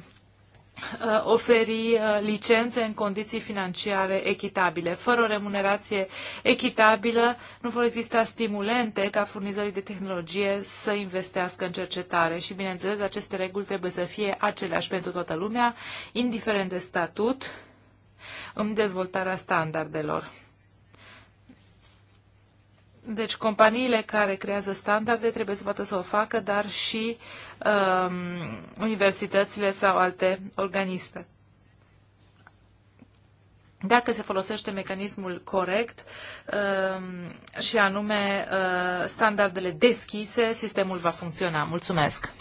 Uh, oferi uh, licențe în condiții financiare echitabile. Fără o remunerație echitabilă, nu vor exista stimulente ca furnizorii de tehnologie să investească în cercetare și, bineînțeles, aceste reguli trebuie să fie aceleași pentru toată lumea, indiferent de statut, în dezvoltarea standardelor. Deci companiile care creează standarde trebuie să poată să o facă, dar și uh, Um, universitățile sau alte organisme. Dacă se folosește mecanismul corect um, și anume uh, standardele deschise, sistemul va funcționa. Mulțumesc!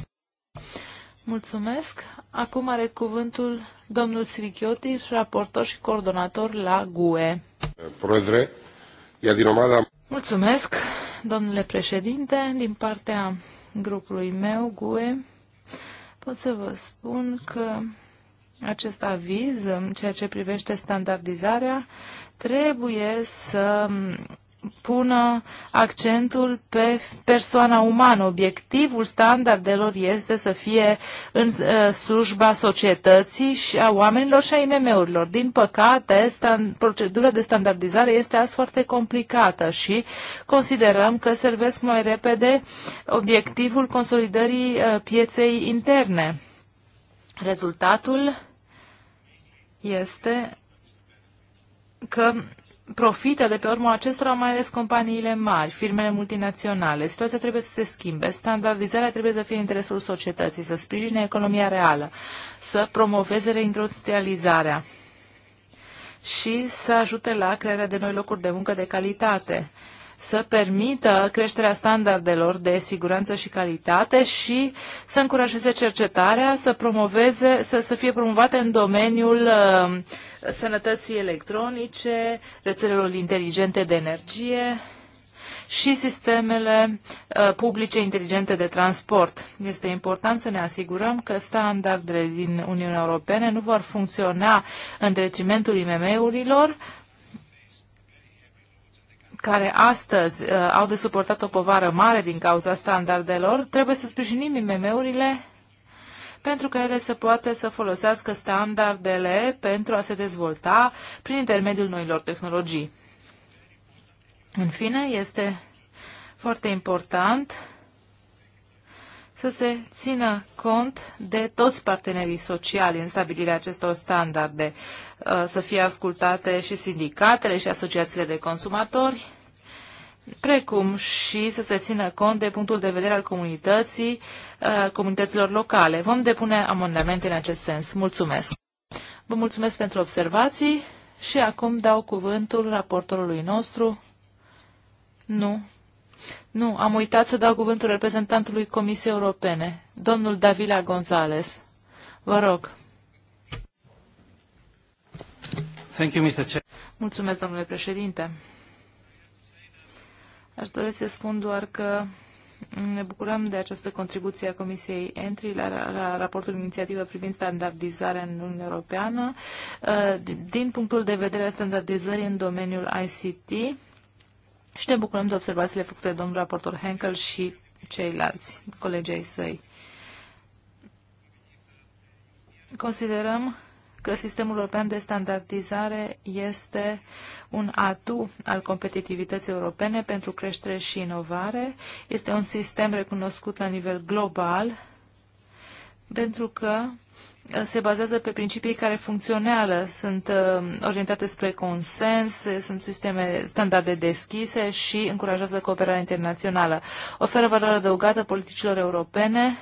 Mulțumesc. Acum are cuvântul domnul Sirichioti, raportor și coordonator la GUE. Mulțumesc, domnule președinte, din partea grupului meu, GUE, pot să vă spun că acest aviz, în ceea ce privește standardizarea, trebuie să pună accentul pe persoana umană. Obiectivul standardelor este să fie în uh, slujba societății și a oamenilor și a IMM-urilor. Din păcate, procedura de standardizare este azi foarte complicată și considerăm că servesc mai repede obiectivul consolidării uh, pieței interne. Rezultatul este că profită de pe urma acestora mai ales companiile mari, firmele multinaționale. Situația trebuie să se schimbe. Standardizarea trebuie să fie în interesul societății, să sprijine economia reală, să promoveze reindustrializarea și să ajute la crearea de noi locuri de muncă de calitate să permită creșterea standardelor de siguranță și calitate și să încurajeze cercetarea să promoveze, să, să fie promovate în domeniul uh, sănătății electronice, rețelelor inteligente de energie și sistemele uh, publice inteligente de transport. Este important să ne asigurăm că standardele din Uniunea Europeană nu vor funcționa în detrimentul IMM-urilor, care astăzi uh, au de suportat o povară mare din cauza standardelor, trebuie să sprijinim IMM-urile pentru că ele se poate să folosească standardele pentru a se dezvolta prin intermediul noilor tehnologii. În fine, este foarte important să se țină cont de toți partenerii sociali în stabilirea acestor standarde, uh, să fie ascultate și sindicatele și asociațiile de consumatori, precum și să se țină cont de punctul de vedere al comunității, uh, comunităților locale. Vom depune amendamente în acest sens. Mulțumesc! Vă mulțumesc pentru observații și acum dau cuvântul raportorului nostru. Nu, nu, am uitat să dau cuvântul reprezentantului Comisiei Europene, domnul Davila González. Vă rog. Thank you, Mr. Mulțumesc, domnule președinte. Aș dori să spun doar că ne bucurăm de această contribuție a Comisiei Entry la, la raportul inițiativă privind standardizarea în Uniunea Europeană din punctul de vedere a standardizării în domeniul ICT și ne bucurăm de observațiile făcute de domnul raportor Henkel și ceilalți colegii săi. Considerăm că sistemul european de standardizare este un atu al competitivității europene pentru creștere și inovare. Este un sistem recunoscut la nivel global pentru că se bazează pe principii care funcționează, sunt uh, orientate spre consens, sunt sisteme standarde deschise și încurajează cooperarea internațională. Oferă valoare adăugată politicilor europene,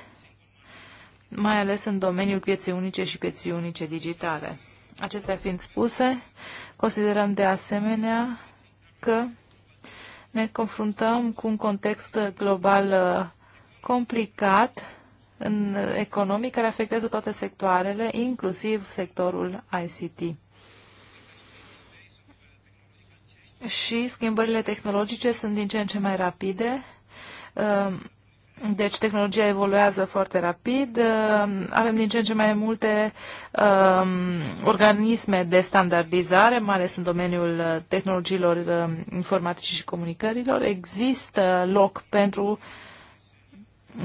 mai ales în domeniul pieței unice și pieții unice digitale. Acestea fiind spuse, considerăm de asemenea că ne confruntăm cu un context global uh, complicat, în economic care afectează toate sectoarele, inclusiv sectorul ICT. Și schimbările tehnologice sunt din ce în ce mai rapide. Um, deci tehnologia evoluează foarte rapid, um, avem din ce în ce mai multe um, organisme de standardizare, mai ales în domeniul uh, tehnologiilor um, informatice și comunicărilor. Există loc pentru uh,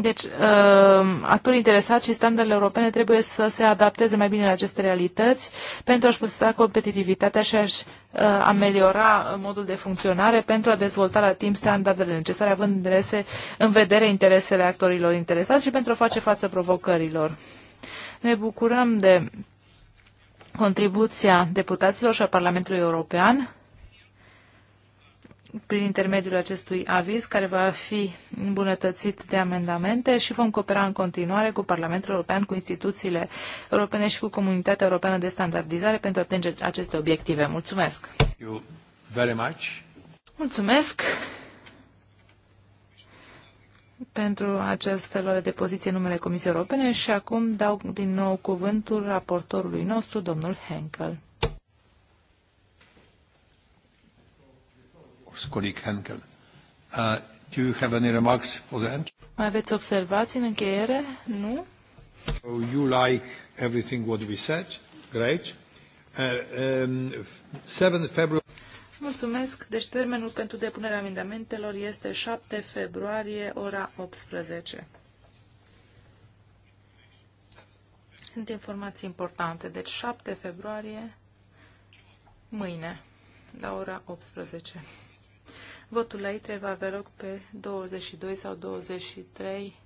deci, uh, actorii interesați și standardele europene trebuie să se adapteze mai bine la aceste realități pentru a-și păstra competitivitatea și a-și uh, ameliora modul de funcționare pentru a dezvolta la timp standardele necesare, având interese, în vedere interesele actorilor interesați și pentru a face față provocărilor. Ne bucurăm de contribuția deputaților și a Parlamentului European prin intermediul acestui aviz, care va fi îmbunătățit de amendamente și vom coopera în continuare cu Parlamentul European, cu instituțiile europene și cu Comunitatea Europeană de Standardizare pentru a atinge aceste obiective. Mulțumesc! You very much. Mulțumesc pentru această luare de poziție în numele Comisiei Europene și acum dau din nou cuvântul raportorului nostru, domnul Henkel. colleague Henkel. Uh, do you have any remarks for the end? Mai aveți observații în încheiere? Nu? So you like everything what we said? Great. Uh, um, 7 February. Mulțumesc. Deci termenul pentru depunerea amendamentelor este 7 februarie, ora 18. Sunt informații importante. Deci 7 februarie, mâine, la ora 18. Votul la ITRE va avea loc pe 22 sau 23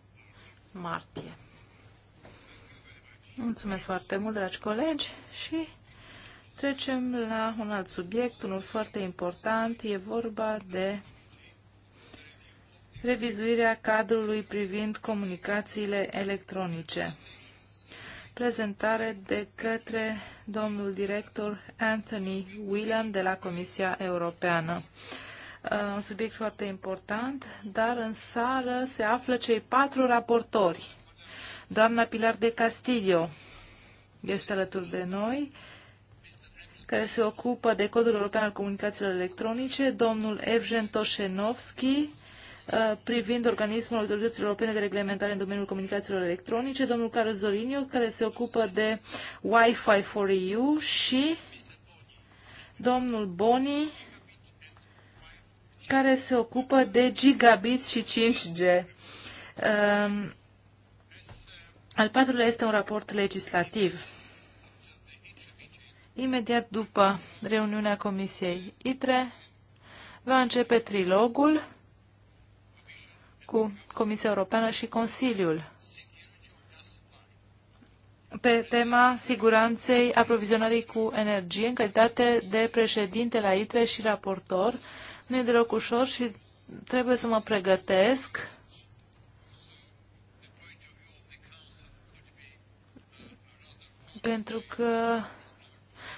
martie. Mulțumesc foarte mult, dragi colegi, și trecem la un alt subiect, unul foarte important. E vorba de revizuirea cadrului privind comunicațiile electronice. Prezentare de către domnul director Anthony Whelan de la Comisia Europeană. Uh, un subiect foarte important, dar în sală se află cei patru raportori. Doamna Pilar de Castillo este alături de noi, care se ocupă de Codul European al Comunicațiilor Electronice, domnul Evgen Toșenovski, uh, privind organismul autorităților europene de reglementare în domeniul comunicațiilor electronice, domnul Carlos Zoriniu, care se ocupă de Wi-Fi for EU și domnul Boni, care se ocupă de gigabit și 5G. Um, al patrulea este un raport legislativ. Imediat după reuniunea Comisiei ITRE va începe trilogul cu Comisia Europeană și Consiliul pe tema siguranței aprovizionării cu energie în calitate de președinte la ITRE și raportor nu e deloc ușor și trebuie să mă pregătesc. Pentru că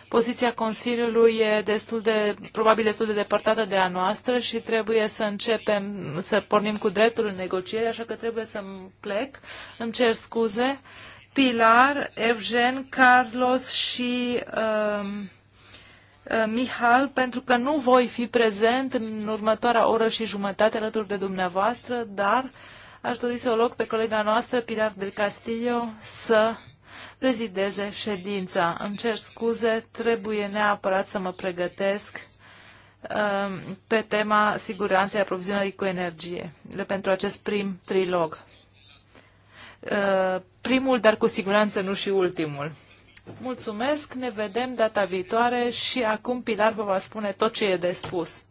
poziția Consiliului e destul de, probabil destul de depărtată de a noastră și trebuie să începem, să pornim cu dreptul în negociere, așa că trebuie să plec. Îmi cer scuze. Pilar, Evgen, Carlos și Uh, Uh, Mihal, pentru că nu voi fi prezent în următoarea oră și jumătate alături de dumneavoastră, dar aș dori să o loc pe colega noastră, Pilar del Castillo, să prezideze ședința. Îmi cer scuze, trebuie neapărat să mă pregătesc uh, pe tema siguranței aprovizionării cu energie pentru acest prim trilog. Uh, primul, dar cu siguranță nu și ultimul. Mulțumesc, ne vedem data viitoare și acum Pilar vă va spune tot ce e de spus.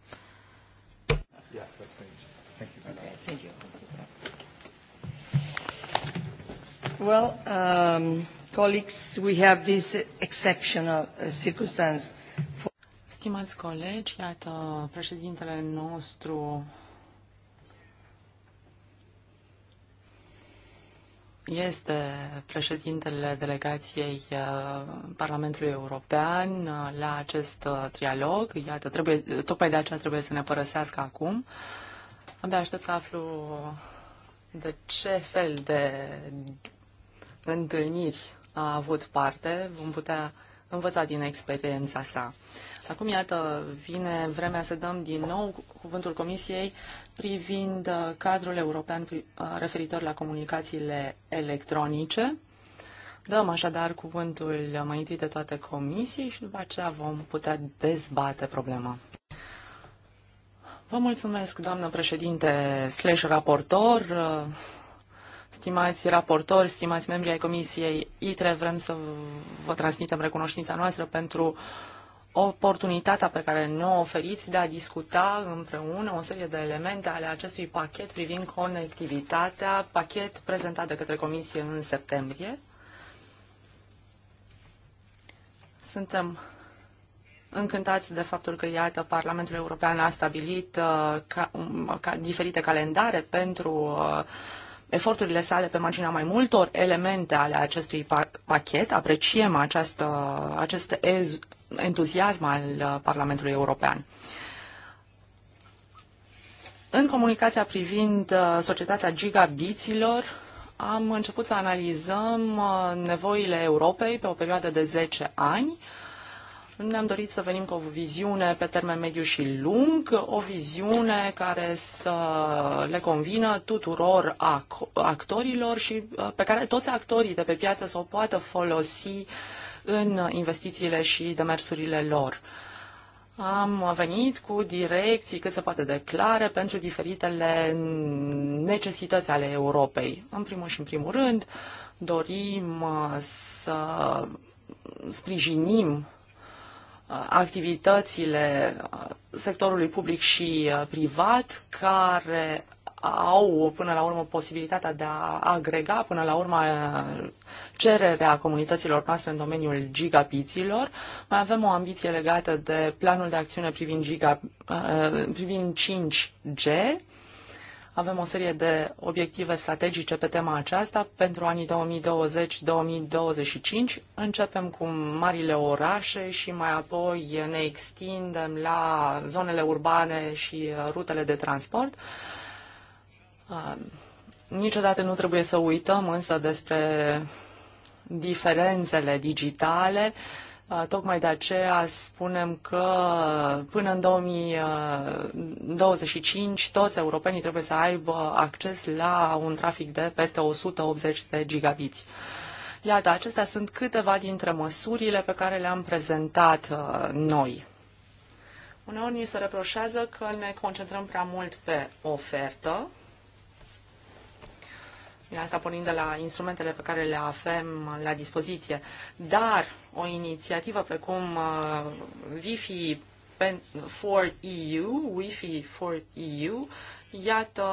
Well, um, colleagues, we have this exceptional uh, circumstance. For... Stimați colegi, iată, președintele nostru este președintele delegației uh, Parlamentului European uh, la acest uh, trialog. Iată, trebuie, tocmai de aceea trebuie să ne părăsească acum. Abia aștept să aflu de ce fel de întâlniri a avut parte. Vom putea învăța din experiența sa. Acum, iată, vine vremea să dăm din nou cuvântul Comisiei privind uh, cadrul european uh, referitor la comunicațiile electronice. Dăm așadar cuvântul uh, mai întâi de toate comisiei și după aceea vom putea dezbate problema. Vă mulțumesc, doamnă președinte slash raportor, stimați raportori, stimați membri ai Comisiei ITRE, vrem să vă transmitem recunoștința noastră pentru uh, oportunitatea pe care ne-o oferiți de a discuta împreună o serie de elemente ale acestui pachet privind conectivitatea, pachet prezentat de către Comisie în septembrie. Suntem încântați de faptul că, iată, Parlamentul European a stabilit uh, ca, um, ca diferite calendare pentru uh, eforturile sale pe marginea mai multor elemente ale acestui pachet. Apreciem această, acest ez, entuziasm al uh, Parlamentului European. În comunicația privind uh, societatea gigabiților, am început să analizăm uh, nevoile Europei pe o perioadă de 10 ani. Ne-am dorit să venim cu o viziune pe termen mediu și lung, o viziune care să le convină tuturor actorilor și pe care toți actorii de pe piață să o poată folosi uh, în investițiile și demersurile lor. Am venit cu direcții cât se poate de clare pentru diferitele necesități ale Europei. În primul și în primul rând, dorim uh, să sprijinim uh, activitățile uh, sectorului public și privat care au până la urmă posibilitatea de a agrega până la urmă cererea comunităților noastre în domeniul gigabiților. Mai avem o ambiție legată de planul de acțiune privind, giga, uh, privind 5G. Avem o serie de obiective strategice pe tema aceasta pentru anii 2020-2025. Începem cu marile orașe și mai apoi ne extindem la zonele urbane și uh, rutele de transport. Uh, Um, niciodată nu trebuie să uităm însă despre diferențele digitale. Uh, tocmai de aceea spunem că până în 2025 uh, toți europenii trebuie să aibă acces la un trafic de peste 180 de gigabiți. Iată, acestea sunt câteva dintre măsurile pe care le-am prezentat uh, noi. Uneori ni se reproșează că ne concentrăm prea mult pe ofertă, Bine, asta pornind de la instrumentele pe care le avem la dispoziție. Dar o inițiativă precum uh, Wi-Fi for EU, Wi-Fi for EU, iată,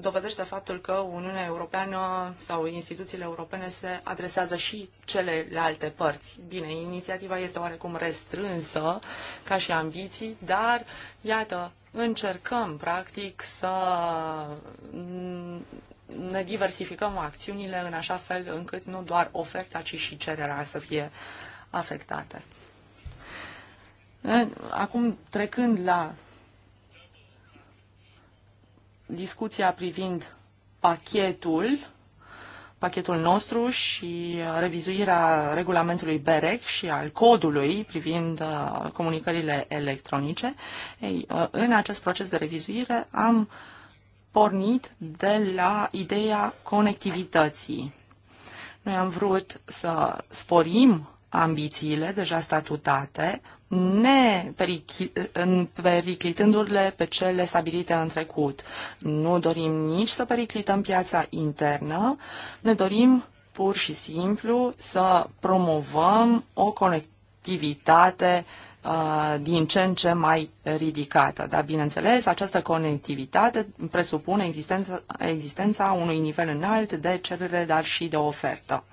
dovedește faptul că Uniunea Europeană sau instituțiile europene se adresează și celelalte părți. Bine, inițiativa este oarecum restrânsă ca și ambiții, dar, iată, încercăm, practic, să ne diversificăm acțiunile în așa fel încât nu doar oferta, ci și cererea să fie afectate. Acum, trecând la discuția privind pachetul, pachetul nostru și revizuirea regulamentului BEREC și al codului privind uh, comunicările electronice. Ei, uh, în acest proces de revizuire am uh, pornit de la ideea conectivității. Noi am vrut să sporim ambițiile deja statutate, ne periclitându-le pe cele stabilite în trecut. Nu dorim nici să periclităm piața internă, ne dorim pur și simplu să promovăm o conectivitate Uh, din ce în ce mai ridicată. Dar, bineînțeles, această conectivitate presupune existența, existența unui nivel înalt de cerere, dar și de ofertă.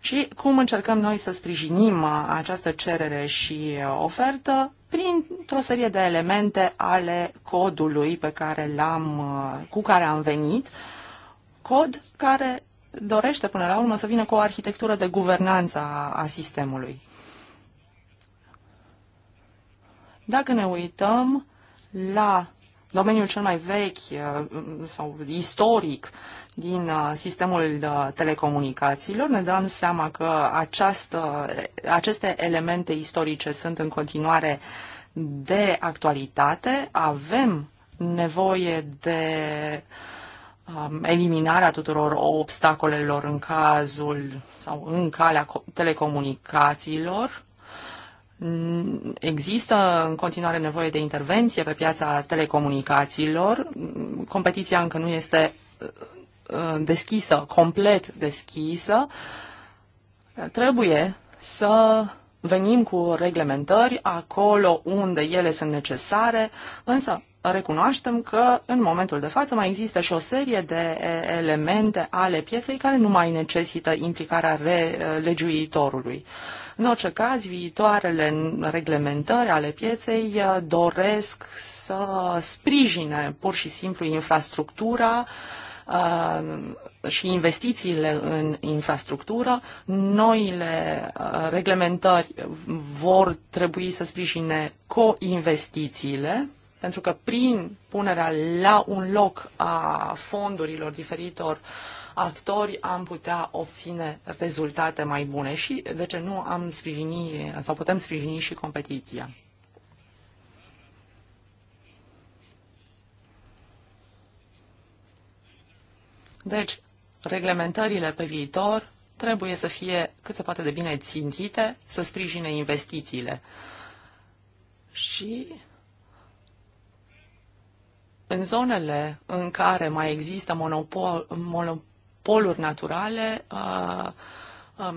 Și cum încercăm noi să sprijinim această cerere și ofertă? Printr-o serie de elemente ale codului pe care l-am, uh, cu care am venit, cod care dorește până la urmă să vină cu o arhitectură de guvernanță a, a sistemului. Dacă ne uităm la domeniul cel mai vechi uh, sau istoric din uh, sistemul uh, telecomunicațiilor, ne dăm seama că această, aceste elemente istorice sunt în continuare de actualitate. Avem nevoie de um, eliminarea tuturor obstacolelor în cazul sau în calea telecomunicațiilor Există în continuare nevoie de intervenție pe piața telecomunicațiilor. Competiția încă nu este uh, uh, deschisă, complet deschisă. Trebuie să venim cu reglementări acolo unde ele sunt necesare, însă recunoaștem că în momentul de față mai există și o serie de elemente ale pieței care nu mai necesită implicarea uh, legiuitorului. Uh, în orice caz, viitoarele reglementări ale pieței uh, doresc să sprijine pur și simplu infrastructura uh, și investițiile în infrastructură. Noile uh, reglementări vor trebui să sprijine co-investițiile, pentru că prin punerea la un loc a fondurilor diferitor uh, actori am putea obține rezultate mai bune și, de ce nu, am sprijini sau putem sprijini și competiția. Deci, reglementările pe viitor trebuie să fie cât se poate de bine țintite, să sprijine investițiile. Și în zonele în care mai există monopol, monopol poluri naturale,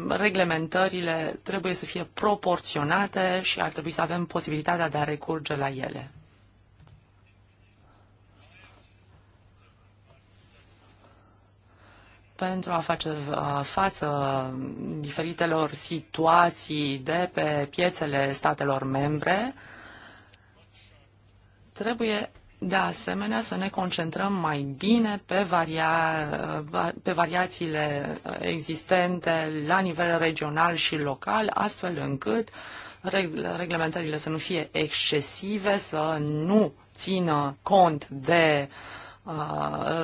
reglementările trebuie să fie proporționate și ar trebui să avem posibilitatea de a recurge la ele. pentru a face față diferitelor situații de pe piețele statelor membre, trebuie de asemenea, să ne concentrăm mai bine pe, varia, pe variațiile existente la nivel regional și local, astfel încât reglementările să nu fie excesive, să nu țină cont de uh,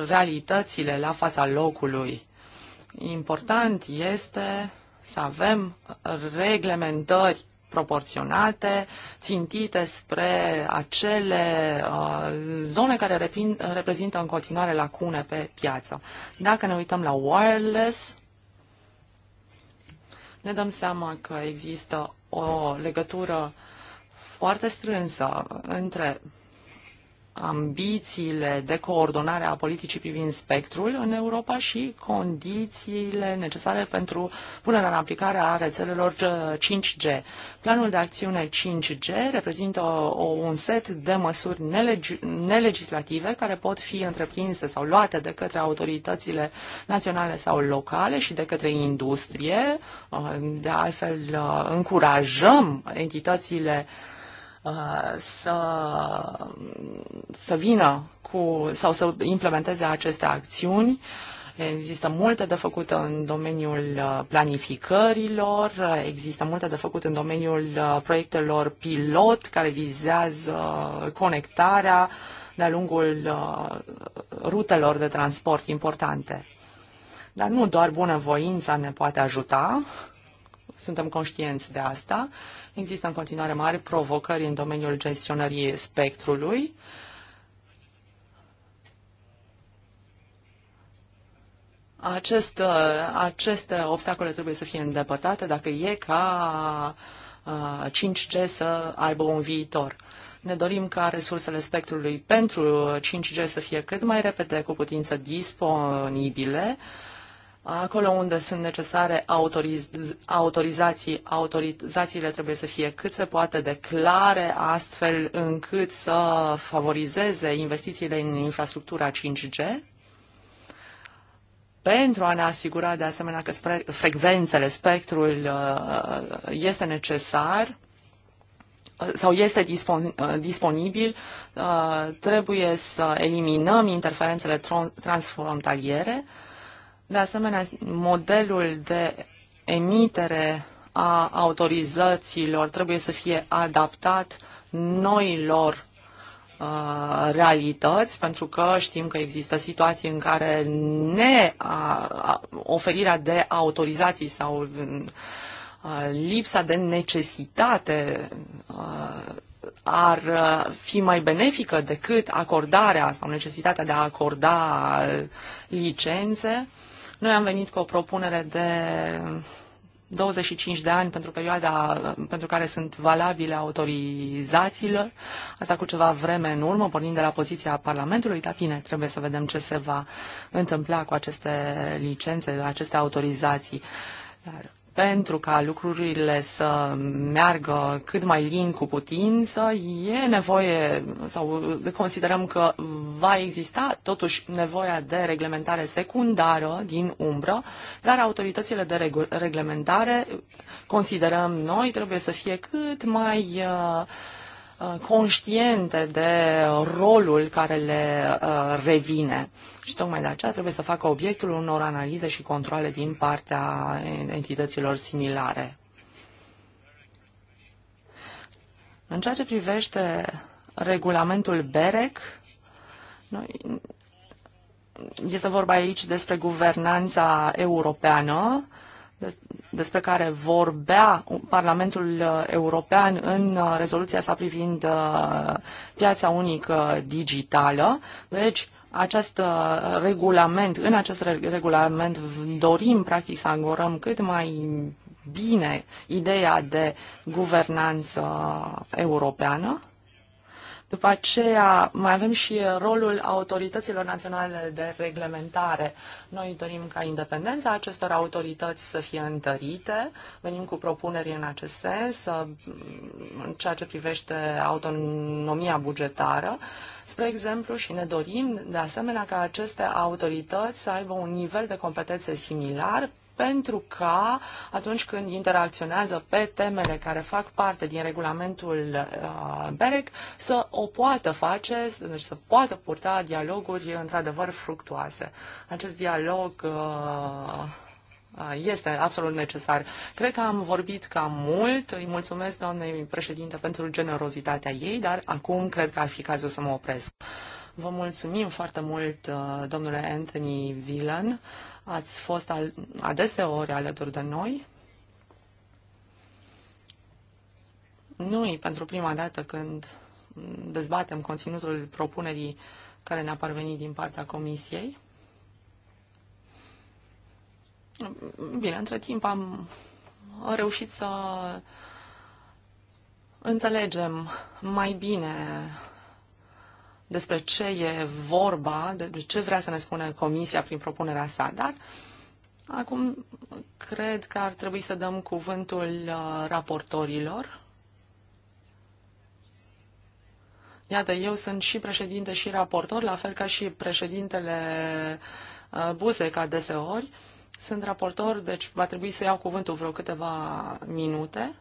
realitățile la fața locului. Important este să avem reglementări proporționate, țintite spre acele uh, zone care repin, reprezintă în continuare lacune pe piață. Dacă ne uităm la wireless, ne dăm seama că există o legătură foarte strânsă între ambițiile de coordonare a politicii privind spectrul în Europa și condițiile necesare pentru punerea în aplicare a rețelelor 5G. Uh, Planul de acțiune 5G reprezintă uh, o, un set de măsuri nelegi, nelegislative care pot fi întreprinse sau luate de către autoritățile naționale sau locale și de către industrie. Uh, de altfel, încurajăm entitățile Uh, să, să vină cu, sau să implementeze aceste acțiuni. Există multe de făcut în domeniul uh, planificărilor, există multe de făcut în domeniul uh, proiectelor pilot care vizează conectarea de-a lungul rutelor de transport importante. Dar nu doar bunăvoința ne poate ajuta, suntem conștienți de asta. Există în continuare mari provocări în domeniul gestionării spectrului. Acest, uh, aceste obstacole trebuie să fie îndepărtate dacă e ca 5G uh, să aibă un viitor. Ne dorim ca resursele spectrului pentru 5G să fie cât mai repede cu putință disponibile, uh, Acolo unde sunt necesare autoriz autorizații, autorizațiile trebuie să fie cât se poate de clare, astfel încât să favorizeze investițiile în infrastructura 5G, pentru a ne asigura de asemenea că spre, frecvențele, spectrul uh, este necesar sau este dispon, uh, disponibil, uh, trebuie să eliminăm interferențele transfrontaliere, de asemenea, modelul de emitere a autorizațiilor trebuie să fie adaptat noilor uh, realități, pentru că știm că există situații în care ne oferirea de autorizații sau uh, lipsa de necesitate uh, ar fi mai benefică decât acordarea sau necesitatea de a acorda licențe noi am venit cu o propunere de 25 de ani pentru perioada pentru care sunt valabile autorizațiile, asta cu ceva vreme în urmă, pornind de la poziția Parlamentului, dar bine, trebuie să vedem ce se va întâmpla cu aceste licențe, aceste autorizații. Dar pentru ca lucrurile să meargă cât mai lin cu putință, e nevoie sau considerăm că va exista totuși nevoia de reglementare secundară din umbră, dar autoritățile de reglementare, considerăm noi, trebuie să fie cât mai uh, uh, conștiente de rolul care le uh, revine. Și tocmai de aceea trebuie să facă obiectul unor analize și controle din partea entităților similare. În ceea ce privește regulamentul BEREC, noi, este vorba aici despre guvernanța europeană, despre care vorbea Parlamentul European în uh, rezoluția sa privind uh, piața unică digitală. Deci, acest uh, regulament, în acest regulament dorim practic să angorăm cât mai bine ideea de guvernanță europeană. După aceea mai avem și rolul autorităților naționale de reglementare. Noi dorim ca independența acestor autorități să fie întărite. Venim cu propuneri în acest sens, uh, în ceea ce privește autonomia bugetară spre exemplu, și ne dorim, de asemenea, ca aceste autorități să aibă un nivel de competențe similar pentru că atunci când interacționează pe temele care fac parte din regulamentul uh, BEREC să o poată face, deci să poată purta dialoguri într-adevăr fructuoase. Acest dialog uh, este absolut necesar. Cred că am vorbit cam mult. Îi mulțumesc doamnei președinte pentru generozitatea ei, dar acum cred că ar fi cazul să mă opresc. Vă mulțumim foarte mult, uh, domnule Anthony Villan. Ați fost al- adeseori alături de noi. Nu e pentru prima dată când dezbatem conținutul propunerii care ne-a parvenit din partea Comisiei. Bine, între timp am reușit să înțelegem mai bine despre ce e vorba, de ce vrea să ne spune Comisia prin propunerea sa, dar acum cred că ar trebui să dăm cuvântul uh, raportorilor. Iată, eu sunt și președinte și raportor, la fel ca și președintele uh, Buzeca deseori. Sunt raportor, deci va trebui să iau cuvântul vreo câteva minute.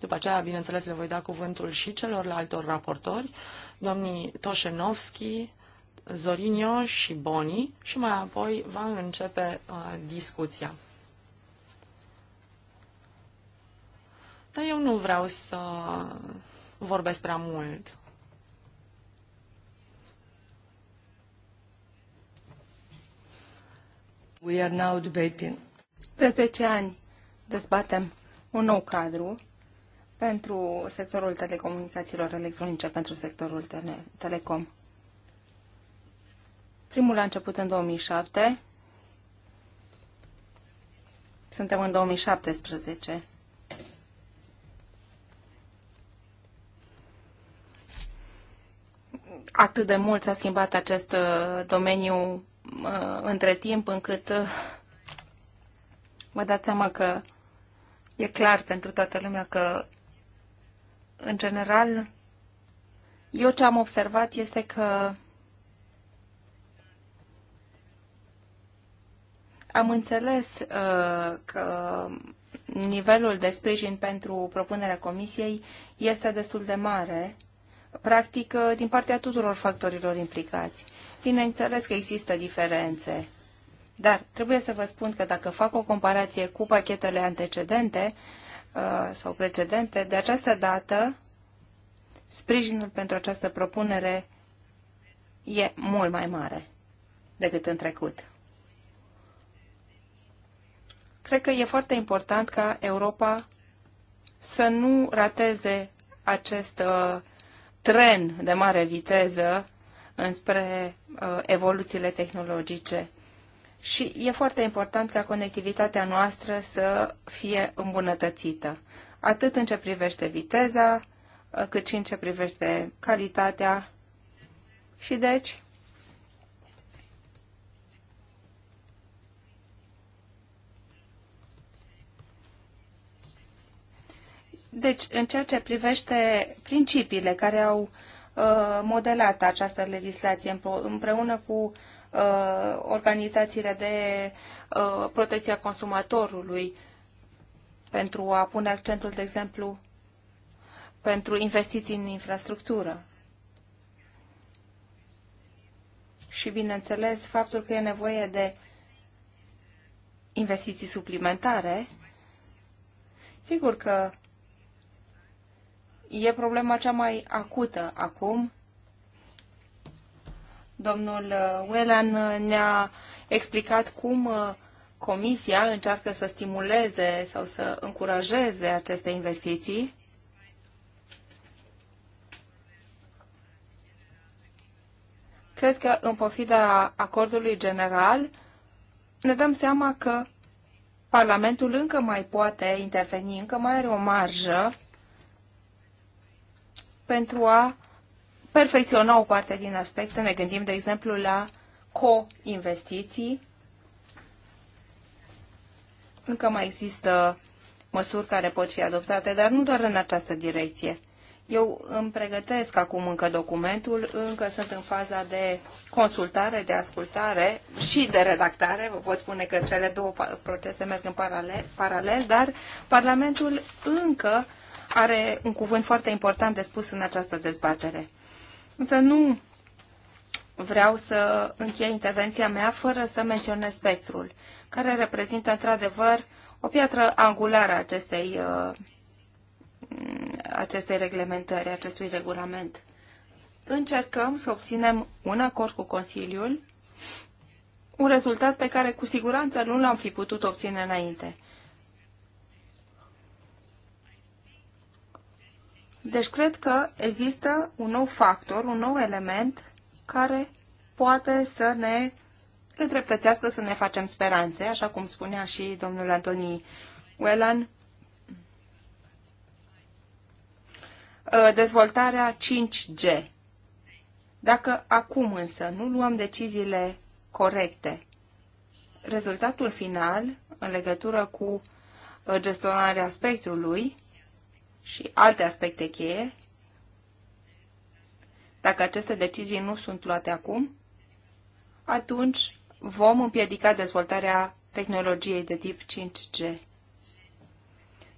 După aceea, bineînțeles, le voi da cuvântul și celorlaltor raportori, domnii Toșenovski, Zorinio și Boni, și mai apoi va începe uh, discuția. Dar eu nu vreau să vorbesc prea mult. We are now debating. De 10 ani dezbatem un nou cadru pentru sectorul telecomunicațiilor electronice, pentru sectorul tele telecom. Primul a început în 2007. Suntem în 2017. Atât de mult s-a schimbat acest uh, domeniu Uh, între timp încât uh, vă dați seama că e clar pentru toată lumea că, în general, eu ce am observat este că am înțeles uh, că nivelul de sprijin pentru propunerea comisiei este destul de mare, practic uh, din partea tuturor factorilor implicați. Bineînțeles că există diferențe, dar trebuie să vă spun că dacă fac o comparație cu pachetele antecedente uh, sau precedente, de această dată sprijinul pentru această propunere e mult mai mare decât în trecut. Cred că e foarte important ca Europa să nu rateze acest uh, tren de mare viteză înspre uh, evoluțiile tehnologice. Și e foarte important ca conectivitatea noastră să fie îmbunătățită, atât în ce privește viteza, uh, cât și în ce privește calitatea. Și deci, Deci, în ceea ce privește principiile care au uh, Uh, modelată această legislație împreună cu uh, organizațiile de uh, protecție a consumatorului pentru a pune accentul, de exemplu, pentru investiții în infrastructură. Și, bineînțeles, faptul că e nevoie de investiții suplimentare, sigur că e problema cea mai acută acum. Domnul uh, Whelan uh, ne-a explicat cum uh, Comisia încearcă să stimuleze sau să încurajeze aceste investiții. Cred că în pofida acordului general ne dăm seama că Parlamentul încă mai poate interveni, încă mai are o marjă pentru a perfecționa o parte din aspecte. Ne gândim, de exemplu, la co-investiții. Încă mai există măsuri care pot fi adoptate, dar nu doar în această direcție. Eu îmi pregătesc acum încă documentul, încă sunt în faza de consultare, de ascultare și de redactare. Vă pot spune că cele două procese merg în paralel, paralel dar Parlamentul încă are un cuvânt foarte important de spus în această dezbatere. Însă nu vreau să închei intervenția mea fără să menționez spectrul, care reprezintă într-adevăr o piatră angulară a acestei, uh, acestei reglementări, acestui regulament. Încercăm să obținem un acord cu Consiliul, un rezultat pe care cu siguranță nu l-am fi putut obține înainte. Deci cred că există un nou factor, un nou element care poate să ne îndreptățească să ne facem speranțe, așa cum spunea și domnul Antonii Wellan. Ă, dezvoltarea 5G. Dacă acum însă nu luăm deciziile corecte, rezultatul final în legătură cu gestionarea spectrului și alte aspecte cheie, dacă aceste decizii nu sunt luate acum, atunci vom împiedica dezvoltarea tehnologiei de tip 5G.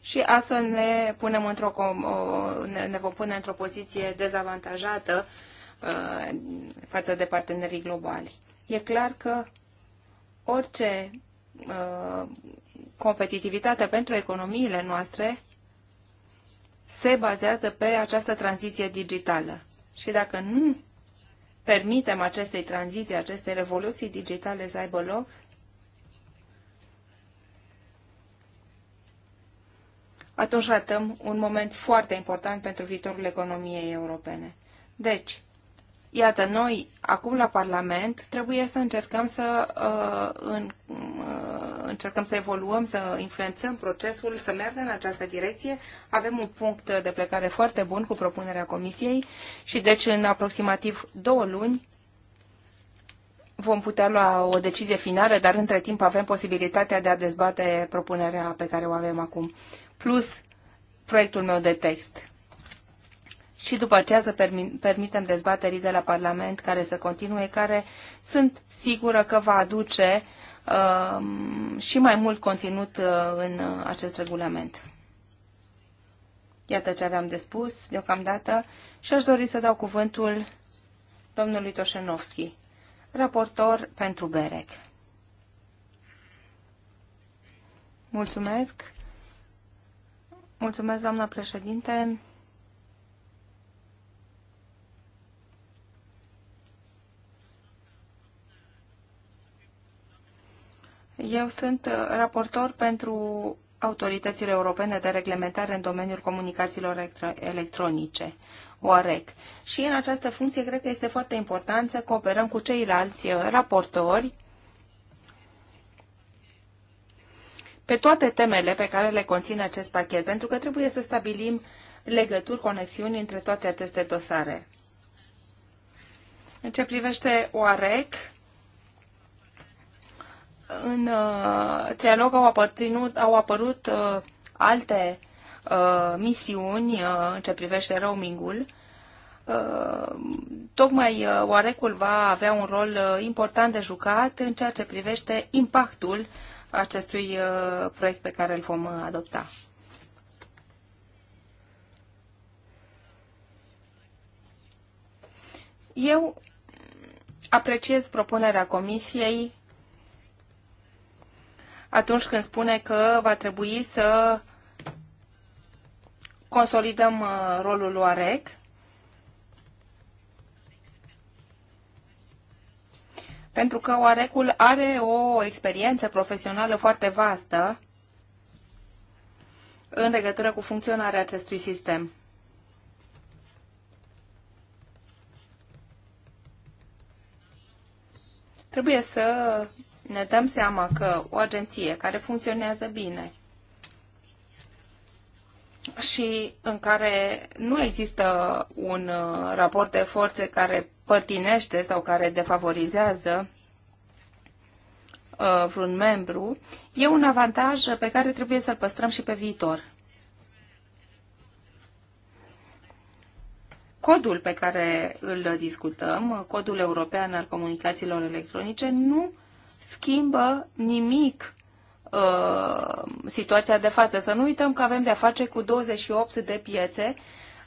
Și astfel ne, punem într-o, ne vom pune într-o poziție dezavantajată uh, față de partenerii globali. E clar că orice uh, competitivitate pentru economiile noastre se bazează pe această tranziție digitală. Și dacă nu permitem acestei tranziții, acestei revoluții digitale să aibă loc, atunci ratăm un moment foarte important pentru viitorul economiei europene. Deci, iată, noi acum la Parlament trebuie să încercăm să uh, în, uh, încercăm să evoluăm, să influențăm procesul, să meargă în această direcție. Avem un punct de plecare foarte bun cu propunerea Comisiei și deci în aproximativ două luni vom putea lua o decizie finală, dar între timp avem posibilitatea de a dezbate propunerea pe care o avem acum, plus proiectul meu de text. Și după aceea să permitem dezbaterii de la Parlament care să continue, care sunt sigură că va aduce uh, Um, și mai mult conținut uh, în uh, acest regulament. Iată ce aveam de spus deocamdată și aș dori să dau cuvântul domnului Toșenovski, raportor pentru BEREC. Mulțumesc. Mulțumesc, doamna președinte. Eu sunt uh, raportor pentru autoritățile europene de reglementare în domeniul comunicațiilor electronice, OAREC. Și în această funcție cred că este foarte important să cooperăm cu ceilalți uh, raportori pe toate temele pe care le conține acest pachet, pentru că trebuie să stabilim legături, conexiuni între toate aceste dosare. În ce privește OAREC, în uh, trialog au apărut, au apărut uh, alte uh, misiuni uh, în ce privește roamingul. Uh, tocmai uh, oarecul va avea un rol uh, important de jucat în ceea ce privește impactul acestui uh, proiect pe care îl vom uh, adopta. Eu apreciez propunerea Comisiei atunci când spune că va trebui să consolidăm uh, rolul lui AREC. Pentru că OAREC-ul are o experiență profesională foarte vastă în legătură cu funcționarea acestui sistem. Trebuie să ne dăm seama că o agenție care funcționează bine și în care nu există un uh, raport de forțe care părtinește sau care defavorizează uh, vreun membru, e un avantaj pe care trebuie să-l păstrăm și pe viitor. Codul pe care îl discutăm, codul european al comunicațiilor electronice, nu schimbă nimic uh, situația de față. Să nu uităm că avem de-a face cu 28 de piețe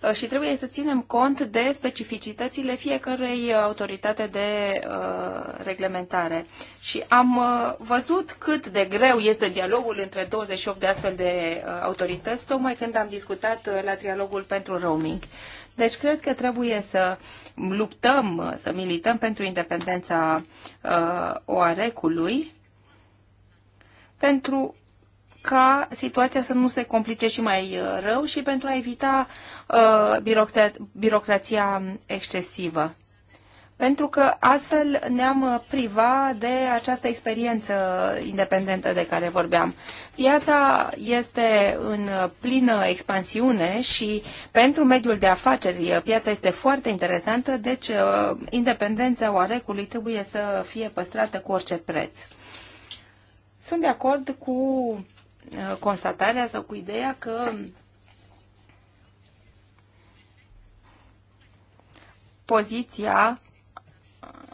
uh, și trebuie să ținem cont de specificitățile fiecărei autoritate de uh, reglementare. Și am uh, văzut cât de greu este dialogul între 28 de astfel de uh, autorități, tocmai când am discutat uh, la trialogul pentru roaming. Uh, deci cred că trebuie să luptăm, să milităm pentru independența uh, oarecului, pentru ca situația să nu se complice și mai uh, rău și pentru a evita uh, birocrația excesivă pentru că astfel ne-am priva de această experiență independentă de care vorbeam. Piața este în plină expansiune și pentru mediul de afaceri piața este foarte interesantă, deci uh, independența oarecului trebuie să fie păstrată cu orice preț. Sunt de acord cu uh, constatarea sau cu ideea că poziția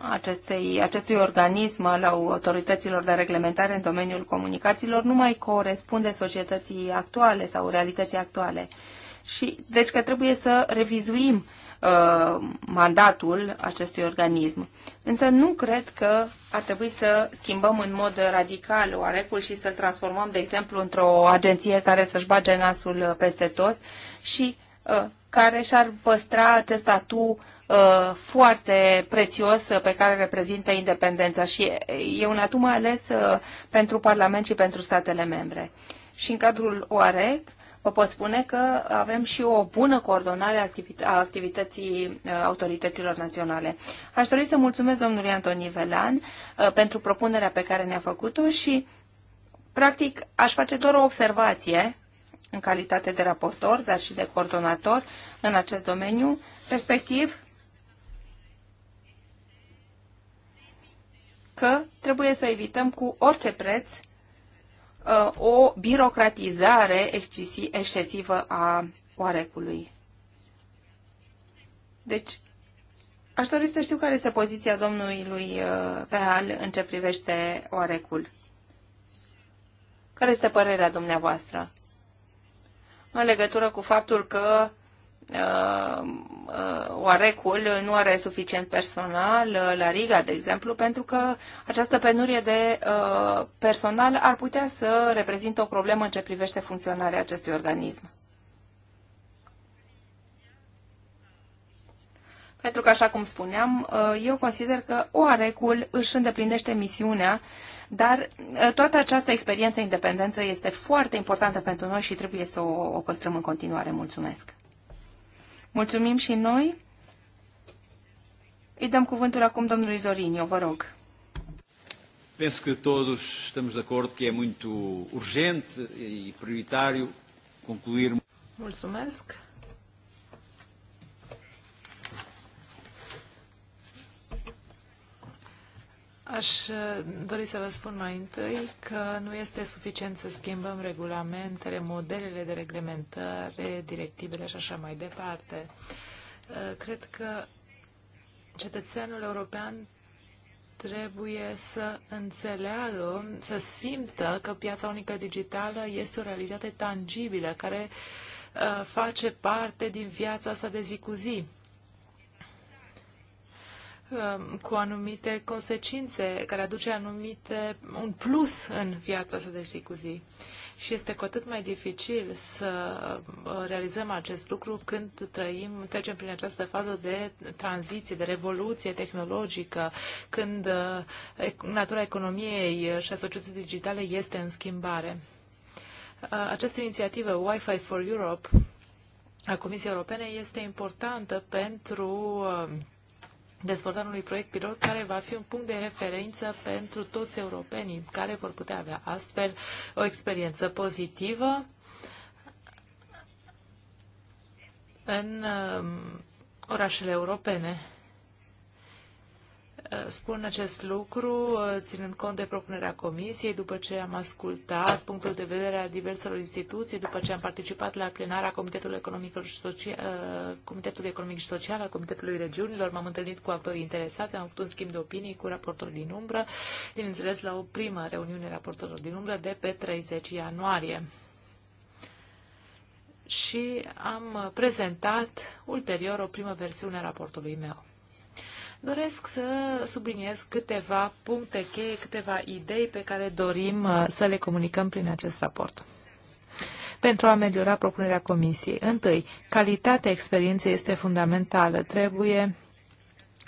acestei, acestui organism al autorităților de reglementare în domeniul comunicațiilor nu mai corespunde societății actuale sau realității actuale. Și deci că trebuie să revizuim uh, mandatul acestui organism. Însă nu cred că ar trebui să schimbăm în mod radical oarecul și să-l transformăm, de exemplu, într-o agenție care să-și bage nasul peste tot și uh, care și-ar păstra acest atu Uh, foarte prețios uh, pe care reprezintă independența și e un atum mai ales uh, pentru Parlament și pentru statele membre. Și în cadrul OAREC vă pot spune că avem și o bună coordonare a activității autorităților naționale. Aș dori să mulțumesc domnului Antoni Velan pentru propunerea pe care ne-a făcut-o și, practic, aș face doar o observație în calitate de raportor, dar și de coordonator în acest domeniu, respectiv că trebuie să evităm cu orice preț uh, o birocratizare excesivă a oarecului. Deci, aș dori să știu care este poziția domnului lui uh, Peal în ce privește oarecul. Care este părerea dumneavoastră? În legătură cu faptul că Uh, uh, oarecul nu are suficient personal uh, la Riga, de exemplu, pentru că această penurie de personal ar putea să reprezintă o problemă în ce privește funcționarea acestui organism. Pentru că, așa cum spuneam, eu consider că oarecul își îndeplinește misiunea, dar toată această experiență independență este foarte importantă pentru noi și trebuie să o, o păstrăm în continuare. Mulțumesc! Mulțumim și noi. Îi dăm cuvântul acum domnului Zorinio, vă rog. Penso que todos estamos de acordo que é muito urgente e prioritário concluir. Mulțumesc. Aș uh, dori să vă spun mai întâi că nu este suficient să schimbăm regulamentele, modelele de reglementare, directivele și așa mai departe. Uh, cred că cetățeanul european trebuie să înțeleagă, să simtă că piața unică digitală este o realitate tangibilă care uh, face parte din viața sa de zi cu zi Um, cu anumite consecințe, care aduce anumite, un plus în viața sa de zi cu zi. Și este cu atât mai dificil să uh, realizăm acest lucru când trăim, trecem prin această fază de tranziție, de revoluție tehnologică, când uh, natura economiei uh, și a societății digitale este în schimbare. Această inițiativă Wi-Fi for Europe a Comisiei Europene este importantă pentru dezvoltarea unui proiect pilot care va fi un punct de referință pentru toți europenii care vor putea avea astfel o experiență pozitivă în um, orașele europene. Eh, spun acest lucru eh, ținând cont de propunerea comisiei, după ce am ascultat punctul de vedere al diverselor instituții, după ce am participat la plenara Comitetului Economic și Social, eh, Comitetului Economic și Social al Comitetului Regiunilor, m-am întâlnit cu actorii interesați, am avut un schimb de opinii cu raportorul din umbră, bineînțeles la o primă reuniune raportorilor din umbră de pe 30 ianuarie și am prezentat ulterior o primă versiune a raportului meu. Doresc să subliniez câteva puncte cheie, câteva idei pe care dorim uh, să le comunicăm prin acest raport pentru a ameliora propunerea Comisiei. Întâi, calitatea experienței este fundamentală. Trebuie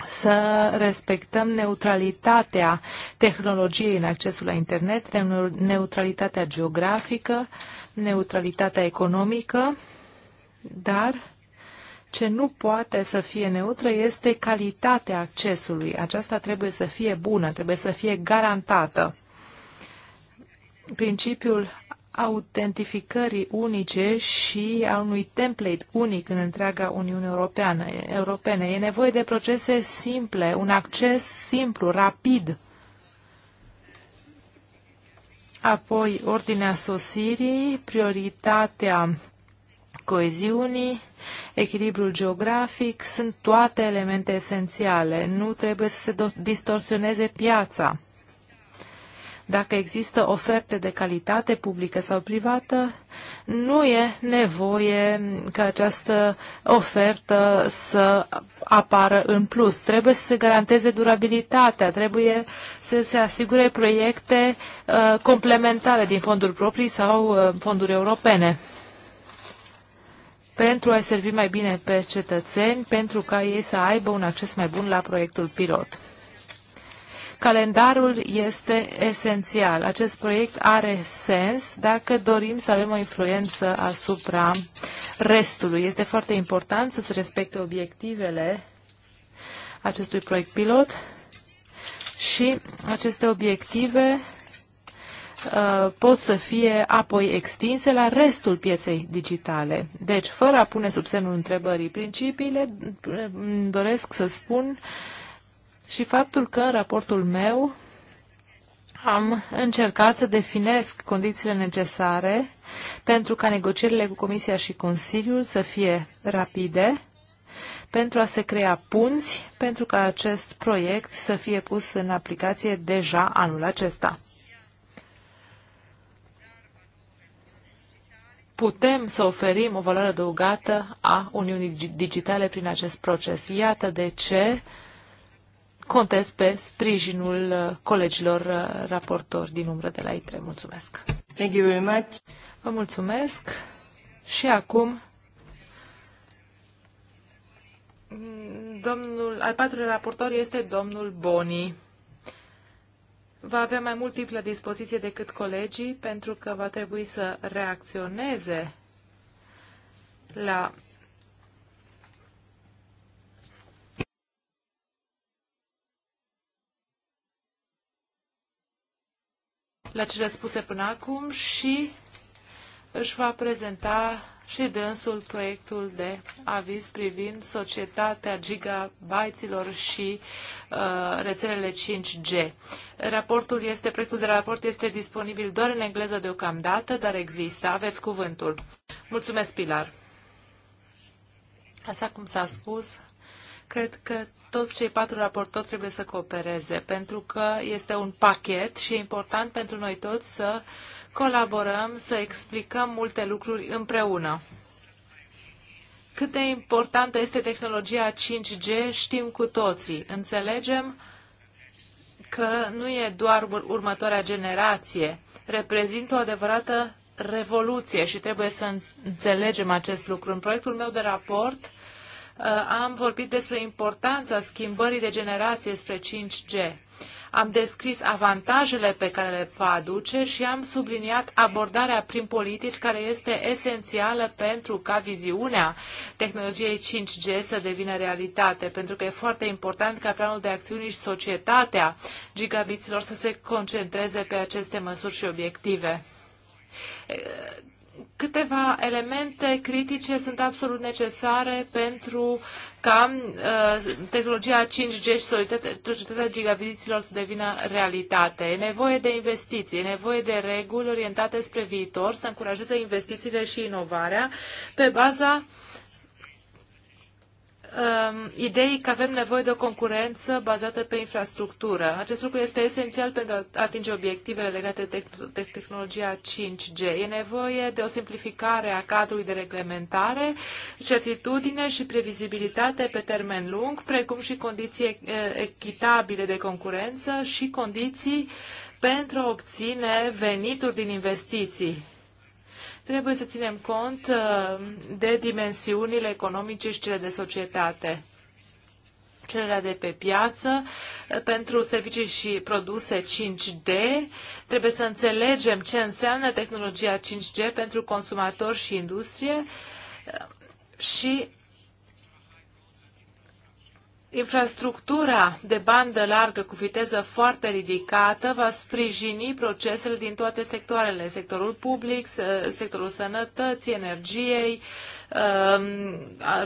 să respectăm neutralitatea tehnologiei în accesul la internet, neutralitatea geografică, neutralitatea economică, dar ce nu poate să fie neutră este calitatea accesului. Aceasta trebuie să fie bună, trebuie să fie garantată. Principiul autentificării unice și a unui template unic în întreaga Uniune Europeană, Europene. E nevoie de procese simple, un acces simplu, rapid. Apoi, ordinea sosirii, prioritatea coeziunii, echilibrul geografic, sunt toate elemente esențiale. Nu trebuie să se distorsioneze piața. Dacă există oferte de calitate publică sau privată, nu e nevoie ca această ofertă să apară în plus. Trebuie să se garanteze durabilitatea, trebuie să se asigure proiecte uh, complementare din fonduri proprii sau uh, fonduri europene pentru a-i servi mai bine pe cetățeni, pentru ca ei să aibă un acces mai bun la proiectul pilot. Calendarul este esențial. Acest proiect are sens dacă dorim să avem o influență asupra restului. Este foarte important să se respecte obiectivele acestui proiect pilot și aceste obiective Uh, pot să fie apoi extinse la restul pieței digitale. Deci, fără a pune sub semnul întrebării principiile, doresc să spun și faptul că în raportul meu am încercat să definesc condițiile necesare pentru ca negocierile cu Comisia și Consiliul să fie rapide, pentru a se crea punți, pentru ca acest proiect să fie pus în aplicație deja anul acesta. putem să oferim o valoare adăugată a Uniunii Digitale prin acest proces. Iată de ce contez pe sprijinul uh, colegilor uh, raportori din umbră de la ITRE. Mulțumesc! Thank you very much. Vă mulțumesc și acum mm, domnul, al patrulea raportor este domnul Boni va avea mai mult timp la dispoziție decât colegii, pentru că va trebui să reacționeze la la cele spuse până acum și își va prezenta și dânsul proiectul de aviz privind societatea gigabaiților și uh, rețelele 5G. Raportul este, proiectul de raport este disponibil doar în engleză deocamdată, dar există. Aveți cuvântul. Mulțumesc, Pilar. Așa cum s-a spus, cred că toți cei patru raportori trebuie să coopereze, pentru că este un pachet și e important pentru noi toți să uh, colaborăm, să explicăm multe lucruri împreună. Cât de importantă este tehnologia 5G știm cu toții. Înțelegem că nu e doar următoarea generație, reprezintă o adevărată revoluție și trebuie să înțelegem acest lucru. În proiectul meu de raport uh, am vorbit despre importanța schimbării de generație spre 5G am descris avantajele pe care le aduce și am subliniat abordarea prin politici care este esențială pentru ca viziunea tehnologiei 5G să devină realitate, pentru că e foarte important ca planul de acțiuni și societatea gigabiților să se concentreze pe aceste măsuri și obiective câteva elemente critice sunt absolut necesare pentru ca uh, tehnologia 5G și societatea gigabitilor să devină realitate. E nevoie de investiții, e nevoie de reguli orientate spre viitor, să încurajeze investițiile și inovarea pe baza uh, Um, idei ideii că avem nevoie de o concurență bazată pe infrastructură. Acest lucru este esențial pentru a atinge obiectivele legate de, de tehnologia 5G. E nevoie de o simplificare a cadrului de reglementare, certitudine și previzibilitate pe termen lung, precum și condiții uh, echitabile de concurență și condiții pentru a obține venituri din investiții Trebuie să ținem cont uh, de dimensiunile economice și cele de societate cererea de pe piață uh, pentru servicii și produse 5D. Trebuie să înțelegem ce înseamnă tehnologia 5G pentru consumatori și industrie uh, și Infrastructura de bandă largă cu viteză foarte ridicată va sprijini procesele din toate sectoarele, sectorul public, sectorul sănătății, energiei, um,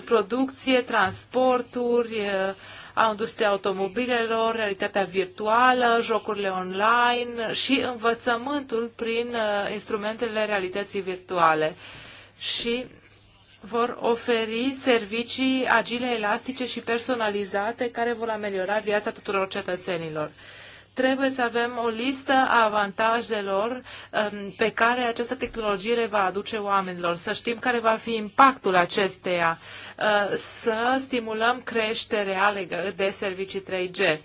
producție, transporturi, a industriei automobilelor, realitatea virtuală, jocurile online și învățământul prin uh, instrumentele realității virtuale. Și vor oferi servicii agile, elastice și personalizate care vor ameliora viața tuturor cetățenilor. Trebuie să avem o listă a avantajelor um, pe care această tehnologie le va aduce oamenilor, să știm care va fi impactul acesteia, uh, să stimulăm creșterea de servicii 3G.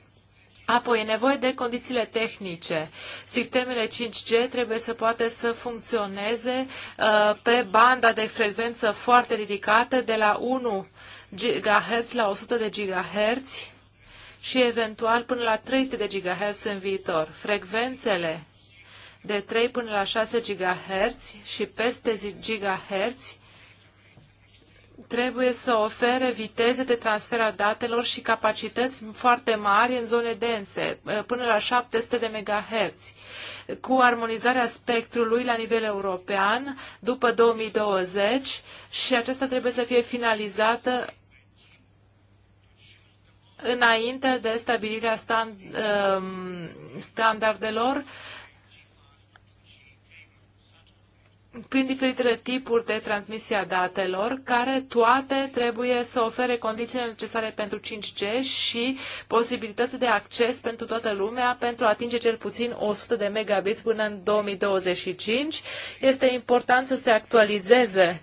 Apoi e nevoie de condițiile tehnice. Sistemele 5G trebuie să poată să funcționeze uh, pe banda de frecvență foarte ridicată de la 1 GHz la 100 de GHz și eventual până la 300 de GHz în viitor. Frecvențele de 3 până la 6 GHz și peste GHz trebuie să ofere viteze de transfer a datelor și capacități foarte mari în zone dense, uh, până la 700 de MHz, cu armonizarea spectrului la nivel european după 2020 și aceasta trebuie să fie finalizată înainte de stabilirea stand, um, standardelor prin diferitele tipuri de transmisie a datelor, care toate trebuie să ofere condițiile necesare pentru 5G și posibilități de acces pentru toată lumea pentru a atinge cel puțin 100 de megabits până în 2025. Este important să se actualizeze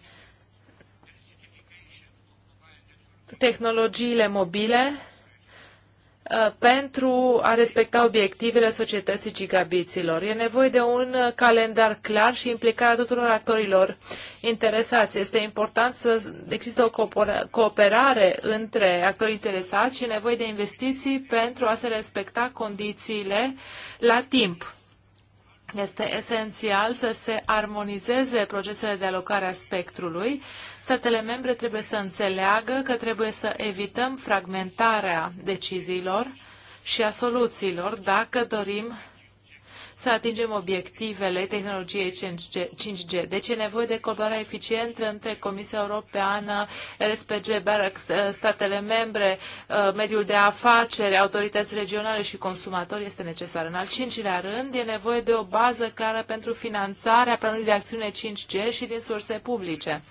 tehnologiile mobile Uh, pentru a respecta obiectivele societății gigabiților. E nevoie de un calendar clar și implicarea tuturor actorilor interesați. Este important să există o cooperare între actorii interesați și nevoie de investiții pentru a se respecta condițiile la timp. Este esențial să se armonizeze procesele de alocare a spectrului. Statele membre trebuie să înțeleagă că trebuie să evităm fragmentarea deciziilor și a soluțiilor dacă dorim să atingem obiectivele tehnologiei 5G. Deci e nevoie de colaborare eficientă între Comisia Europeană, RSPG, BEREC, ă, statele membre, ă, mediul de afaceri, autorități regionale și consumatori este necesar. În al cincilea rând, e nevoie de o bază clară pentru finanțarea planului de acțiune 5G și din surse publice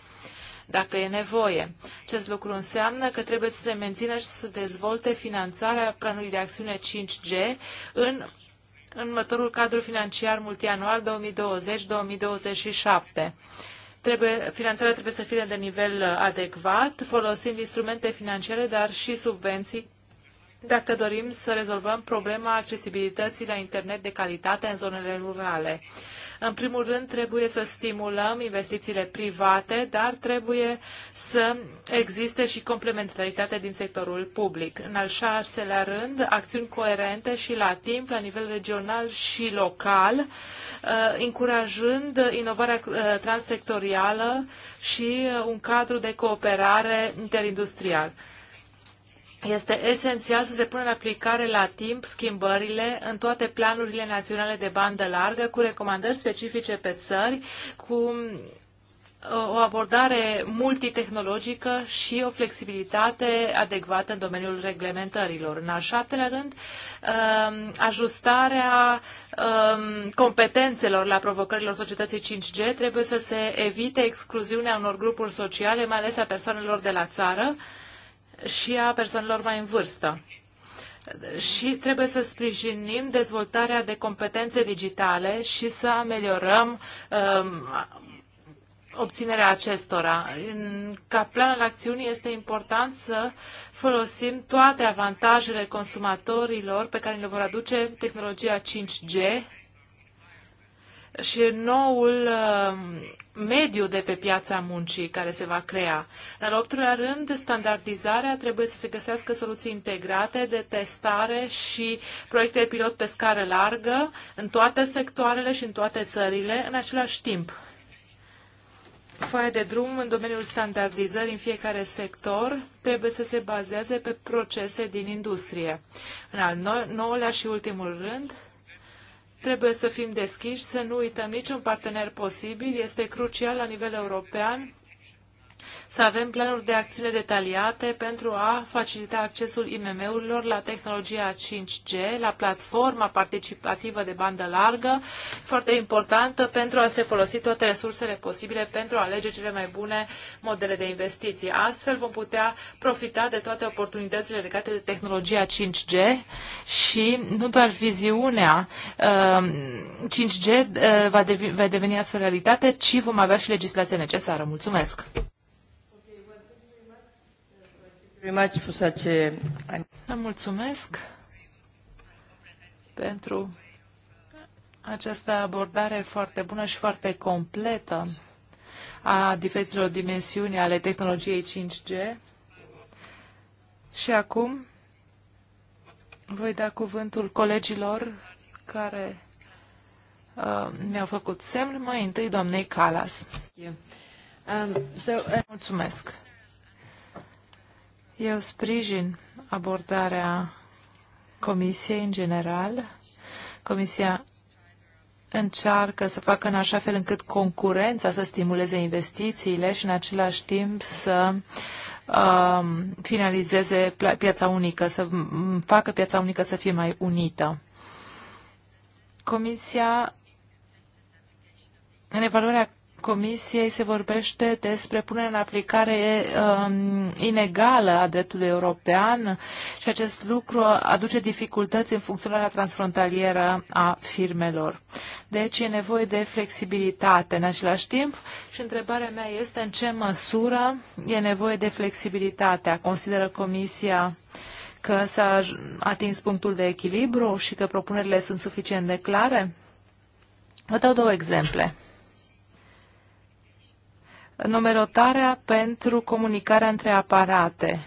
dacă e nevoie. Acest lucru înseamnă că trebuie să se mențină și să se dezvolte finanțarea planului de acțiune 5G în în următorul cadru financiar multianual 2020-2027. Trebuie, finanțarea trebuie să fie de nivel adecvat, folosind instrumente financiare, dar și subvenții dacă dorim să rezolvăm problema accesibilității la internet de calitate în zonele rurale. În primul rând, trebuie să stimulăm investițiile private, dar trebuie să existe și complementaritate din sectorul public. În al șaselea rând, acțiuni coerente și la timp, la nivel regional și local, uh, încurajând inovarea uh, transsectorială și uh, un cadru de cooperare interindustrial. Este esențial să se pună în aplicare la timp schimbările în toate planurile naționale de bandă largă, cu recomandări specifice pe țări, cu uh, o abordare multitehnologică și o flexibilitate adecvată în domeniul reglementărilor. În al șaptelea rând, um, ajustarea um, competențelor la provocărilor societății 5G trebuie să se evite excluziunea unor grupuri sociale, mai ales a persoanelor de la țară, și a persoanelor mai în vârstă. Și trebuie să sprijinim dezvoltarea de competențe digitale și să ameliorăm um, obținerea acestora. Ca plan al acțiunii este important să folosim toate avantajele consumatorilor pe care le vor aduce tehnologia 5G și noul um, mediu de pe piața muncii care se va crea. În al optulea rând, standardizarea trebuie să se găsească soluții integrate de testare și proiecte pilot pe scară largă în toate sectoarele și în toate țările în același timp. Foaia de drum în domeniul standardizării în fiecare sector trebuie să se bazeze pe procese din industrie. În al nouălea și ultimul rând, Trebuie să fim deschiși, să nu uităm niciun partener posibil. Este crucial la nivel european să avem planuri de acțiune detaliate pentru a facilita accesul IMM-urilor la tehnologia 5G, la platforma participativă de bandă largă, foarte importantă pentru a se folosi toate resursele posibile pentru a alege cele mai bune modele de investiții. Astfel vom putea profita de toate oportunitățile legate de tehnologia 5G și nu doar viziunea 5G um, uh, va deveni astfel realitate, ci vom avea și legislația necesară. Mulțumesc! Vă mulțumesc pentru această abordare foarte bună și foarte completă a diferitelor dimensiuni ale tehnologiei 5G. Și acum voi da cuvântul colegilor care uh, mi-au făcut semn, mai întâi doamnei Calas. Um, uh, mulțumesc. Eu sprijin abordarea Comisiei în general. Comisia încearcă să facă în așa fel încât concurența să stimuleze investițiile și în același timp să uh, finalizeze piața unică, să facă piața unică să fie mai unită. Comisia, în evaluarea Comisiei se vorbește despre punerea în aplicare um, inegală a dreptului european și acest lucru aduce dificultăți în funcționarea transfrontalieră a firmelor. Deci e nevoie de flexibilitate în același timp și întrebarea mea este în ce măsură e nevoie de flexibilitate. Consideră Comisia că s-a atins punctul de echilibru și că propunerile sunt suficient de clare? Vă dau două exemple numerotarea pentru comunicarea între aparate.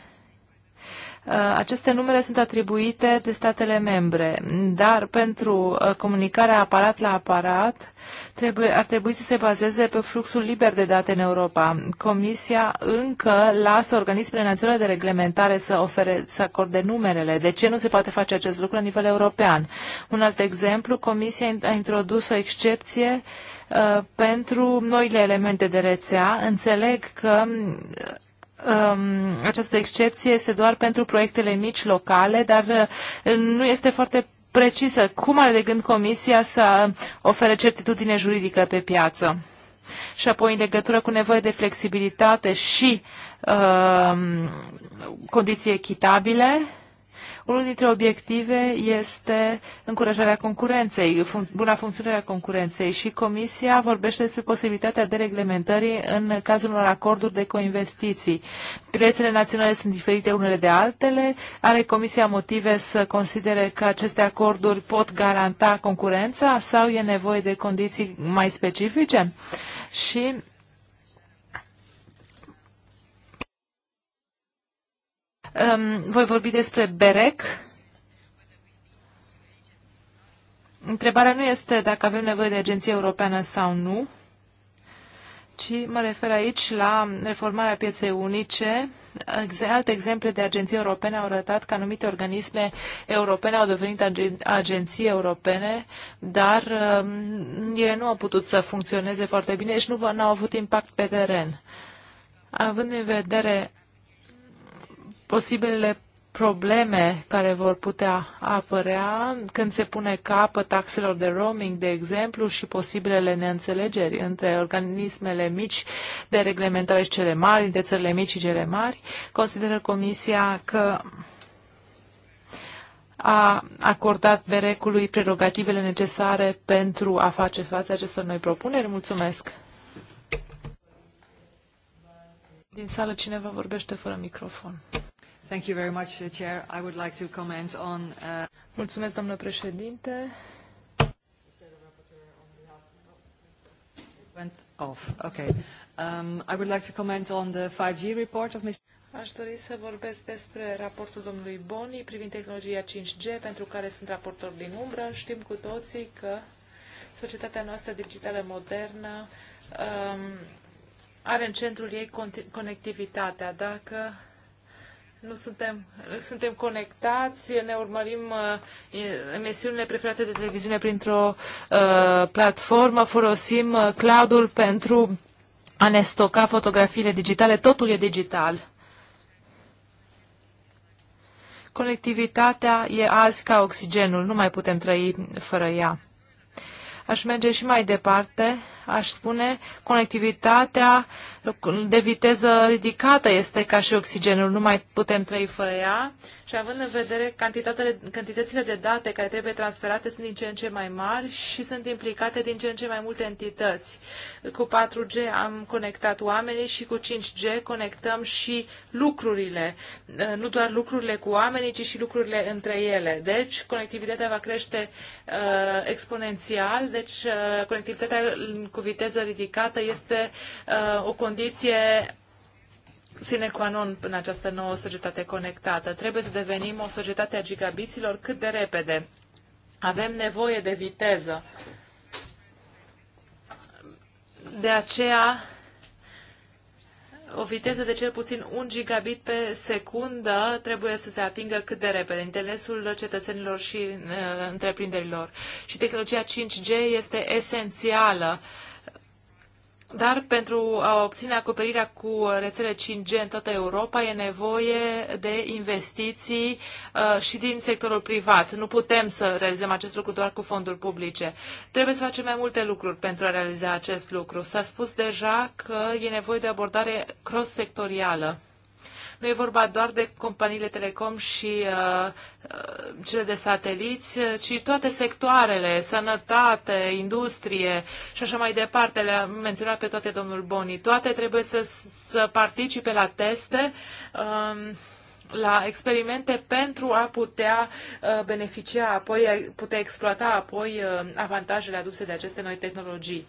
Uh, aceste numere sunt atribuite de statele membre, dar pentru uh, comunicarea aparat la aparat trebuie, ar trebui să se bazeze pe fluxul liber de date în Europa. Comisia încă lasă organismele naționale de reglementare să, ofere, să acorde numerele. De ce nu se poate face acest lucru la nivel european? Un alt exemplu, Comisia a introdus o excepție uh, Uh, pentru noile elemente de rețea. Înțeleg că um, această excepție este doar pentru proiectele mici locale, dar uh, nu este foarte precisă. Cum are de gând Comisia să ofere certitudine juridică pe piață? Și apoi, în legătură cu nevoie de flexibilitate și uh, condiții echitabile, uh, unul dintre obiective este încurajarea concurenței, fun buna funcționare a concurenței și Comisia vorbește despre posibilitatea de reglementării în cazul unor acorduri de coinvestiții. Piețele naționale sunt diferite unele de altele. Are Comisia motive să considere că aceste acorduri pot garanta concurența sau e nevoie de condiții mai specifice? Și Um, voi vorbi despre BEREC. Întrebarea nu este dacă avem nevoie de agenție europeană sau nu, ci mă refer aici la reformarea pieței unice. Alte exemple de agenții europene au arătat că anumite organisme europene au devenit agenții europene, dar um, ele nu au putut să funcționeze foarte bine și nu au avut impact pe teren. Având în vedere posibilele probleme care vor putea apărea când se pune capăt taxelor de roaming, de exemplu, și posibilele neînțelegeri între organismele mici de reglementare și cele mari, între țările mici și cele mari. Consideră Comisia că a acordat Berecului prerogativele necesare pentru a face față acestor noi propuneri. Mulțumesc! Din sală cineva vorbește fără microfon. Mulțumesc, președinte. Went off. Okay. Um, I would like to comment on the 5G report of Mr. Aș dori să vorbesc despre raportul domnului Boni privind tehnologia 5G, pentru care sunt raportor din umbră. Știm cu toții că societatea noastră digitală modernă um, are în centrul ei conectivitatea. Dacă nu suntem, suntem conectați, ne urmărim uh, emisiunile preferate de televiziune printr-o uh, platformă, folosim uh, cloud-ul pentru a ne stoca fotografiile digitale, totul e digital. Conectivitatea e azi ca oxigenul, nu mai putem trăi fără ea. Aș merge și mai departe, aș spune, conectivitatea de viteză ridicată este ca și oxigenul, nu mai putem trăi fără ea și având în vedere cantitățile de date care trebuie transferate sunt din ce în ce mai mari și sunt implicate din ce în ce mai multe entități. Cu 4G am conectat oamenii și cu 5G conectăm și lucrurile, ă, nu doar lucrurile cu oamenii, ci și lucrurile între ele. Deci, conectivitatea va crește uh, exponențial, deci uh, conectivitatea cu viteză ridicată este uh, o condiție sine qua non în această nouă societate conectată. Trebuie să devenim o societate a gigabiților cât de repede. Avem nevoie de viteză. De aceea o viteză de cel puțin 1 gigabit pe secundă trebuie să se atingă cât de repede, în interesul cetățenilor și uh, întreprinderilor. Și tehnologia 5G este esențială uh, dar pentru a obține acoperirea cu rețele 5G în toată Europa e nevoie de investiții uh, și din sectorul privat. Nu putem să realizăm acest lucru doar cu fonduri publice. Trebuie să facem mai multe lucruri pentru a realiza acest lucru. S-a spus deja că e nevoie de abordare cross-sectorială. Nu e vorba doar de companiile telecom și uh, uh, cele de sateliți, ci toate sectoarele, sănătate, industrie și așa mai departe, le-a menționat pe toate domnul Boni. Toate trebuie să, să participe la teste. Um, la experimente pentru a putea uh, beneficia apoi, putea exploata apoi uh, avantajele aduse de aceste noi tehnologii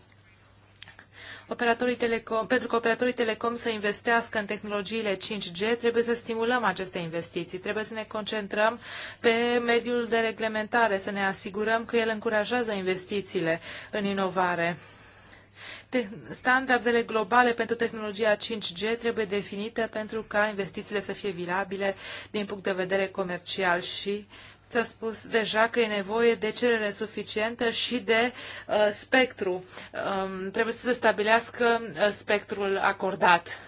operatorii telecom, pentru că operatorii telecom să investească în tehnologiile 5G, trebuie să stimulăm aceste investiții, trebuie să ne concentrăm pe mediul de reglementare, să ne asigurăm că el încurajează investițiile în inovare. Standardele globale pentru tehnologia 5G trebuie definite pentru ca investițiile să fie virabile din punct de vedere comercial și uh, S-a spus deja că e nevoie de cerere suficientă și de uh, spectru. Um, trebuie să se stabilească uh, spectrul acordat.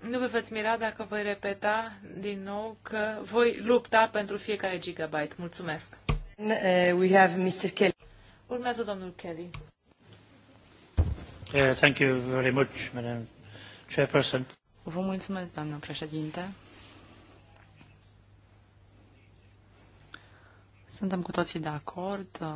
Nu vă veți mira dacă voi repeta din nou că voi lupta pentru fiecare gigabyte. Mulțumesc. Uh, we have Mr. Kelly. Urmează domnul Kelly. Yeah, uh, thank you very much, Madam Chairperson. Vă mulțumesc, doamnă președinte. Suntem cu toții de acord uh,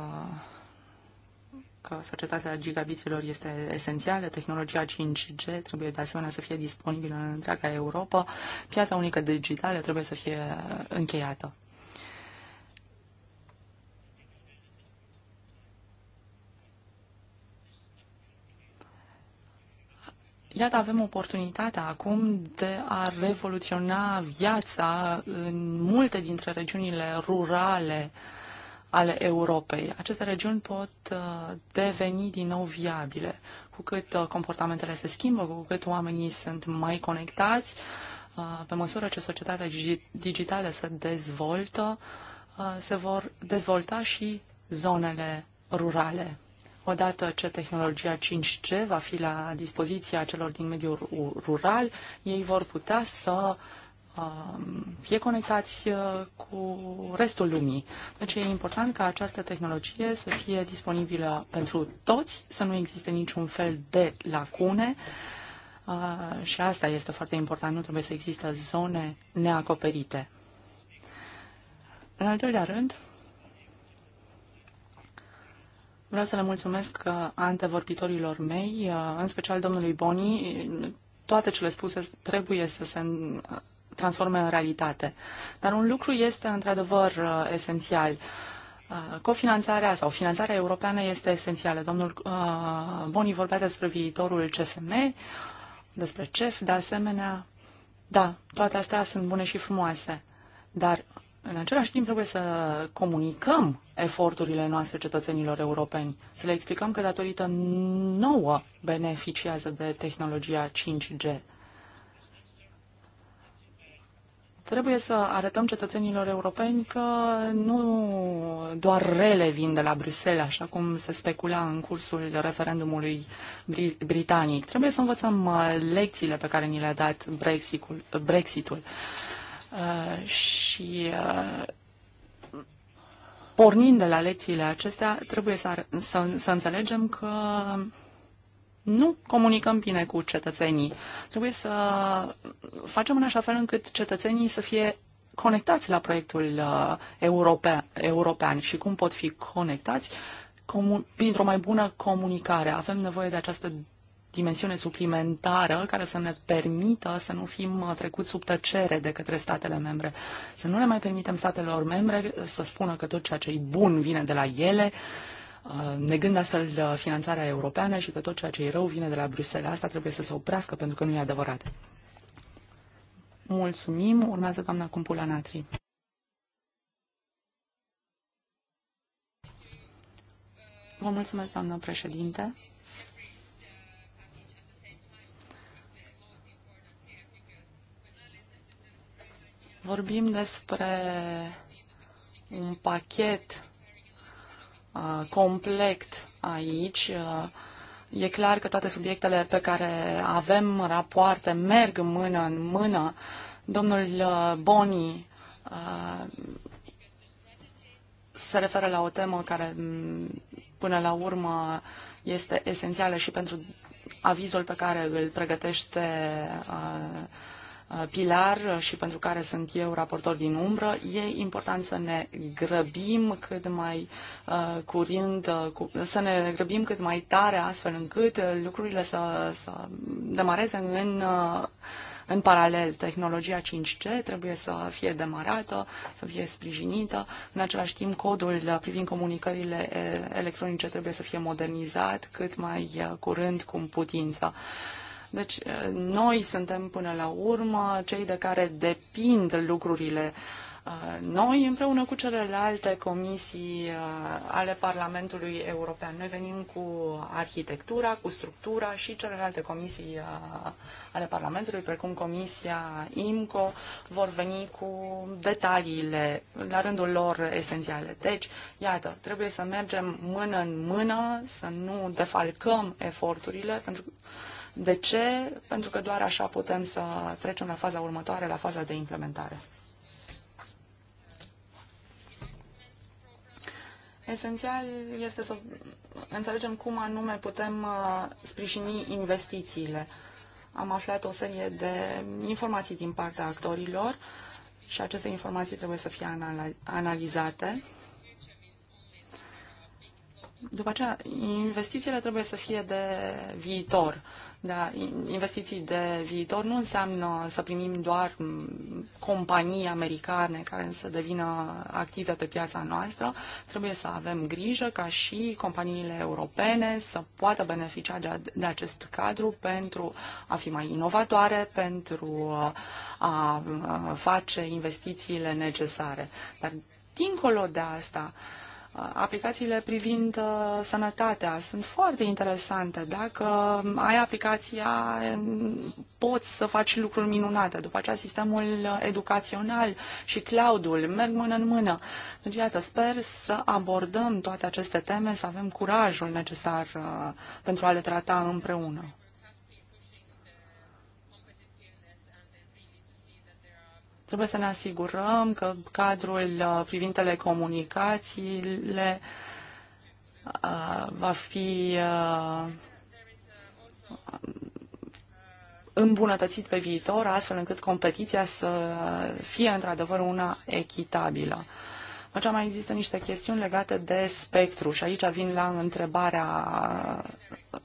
că societatea gigabiților este esențială, tehnologia 5G trebuie de asemenea să fie disponibilă în întreaga Europa, piața unică digitală trebuie să fie încheiată. Iată, avem oportunitatea acum de a revoluționa viața în multe dintre regiunile rurale ale Europei. Aceste regiuni pot uh, deveni din nou viabile. Cu cât uh, comportamentele se schimbă, cu cât oamenii sunt mai conectați, uh, pe măsură ce societatea digitală se dezvoltă, se vor dezvolta și zonele rurale. Odată ce tehnologia 5G va fi la dispoziția celor din mediul rural, ei vor putea să um, fie conectați uh, cu restul lumii. Deci e important ca această tehnologie să fie disponibilă pentru toți, să nu existe niciun fel de lacune uh, și asta este foarte important, nu trebuie să existe zone neacoperite. În al doilea rând, Vreau să le mulțumesc uh, antevorbitorilor mei, uh, în special domnului Boni. Toate cele spuse trebuie să se uh, transforme în realitate. Dar un lucru este într-adevăr esențial. Cofinanțarea sau finanțarea europeană este esențială. Domnul Boni vorbea despre viitorul CFM, despre CEF, de asemenea. Da, toate astea sunt bune și frumoase, dar în același timp trebuie să comunicăm eforturile noastre cetățenilor europeni, să le explicăm că datorită nouă beneficiază de tehnologia 5G. Trebuie să arătăm cetățenilor europeni că nu doar rele vin de la Bruxelles, așa cum se specula în cursul referendumului britanic. Trebuie să învățăm uh, lecțiile pe care ni le-a dat Brexit-ul. brexitul. Uh, și uh, pornind de la lecțiile acestea, trebuie să, să, să înțelegem că nu comunicăm bine cu cetățenii. Trebuie să facem în așa fel încât cetățenii să fie conectați la proiectul uh, european, european și cum pot fi conectați printr-o mai bună comunicare. Avem nevoie de această dimensiune suplimentară care să ne permită să nu fim uh, trecuți sub tăcere de către statele membre. Să nu le mai permitem statelor membre uh, să spună că tot ceea ce e bun vine de la ele, uh, negând astfel finanțarea europeană și că tot ceea ce e rău vine de la Bruxelles. Asta trebuie să se oprească pentru că nu e adevărat. Mulțumim. Urmează doamna Cumpula Natri. Vă mulțumesc, doamnă președinte. Vorbim despre un pachet uh, complet aici. Uh, e clar că toate subiectele pe care avem rapoarte merg mână în mână. Domnul uh, Boni uh, se referă la o temă care mm, până la urmă este esențială și pentru avizul pe care îl pregătește uh, Uh, pilar și pentru care sunt eu raportor din umbră. E important să ne grăbim cât mai uh, curând, uh, să ne grăbim cât mai tare astfel încât lucrurile să, să demareze în în paralel, tehnologia 5G trebuie să fie demarată, să fie sprijinită. În același timp, codul privind comunicările electronice trebuie să fie modernizat cât mai curând cu putință. Uh, deci eh, noi suntem până la urmă cei de care depind lucrurile eh, noi împreună cu celelalte comisii eh, ale Parlamentului European. Noi venim cu arhitectura, cu structura și celelalte comisii ale Parlamentului, precum Comisia IMCO, vor veni cu detaliile la rândul lor esențiale. Deci, iată, trebuie să mergem mână în mână, să nu defalcăm eforturile, pentru că de ce? Pentru că doar așa putem să trecem la faza următoare, la faza de implementare. Esențial este să înțelegem cum anume putem uh, sprijini investițiile. Am aflat o serie de informații din partea actorilor și aceste informații trebuie să fie analizate. După aceea, investițiile trebuie să fie de viitor. Da, investiții de viitor nu înseamnă să primim doar companii americane care să devină active pe piața noastră. Trebuie să avem grijă ca și companiile europene să poată beneficia de, de acest cadru pentru a fi mai inovatoare, pentru a face investițiile necesare. Dar dincolo de asta, uh, aplicațiile privind uh, sănătatea sunt foarte interesante. Dacă um, ai aplicația, poți să faci lucruri minunate. După aceea, sistemul uh, educațional și cloud-ul merg mână în mână. Deci, iată, sper să abordăm toate aceste teme, să avem curajul necesar uh, pentru a le trata împreună. Trebuie să ne asigurăm că cadrul uh, privind telecomunicațiile uh, va fi uh, îmbunătățit pe viitor, astfel încât competiția să fie într-adevăr una echitabilă. Așa deci mai există niște chestiuni legate de spectru și aici vin la întrebarea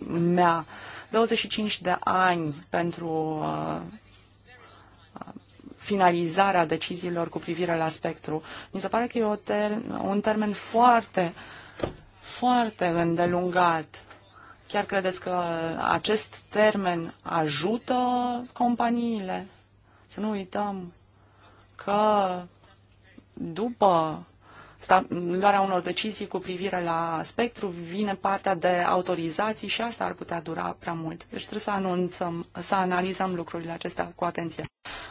mea. 25 de ani pentru finalizarea deciziilor cu privire la spectru. Mi se pare că e o ter- un termen foarte, foarte îndelungat. Chiar credeți că acest termen ajută companiile? Să nu uităm că după luarea unor decizii cu privire la spectru, vine partea de autorizații și asta ar putea dura prea mult. Deci trebuie să anunțăm, să analizăm lucrurile acestea cu atenție.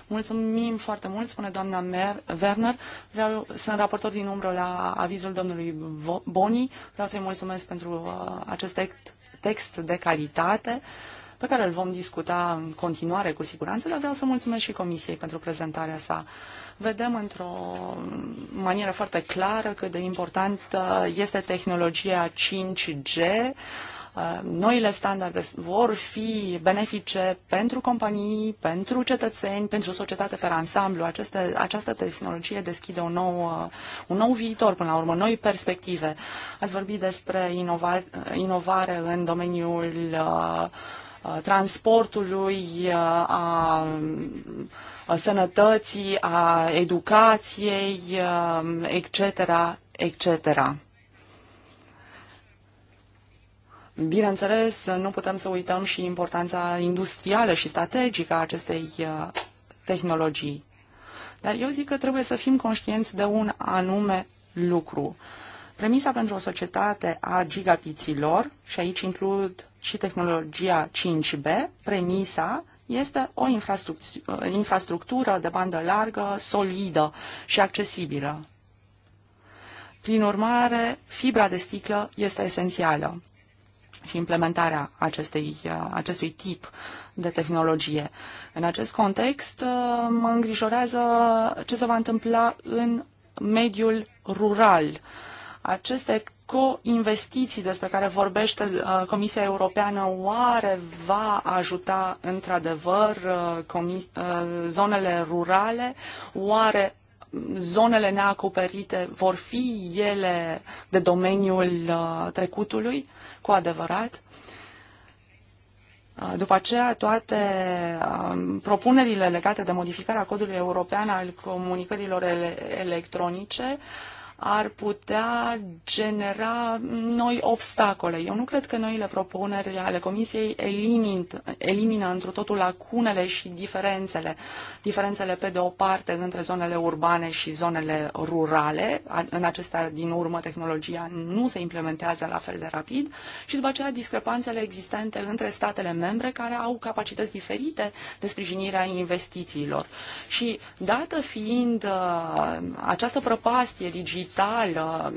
Mulțumim foarte mult, spune doamna Mer, Werner. Vreau, sunt raportor din umbră la avizul domnului Boni. Vreau să-i mulțumesc pentru uh, acest text, text de calitate pe care îl vom discuta în continuare cu siguranță, dar vreau să mulțumesc și Comisiei pentru prezentarea sa vedem într-o manieră foarte clară cât de importantă este tehnologia 5G. Noile standarde vor fi benefice pentru companii, pentru cetățeni, pentru societate pe ansamblu. Aceste, această tehnologie deschide un nou, un nou viitor, până la urmă, noi perspective. Ați vorbit despre inova, inovare în domeniul uh, Uh, transportului, uh, a sănătății, a educației, etc., uh, etc. Bineînțeles, nu putem să uităm și importanța industrială și strategică a acestei tehnologii. Dar eu zic că trebuie să fim conștienți de un anume lucru. Uh, Premisa pentru o societate a gigapiților, și aici includ și tehnologia 5B, premisa este o infrastructură, de bandă largă, solidă și accesibilă. Prin urmare, fibra de sticlă este esențială și implementarea acestei, acestui tip de tehnologie. În acest context, mă îngrijorează ce se va întâmpla în mediul rural aceste co-investiții despre care vorbește uh, Comisia Europeană, oare va ajuta într-adevăr uh, uh, zonele rurale? Oare zonele neacoperite vor fi ele de domeniul trecutului cu adevărat? După aceea, toate um, propunerile legate de modificarea codului european al comunicărilor ele electronice uh, ar putea genera noi obstacole. Eu nu cred că noile propuneri ale Comisiei elimin, elimină întru totul lacunele și diferențele. Diferențele, pe de o parte, între zonele urbane și zonele rurale. În acestea, din urmă, tehnologia nu se implementează la fel de rapid. Și după aceea, discrepanțele existente între statele membre care au capacități diferite de sprijinire a investițiilor. Și dată fiind uh, această prăpastie digitală, vitală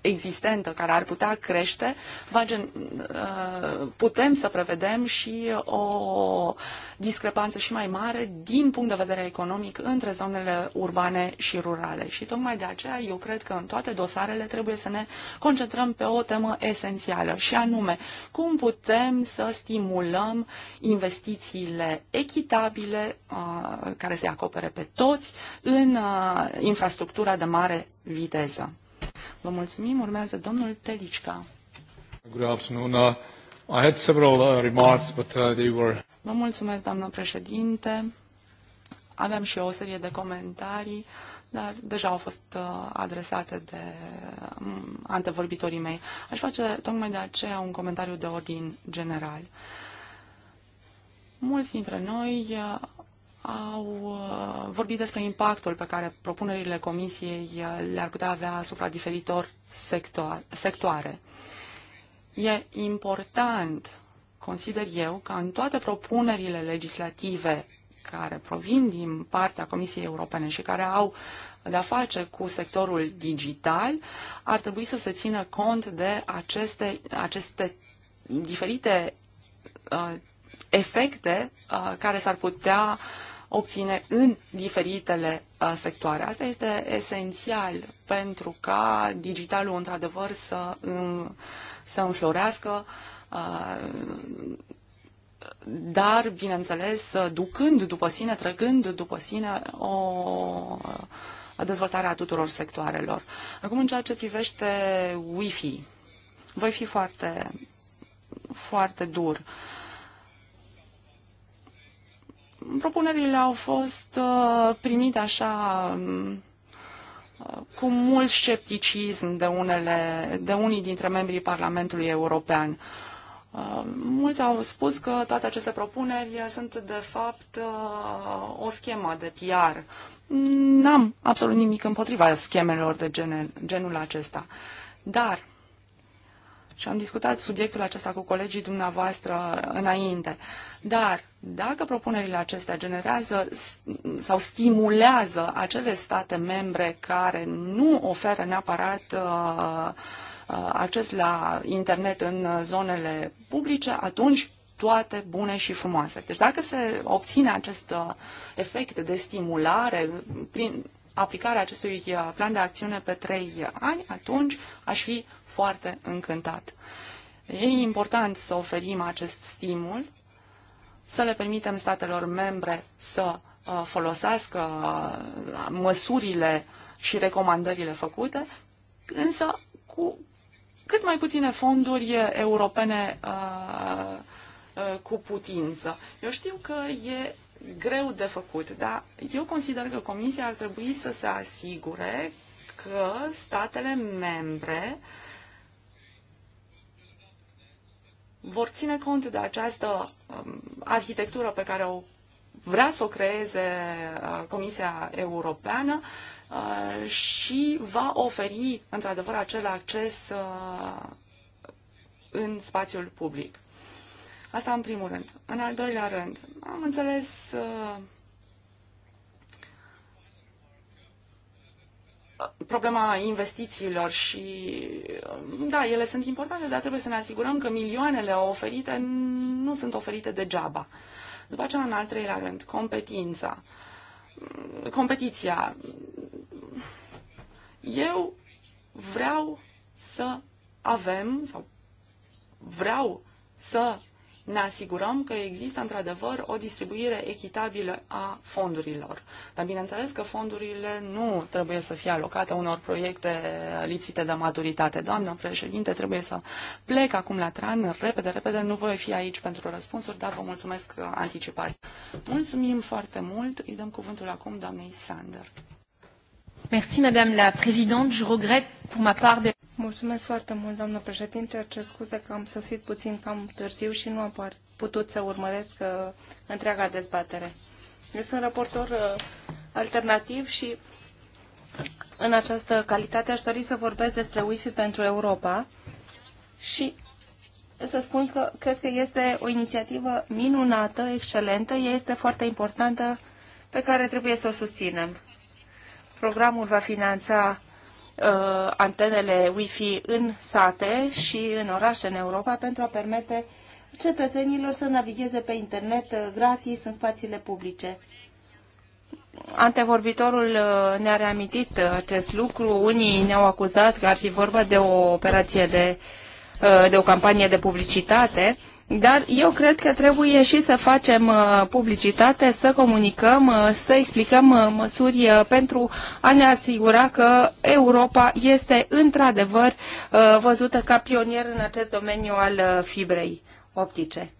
existentă care ar putea crește, uh, putem să prevedem și o discrepanță și mai mare din punct de vedere economic între zonele urbane și rurale. Și tocmai de aceea eu cred că în toate dosarele trebuie să ne concentrăm pe o temă esențială și anume cum putem să stimulăm investițiile echitabile uh, care se acopere pe toți în uh, infrastructura de mare viteză. Vă mulțumim. Urmează domnul Telicca. Good afternoon. Uh, I had several uh, remarks, but uh, they were... Vă mulțumesc, doamnă președinte. Aveam și eu o serie de comentarii, dar deja au fost adresate de um, antevorbitorii mei. Aș face tocmai de aceea un comentariu de ordin general. Mulți dintre noi au uh, vorbit despre impactul pe care propunerile Comisiei uh, le-ar putea avea asupra diferitor sectoare. E important, consider eu, ca în toate propunerile legislative care provin din partea Comisiei Europene și care au de-a face cu sectorul digital, ar trebui să se țină cont de aceste, aceste diferite uh, efecte uh, care s-ar putea uh, obține în diferitele uh, sectoare. Asta este esențial pentru ca digitalul, într-adevăr, să, în, să înflorească uh, dar, bineînțeles, ducând după sine, trăgând după sine o dezvoltare a tuturor sectoarelor. Acum, în ceea ce privește Wi-Fi, voi fi foarte, foarte dur. Uh, Propunerile au fost uh, primite așa um, cu mult scepticism de, unele, de unii dintre membrii Parlamentului European. Uh, mulți au spus că toate aceste propuneri sunt, de fapt, uh, o schemă de PR. N-am absolut nimic împotriva schemelor de genul acesta. Dar, și am discutat subiectul acesta cu colegii dumneavoastră înainte, dar dacă propunerile acestea generează sau stimulează acele state membre care nu oferă neapărat uh, uh, acces la internet în zonele publice, atunci toate bune și frumoase. Deci dacă se obține acest uh, efect de stimulare prin aplicarea acestui plan de acțiune pe trei ani, atunci aș fi foarte încântat. E important să oferim acest stimul să le permitem statelor membre să uh, folosească uh, măsurile și recomandările făcute, însă cu cât mai puține fonduri uh, europene cu putință. Eu știu că e greu de făcut, dar eu consider că Comisia ar trebui să se asigure că statele membre uh, vor ține cont de această um, arhitectură pe care o vrea să o creeze uh, Comisia Europeană uh, și va oferi, într-adevăr, acel acces uh, în spațiul public. Asta în primul rând. În al doilea rând, am înțeles problema investițiilor și, um, da, ele sunt importante, dar trebuie să ne asigurăm că milioanele oferite nu sunt oferite degeaba. După aceea, în al treilea rând, competința. Competiția. Eu vreau să avem, sau vreau să ne asigurăm că există într-adevăr o distribuire echitabilă a fondurilor. Dar bineînțeles că fondurile nu trebuie să fie alocate unor proiecte lipsite de maturitate. Doamna președinte, trebuie să plec acum la tran, repede, repede, nu voi fi aici pentru răspunsuri, dar vă mulțumesc anticipat. Mulțumim foarte mult, îi dăm cuvântul acum doamnei Sander. Merci Madame la Présidente, je regrette pour ma part de... Mulțumesc foarte mult, doamnă președinte. Cer scuze că am sosit puțin cam târziu și nu am putut să urmăresc uh, întreaga dezbatere. Eu sunt raportor uh, alternativ și în această calitate aș dori să vorbesc despre Wi-Fi pentru Europa și să spun că cred că este o inițiativă minunată, excelentă, ea este foarte importantă pe care trebuie să o susținem. Programul va finanța uh, antenele Wi-Fi în sate și în orașe în Europa pentru a permite cetățenilor să navigheze pe internet uh, gratis în spațiile publice. Antevorbitorul uh, ne-a reamintit uh, acest lucru. Unii ne-au acuzat că ar fi vorba de o operație de, de o campanie de publicitate, dar eu cred că trebuie și să facem uh, publicitate, să comunicăm, uh, să explicăm uh, măsuri pentru a ne asigura că Europa este într-adevăr văzută ca pionier în acest domeniu al fibrei optice.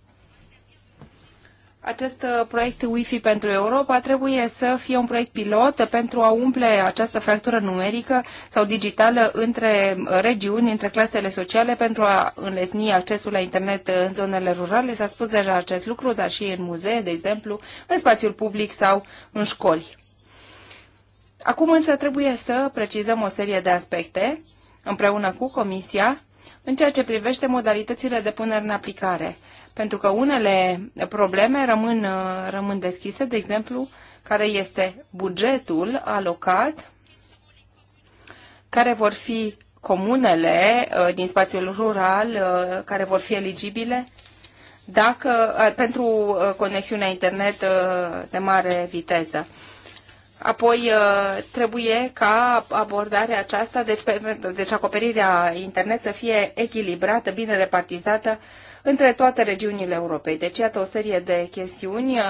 Acest uh, proiect Wi-Fi pentru Europa trebuie să fie un proiect pilot pentru a umple această fractură numerică sau digitală între uh, regiuni, între clasele sociale, pentru a înlesni accesul la internet în zonele rurale. S-a spus deja acest lucru, dar și în muzee, de exemplu, în spațiul public sau în școli. Acum însă trebuie să precizăm o serie de aspecte împreună cu Comisia în ceea ce privește modalitățile de punere în aplicare pentru că unele probleme rămân, uh, rămân deschise, de exemplu, care este bugetul alocat, care vor fi comunele uh, din spațiul rural uh, care vor fi eligibile dacă, pentru conexiunea internet de mare viteză. Apoi trebuie ca abordarea aceasta, deci, deci acoperirea internet să fie echilibrată, bine repartizată între toate regiunile Europei. Deci, iată o serie de chestiuni uh,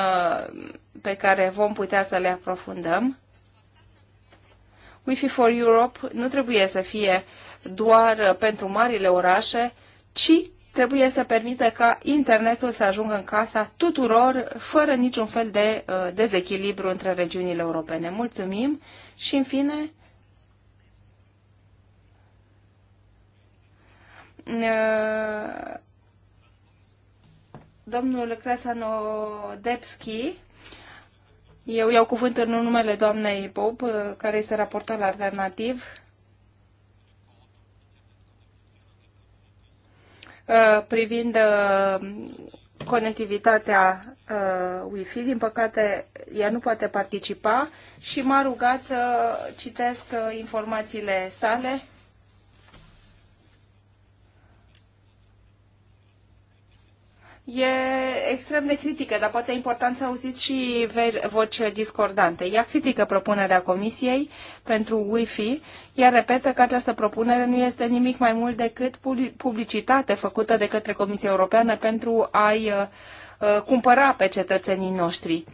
pe care vom putea să le aprofundăm. Wi-Fi for Europe nu trebuie să fie doar pentru marile orașe, ci trebuie să permită ca internetul să ajungă în casa tuturor, fără niciun fel de uh, dezechilibru între regiunile europene. Mulțumim și, în fine, uh, domnul Clasano Debski. Eu iau cuvânt în numele doamnei Bob, uh, care este raportor alternativ. Uh, privind uh, conectivitatea Wi-Fi. Din păcate, ea nu poate participa și m-a rugat să citesc informațiile sale e extrem de critică, dar poate e important să auziți și voci discordante. Ea critică propunerea Comisiei pentru Wi-Fi, iar repetă că această propunere nu este nimic mai mult decât publicitate făcută de către Comisia Europeană pentru a-i uh, uh, cumpăra pe cetățenii noștri.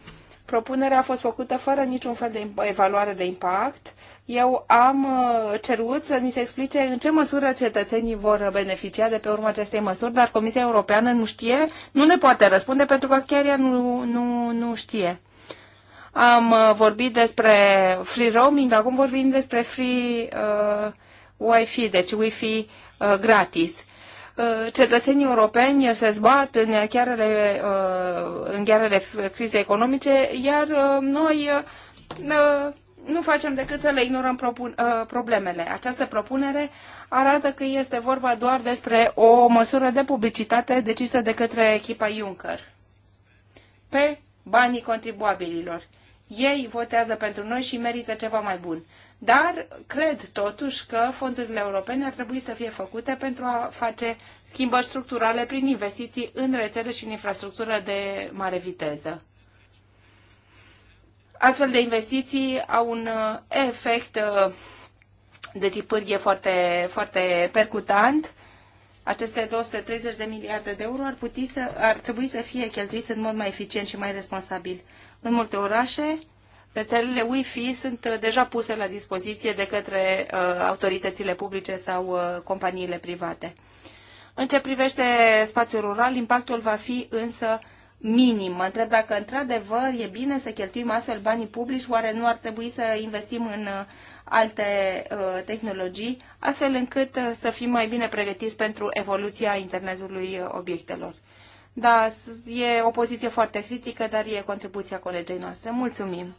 Propunerea a fost făcută fără niciun fel de evaluare de impact, eu am uh, cerut să ni se explice în ce măsură cetățenii vor beneficia de pe urma acestei măsuri, dar Comisia Europeană nu știe, nu ne poate răspunde pentru că chiar ea nu, nu, nu știe. Am uh, vorbit despre free roaming, acum vorbim despre free uh, Wi-Fi, deci Wi-Fi uh, gratis. Uh, cetățenii europeni se zbat în ghearele, în ghearele crizei economice, iar noi nu facem decât să le ignorăm propun, uh, problemele. Această propunere arată că este vorba doar despre o măsură de publicitate decisă de către echipa Juncker pe banii contribuabililor. Ei votează pentru noi și merită ceva mai bun. Dar cred totuși că fondurile europene ar trebui să fie făcute pentru a face schimbări structurale prin investiții în rețele și în infrastructură de mare viteză astfel de investiții au un uh, efect uh, de tip pârghie foarte, foarte percutant. Aceste 230 de miliarde de euro ar, putea să, ar trebui să fie cheltuiți în mod mai eficient și mai responsabil. În multe orașe, rețelele Wi-Fi sunt uh, deja puse la dispoziție de către uh, autoritățile publice sau uh, companiile private. În ce privește spațiul rural, impactul va fi însă uh, minim. Mă întreb dacă într-adevăr e bine să cheltuim astfel banii publici, oare nu ar trebui să investim în uh, alte uh, tehnologii, astfel încât uh, să fim mai bine pregătiți pentru evoluția internetului uh, obiectelor. Da, e o poziție foarte critică, dar e contribuția colegei noastre. Mulțumim!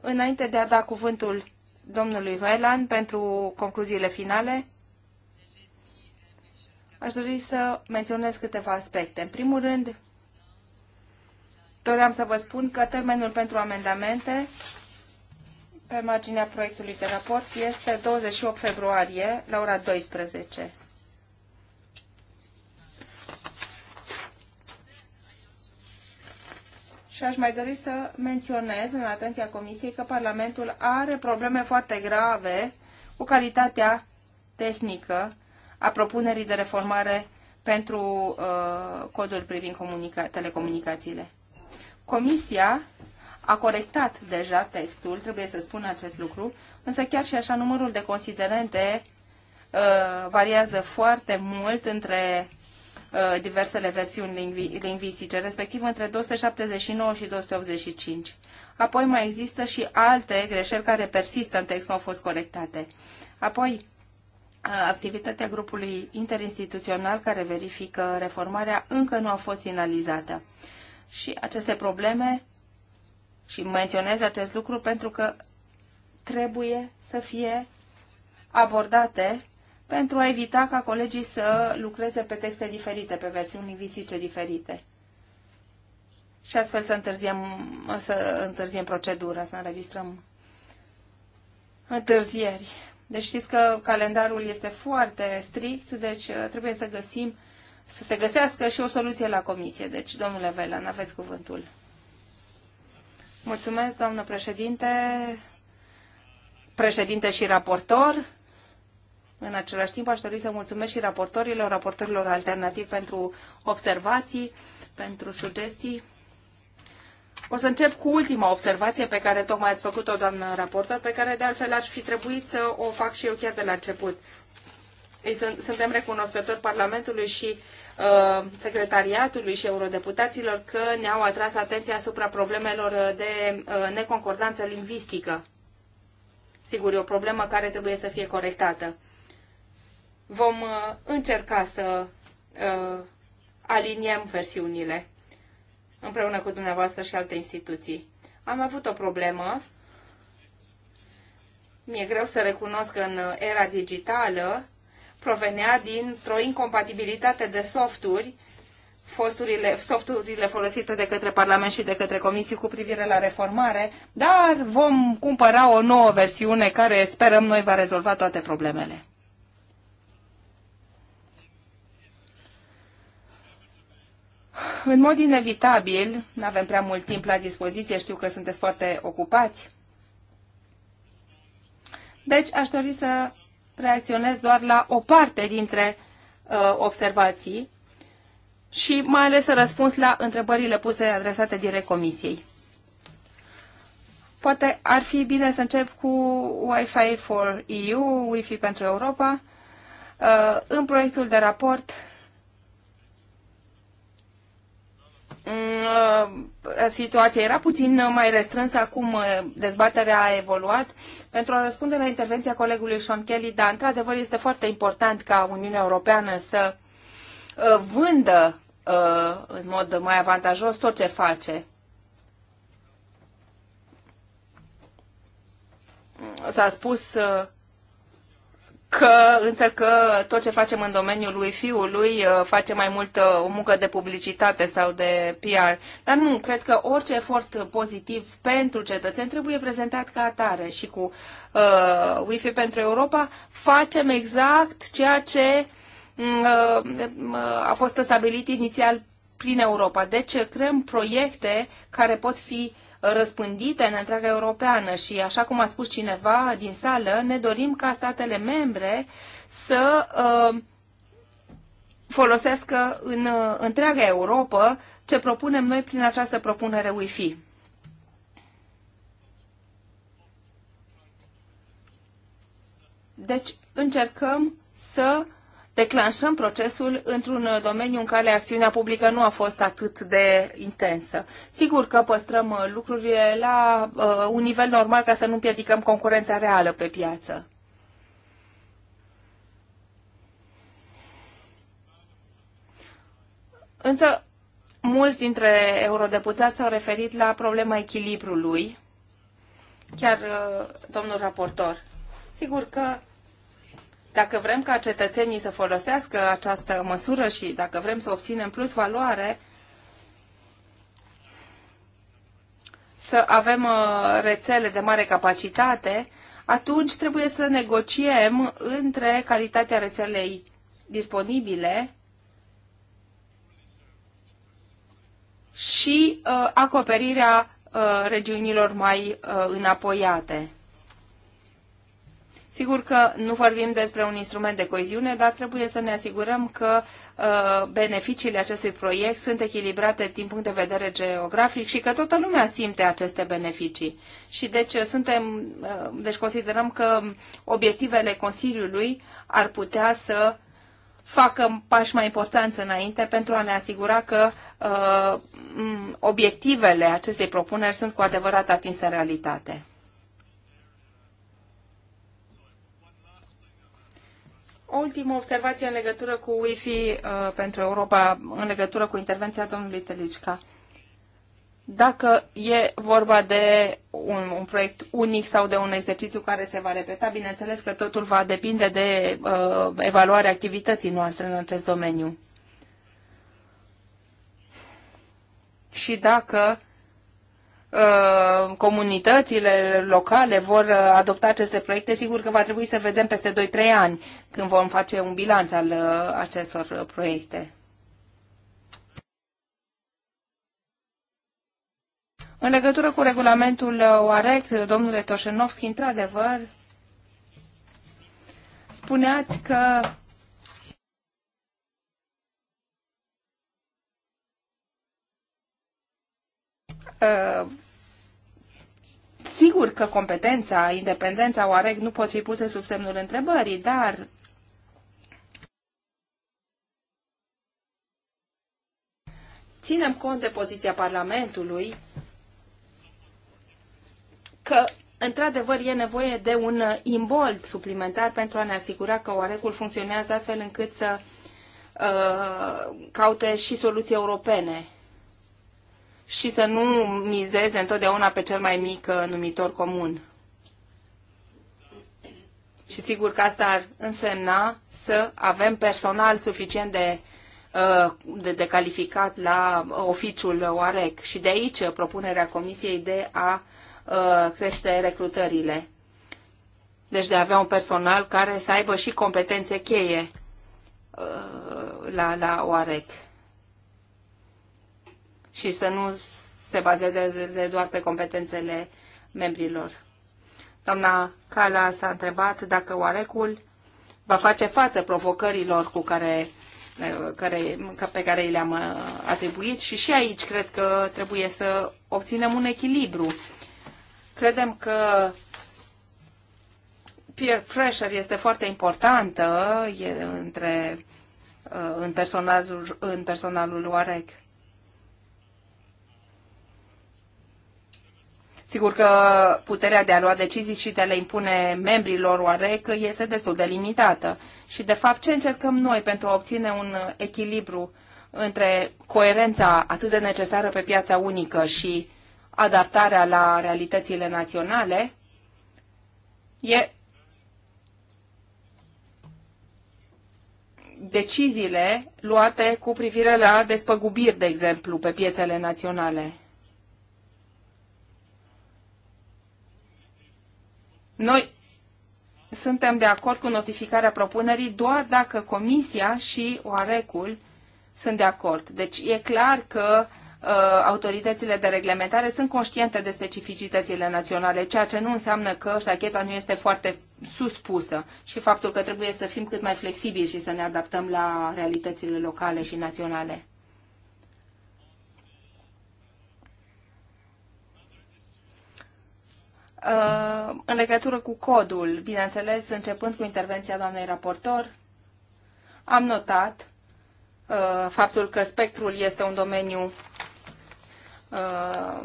Înainte de a da cuvântul domnului Vailan pentru concluziile finale, aș dori să menționez câteva aspecte. În primul rând, Doream să vă spun că termenul pentru amendamente pe marginea proiectului de raport este 28 februarie la ora 12. Și aș mai dori să menționez în atenția Comisiei că Parlamentul are probleme foarte grave cu calitatea tehnică a propunerii de reformare pentru uh, codul privind telecomunicațiile. Comisia a corectat deja textul, trebuie să spun acest lucru, însă chiar și așa numărul de considerente uh, variază foarte mult între uh, diversele versiuni lingvistice, respectiv între 279 și 285. Apoi mai există și alte greșeli care persistă în text, nu au fost corectate. Apoi, uh, activitatea grupului interinstituțional care verifică reformarea încă nu a fost finalizată și aceste probleme și menționez acest lucru pentru că trebuie să fie abordate pentru a evita ca colegii să lucreze pe texte diferite, pe versiuni lingvistice diferite. Și astfel să întârziem, să întârziem procedura, să înregistrăm întârzieri. Deci știți că calendarul este foarte strict, deci uh, trebuie să găsim să se găsească și o soluție la comisie. Deci, domnule Vela, Velan, aveți cuvântul. Mulțumesc, doamnă președinte, președinte și raportor. În același timp, aș dori să mulțumesc și raportorilor, raportorilor alternativi pentru observații, pentru sugestii. O să încep cu ultima observație pe care tocmai ați făcut-o, doamnă raportor, pe care de altfel aș fi trebuit să o fac și eu chiar de la început sunt, suntem recunoscători Parlamentului și uh, Secretariatului și eurodeputaților că ne-au atras atenția asupra problemelor uh, de uh, neconcordanță lingvistică. Sigur, e o problemă care trebuie să fie corectată. Vom încerca să aliniem versiunile împreună cu dumneavoastră și alte instituții. Am avut o problemă mi-e greu să recunosc că în era digitală provenea dintr-o incompatibilitate de softuri, fosturile, softurile folosite de către Parlament și de către Comisii cu privire la reformare, dar vom cumpăra o nouă versiune care sperăm noi va rezolva toate problemele. În mod inevitabil, nu avem prea mult timp la dispoziție, știu că sunteți foarte ocupați. Deci aș dori să reacționez doar la o parte dintre uh, observații și mai ales să răspuns la întrebările puse adresate direct Comisiei. Poate ar fi bine să încep cu Wi-Fi for EU, Wi-Fi pentru Europa. Uh, în proiectul de raport Mm, uh, situația era puțin uh, mai restrânsă, acum uh, dezbaterea a evoluat. Pentru a răspunde la intervenția colegului Sean Kelly, dar într-adevăr este foarte important ca Uniunea Europeană să vândă în mod mai avantajos tot ce face. S-a spus că, însă că tot ce facem în domeniul lui fiului uh, face mai mult uh, o muncă de publicitate sau de PR. Dar nu, cred că orice efort pozitiv pentru cetățeni trebuie prezentat ca atare și cu uh, Wi-Fi pentru Europa facem exact ceea ce mm, uh, mm, a fost stabilit inițial prin Europa. Deci creăm proiecte care pot fi răspândite în întreaga europeană și, așa cum a spus cineva din sală, ne dorim ca statele membre să uh, folosească în uh, întreaga Europa ce propunem noi prin această propunere Wi-Fi. Deci încercăm să declanșăm procesul într-un domeniu în care acțiunea publică nu a fost atât de intensă. Sigur că păstrăm lucrurile la uh, un nivel normal ca să nu împiedicăm concurența reală pe piață. Însă, mulți dintre eurodeputați s-au referit la problema echilibrului, chiar uh, domnul raportor. Sigur că dacă vrem ca cetățenii să folosească această măsură și dacă vrem să obținem plus valoare, să avem uh, rețele de mare capacitate, atunci trebuie să negociem între calitatea rețelei disponibile și uh, acoperirea uh, regiunilor mai înapoiate. Sigur că nu vorbim despre un instrument de coeziune, dar trebuie să ne asigurăm că uh, beneficiile acestui proiect sunt echilibrate din punct de vedere geografic și că toată lumea simte aceste beneficii. Și deci uh, suntem, uh, deci considerăm că obiectivele Consiliului ar putea să facă pași mai importanți înainte pentru a ne asigura că uh, obiectivele acestei propuneri sunt cu adevărat atinse în realitate. O ultimă observație în legătură cu Wi-Fi uh, pentru Europa, în legătură cu intervenția domnului Telicica. Dacă e vorba de un, un proiect unic sau de un exercițiu care se va repeta, bineînțeles că totul va depinde de uh, evaluarea activității noastre în acest domeniu. Și dacă Uh, comunitățile locale vor uh, adopta aceste proiecte, sigur că va trebui să vedem peste 2-3 ani când vom face un bilanț al uh, acestor proiecte. În legătură cu regulamentul OAREC, domnule Toșenovski, într-adevăr, spuneați că Sigur că competența, independența OAREC nu pot fi puse sub semnul întrebării, dar ținem cont de poziția Parlamentului că, într-adevăr, e nevoie de un imbold suplimentar pentru a ne asigura că oarecul funcționează astfel încât să uh, caute și soluții europene și să nu mizeze întotdeauna pe cel mai mic uh, numitor comun. Și sigur că asta ar însemna să avem personal suficient de, uh, de, de calificat la oficiul OAREC. Și de aici uh, propunerea Comisiei de a crește recrutările. Deci de a avea un personal care să aibă și competențe cheie la, la OAREC și să nu se bazeze doar pe competențele membrilor. Doamna Cala s-a întrebat dacă oarecul va face față provocărilor cu care, care, pe care le-am uh, atribuit și și aici cred că trebuie să obținem un echilibru. Credem că peer pressure este foarte importantă e între, uh, în, personalul, în personalul OAREC. Sigur că puterea de a lua decizii și de a le impune membrilor OAREC este destul de limitată. Și, de fapt, ce încercăm noi pentru a obține un echilibru între coerența atât de necesară pe piața unică și adaptarea la realitățile naționale, e deciziile luate cu privire la despăgubiri, de exemplu, pe piețele naționale. Noi suntem de acord cu notificarea propunerii doar dacă Comisia și OARECUL sunt de acord. Deci e clar că uh, autoritățile de reglementare sunt conștiente de specificitățile naționale, ceea ce nu înseamnă că ștacheta nu este foarte suspusă și faptul că trebuie să fim cât mai flexibili și să ne adaptăm la realitățile locale și naționale. Uh, în legătură cu codul, bineînțeles, începând cu intervenția doamnei raportor, am notat uh, faptul că spectrul este un domeniu uh,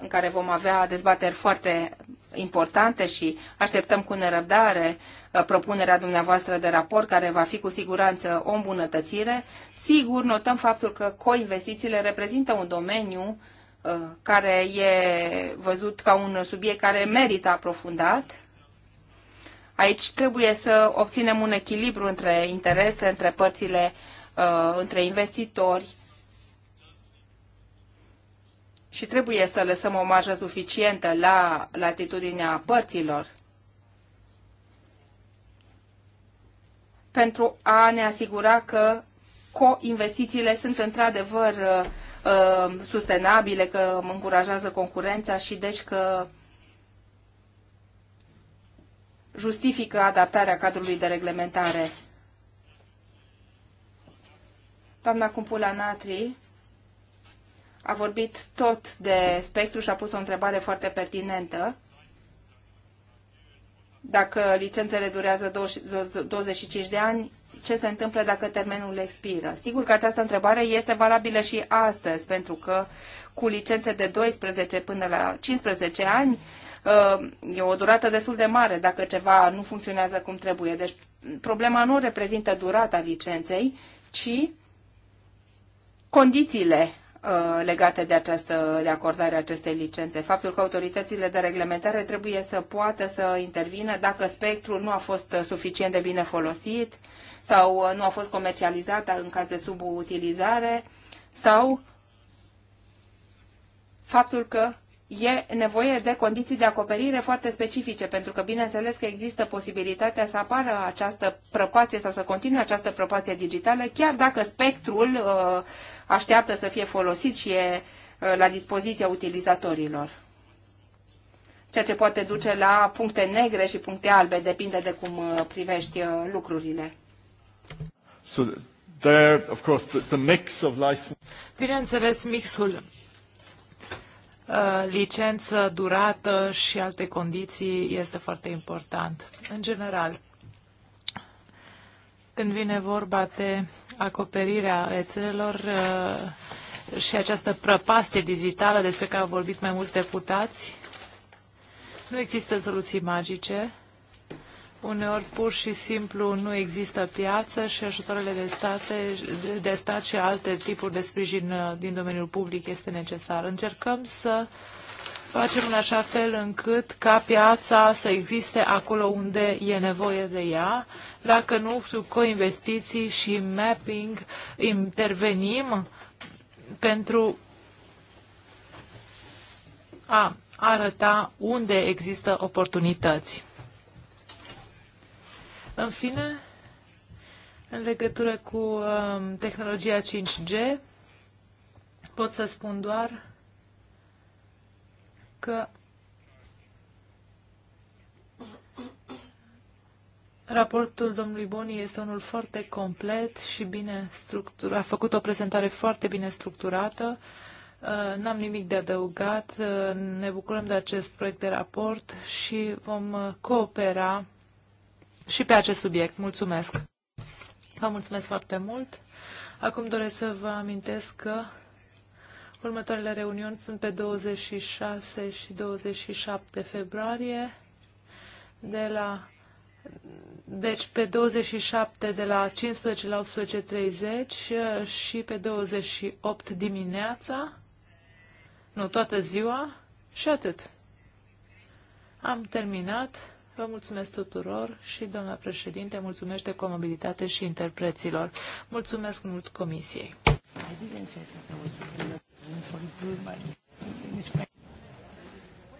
în care vom avea dezbateri foarte importante și așteptăm cu nerăbdare propunerea dumneavoastră de raport, care va fi cu siguranță o îmbunătățire. Sigur, notăm faptul că coinvestițiile reprezintă un domeniu uh, Uh, care e văzut ca un subiect care merită aprofundat. Aici trebuie să obținem un echilibru între interese, între părțile, uh, între investitori și trebuie să lăsăm o marjă suficientă la latitudinea părților pentru a ne asigura că co-investițiile sunt într-adevăr uh, Uh, sustenabile, că încurajează concurența și deci că justifică adaptarea cadrului de reglementare. Doamna Cumpula Natri a vorbit tot de spectru și a pus o întrebare foarte pertinentă. Dacă licențele durează 25 de ani, ce se întâmplă dacă termenul expiră. Sigur că această întrebare este valabilă și astăzi, pentru că cu licențe de 12 până la 15 ani uh, e o durată destul de mare dacă ceva nu funcționează cum trebuie. Deci problema nu reprezintă durata licenței, ci condițiile Uh, legate de, această, de acordarea acestei licențe. Faptul că autoritățile de reglementare trebuie să poată să intervină dacă spectrul nu a fost suficient de bine folosit sau uh, nu a fost comercializat în caz de subutilizare sau faptul că e nevoie de condiții de acoperire foarte specifice, pentru că bineînțeles că există posibilitatea să apară această prăpație sau să continue această prăpație digitală, chiar dacă spectrul uh, așteaptă să fie folosit și e uh, la dispoziția utilizatorilor. Ceea ce poate duce la puncte negre și puncte albe, depinde de cum uh, privești lucrurile. So, there, of course, the, the mix of license... Bineînțeles, mixul Uh, licență, durată și alte condiții este foarte important. În general, când vine vorba de acoperirea rețelelor uh, și această prăpastie digitală despre care au vorbit mai mulți deputați, nu există soluții magice Uneori pur și simplu nu există piață și ajutoarele de, state, de stat și alte tipuri de sprijin uh, din domeniul public este necesar. Încercăm să facem în așa fel încât ca piața să existe acolo unde e nevoie de ea. Dacă nu, cu investiții și mapping intervenim pentru a arăta unde există oportunități. În fine, în legătură cu um, tehnologia 5G, pot să spun doar că Raportul domnului Boni este unul foarte complet și bine structurat. A făcut o prezentare foarte bine structurată. Uh, n-am nimic de adăugat. Uh, ne bucurăm de acest proiect de raport și vom uh, coopera și pe acest subiect. Mulțumesc! Vă mulțumesc foarte mult! Acum doresc să vă amintesc că următoarele reuniuni sunt pe 26 și 27 februarie de la deci pe 27 de la 15 la 18.30 și pe 28 dimineața, nu, toată ziua și atât. Am terminat. Vă mulțumesc tuturor și, doamna președinte, mulțumesc de comabilitate și interpreților. Mulțumesc mult comisiei.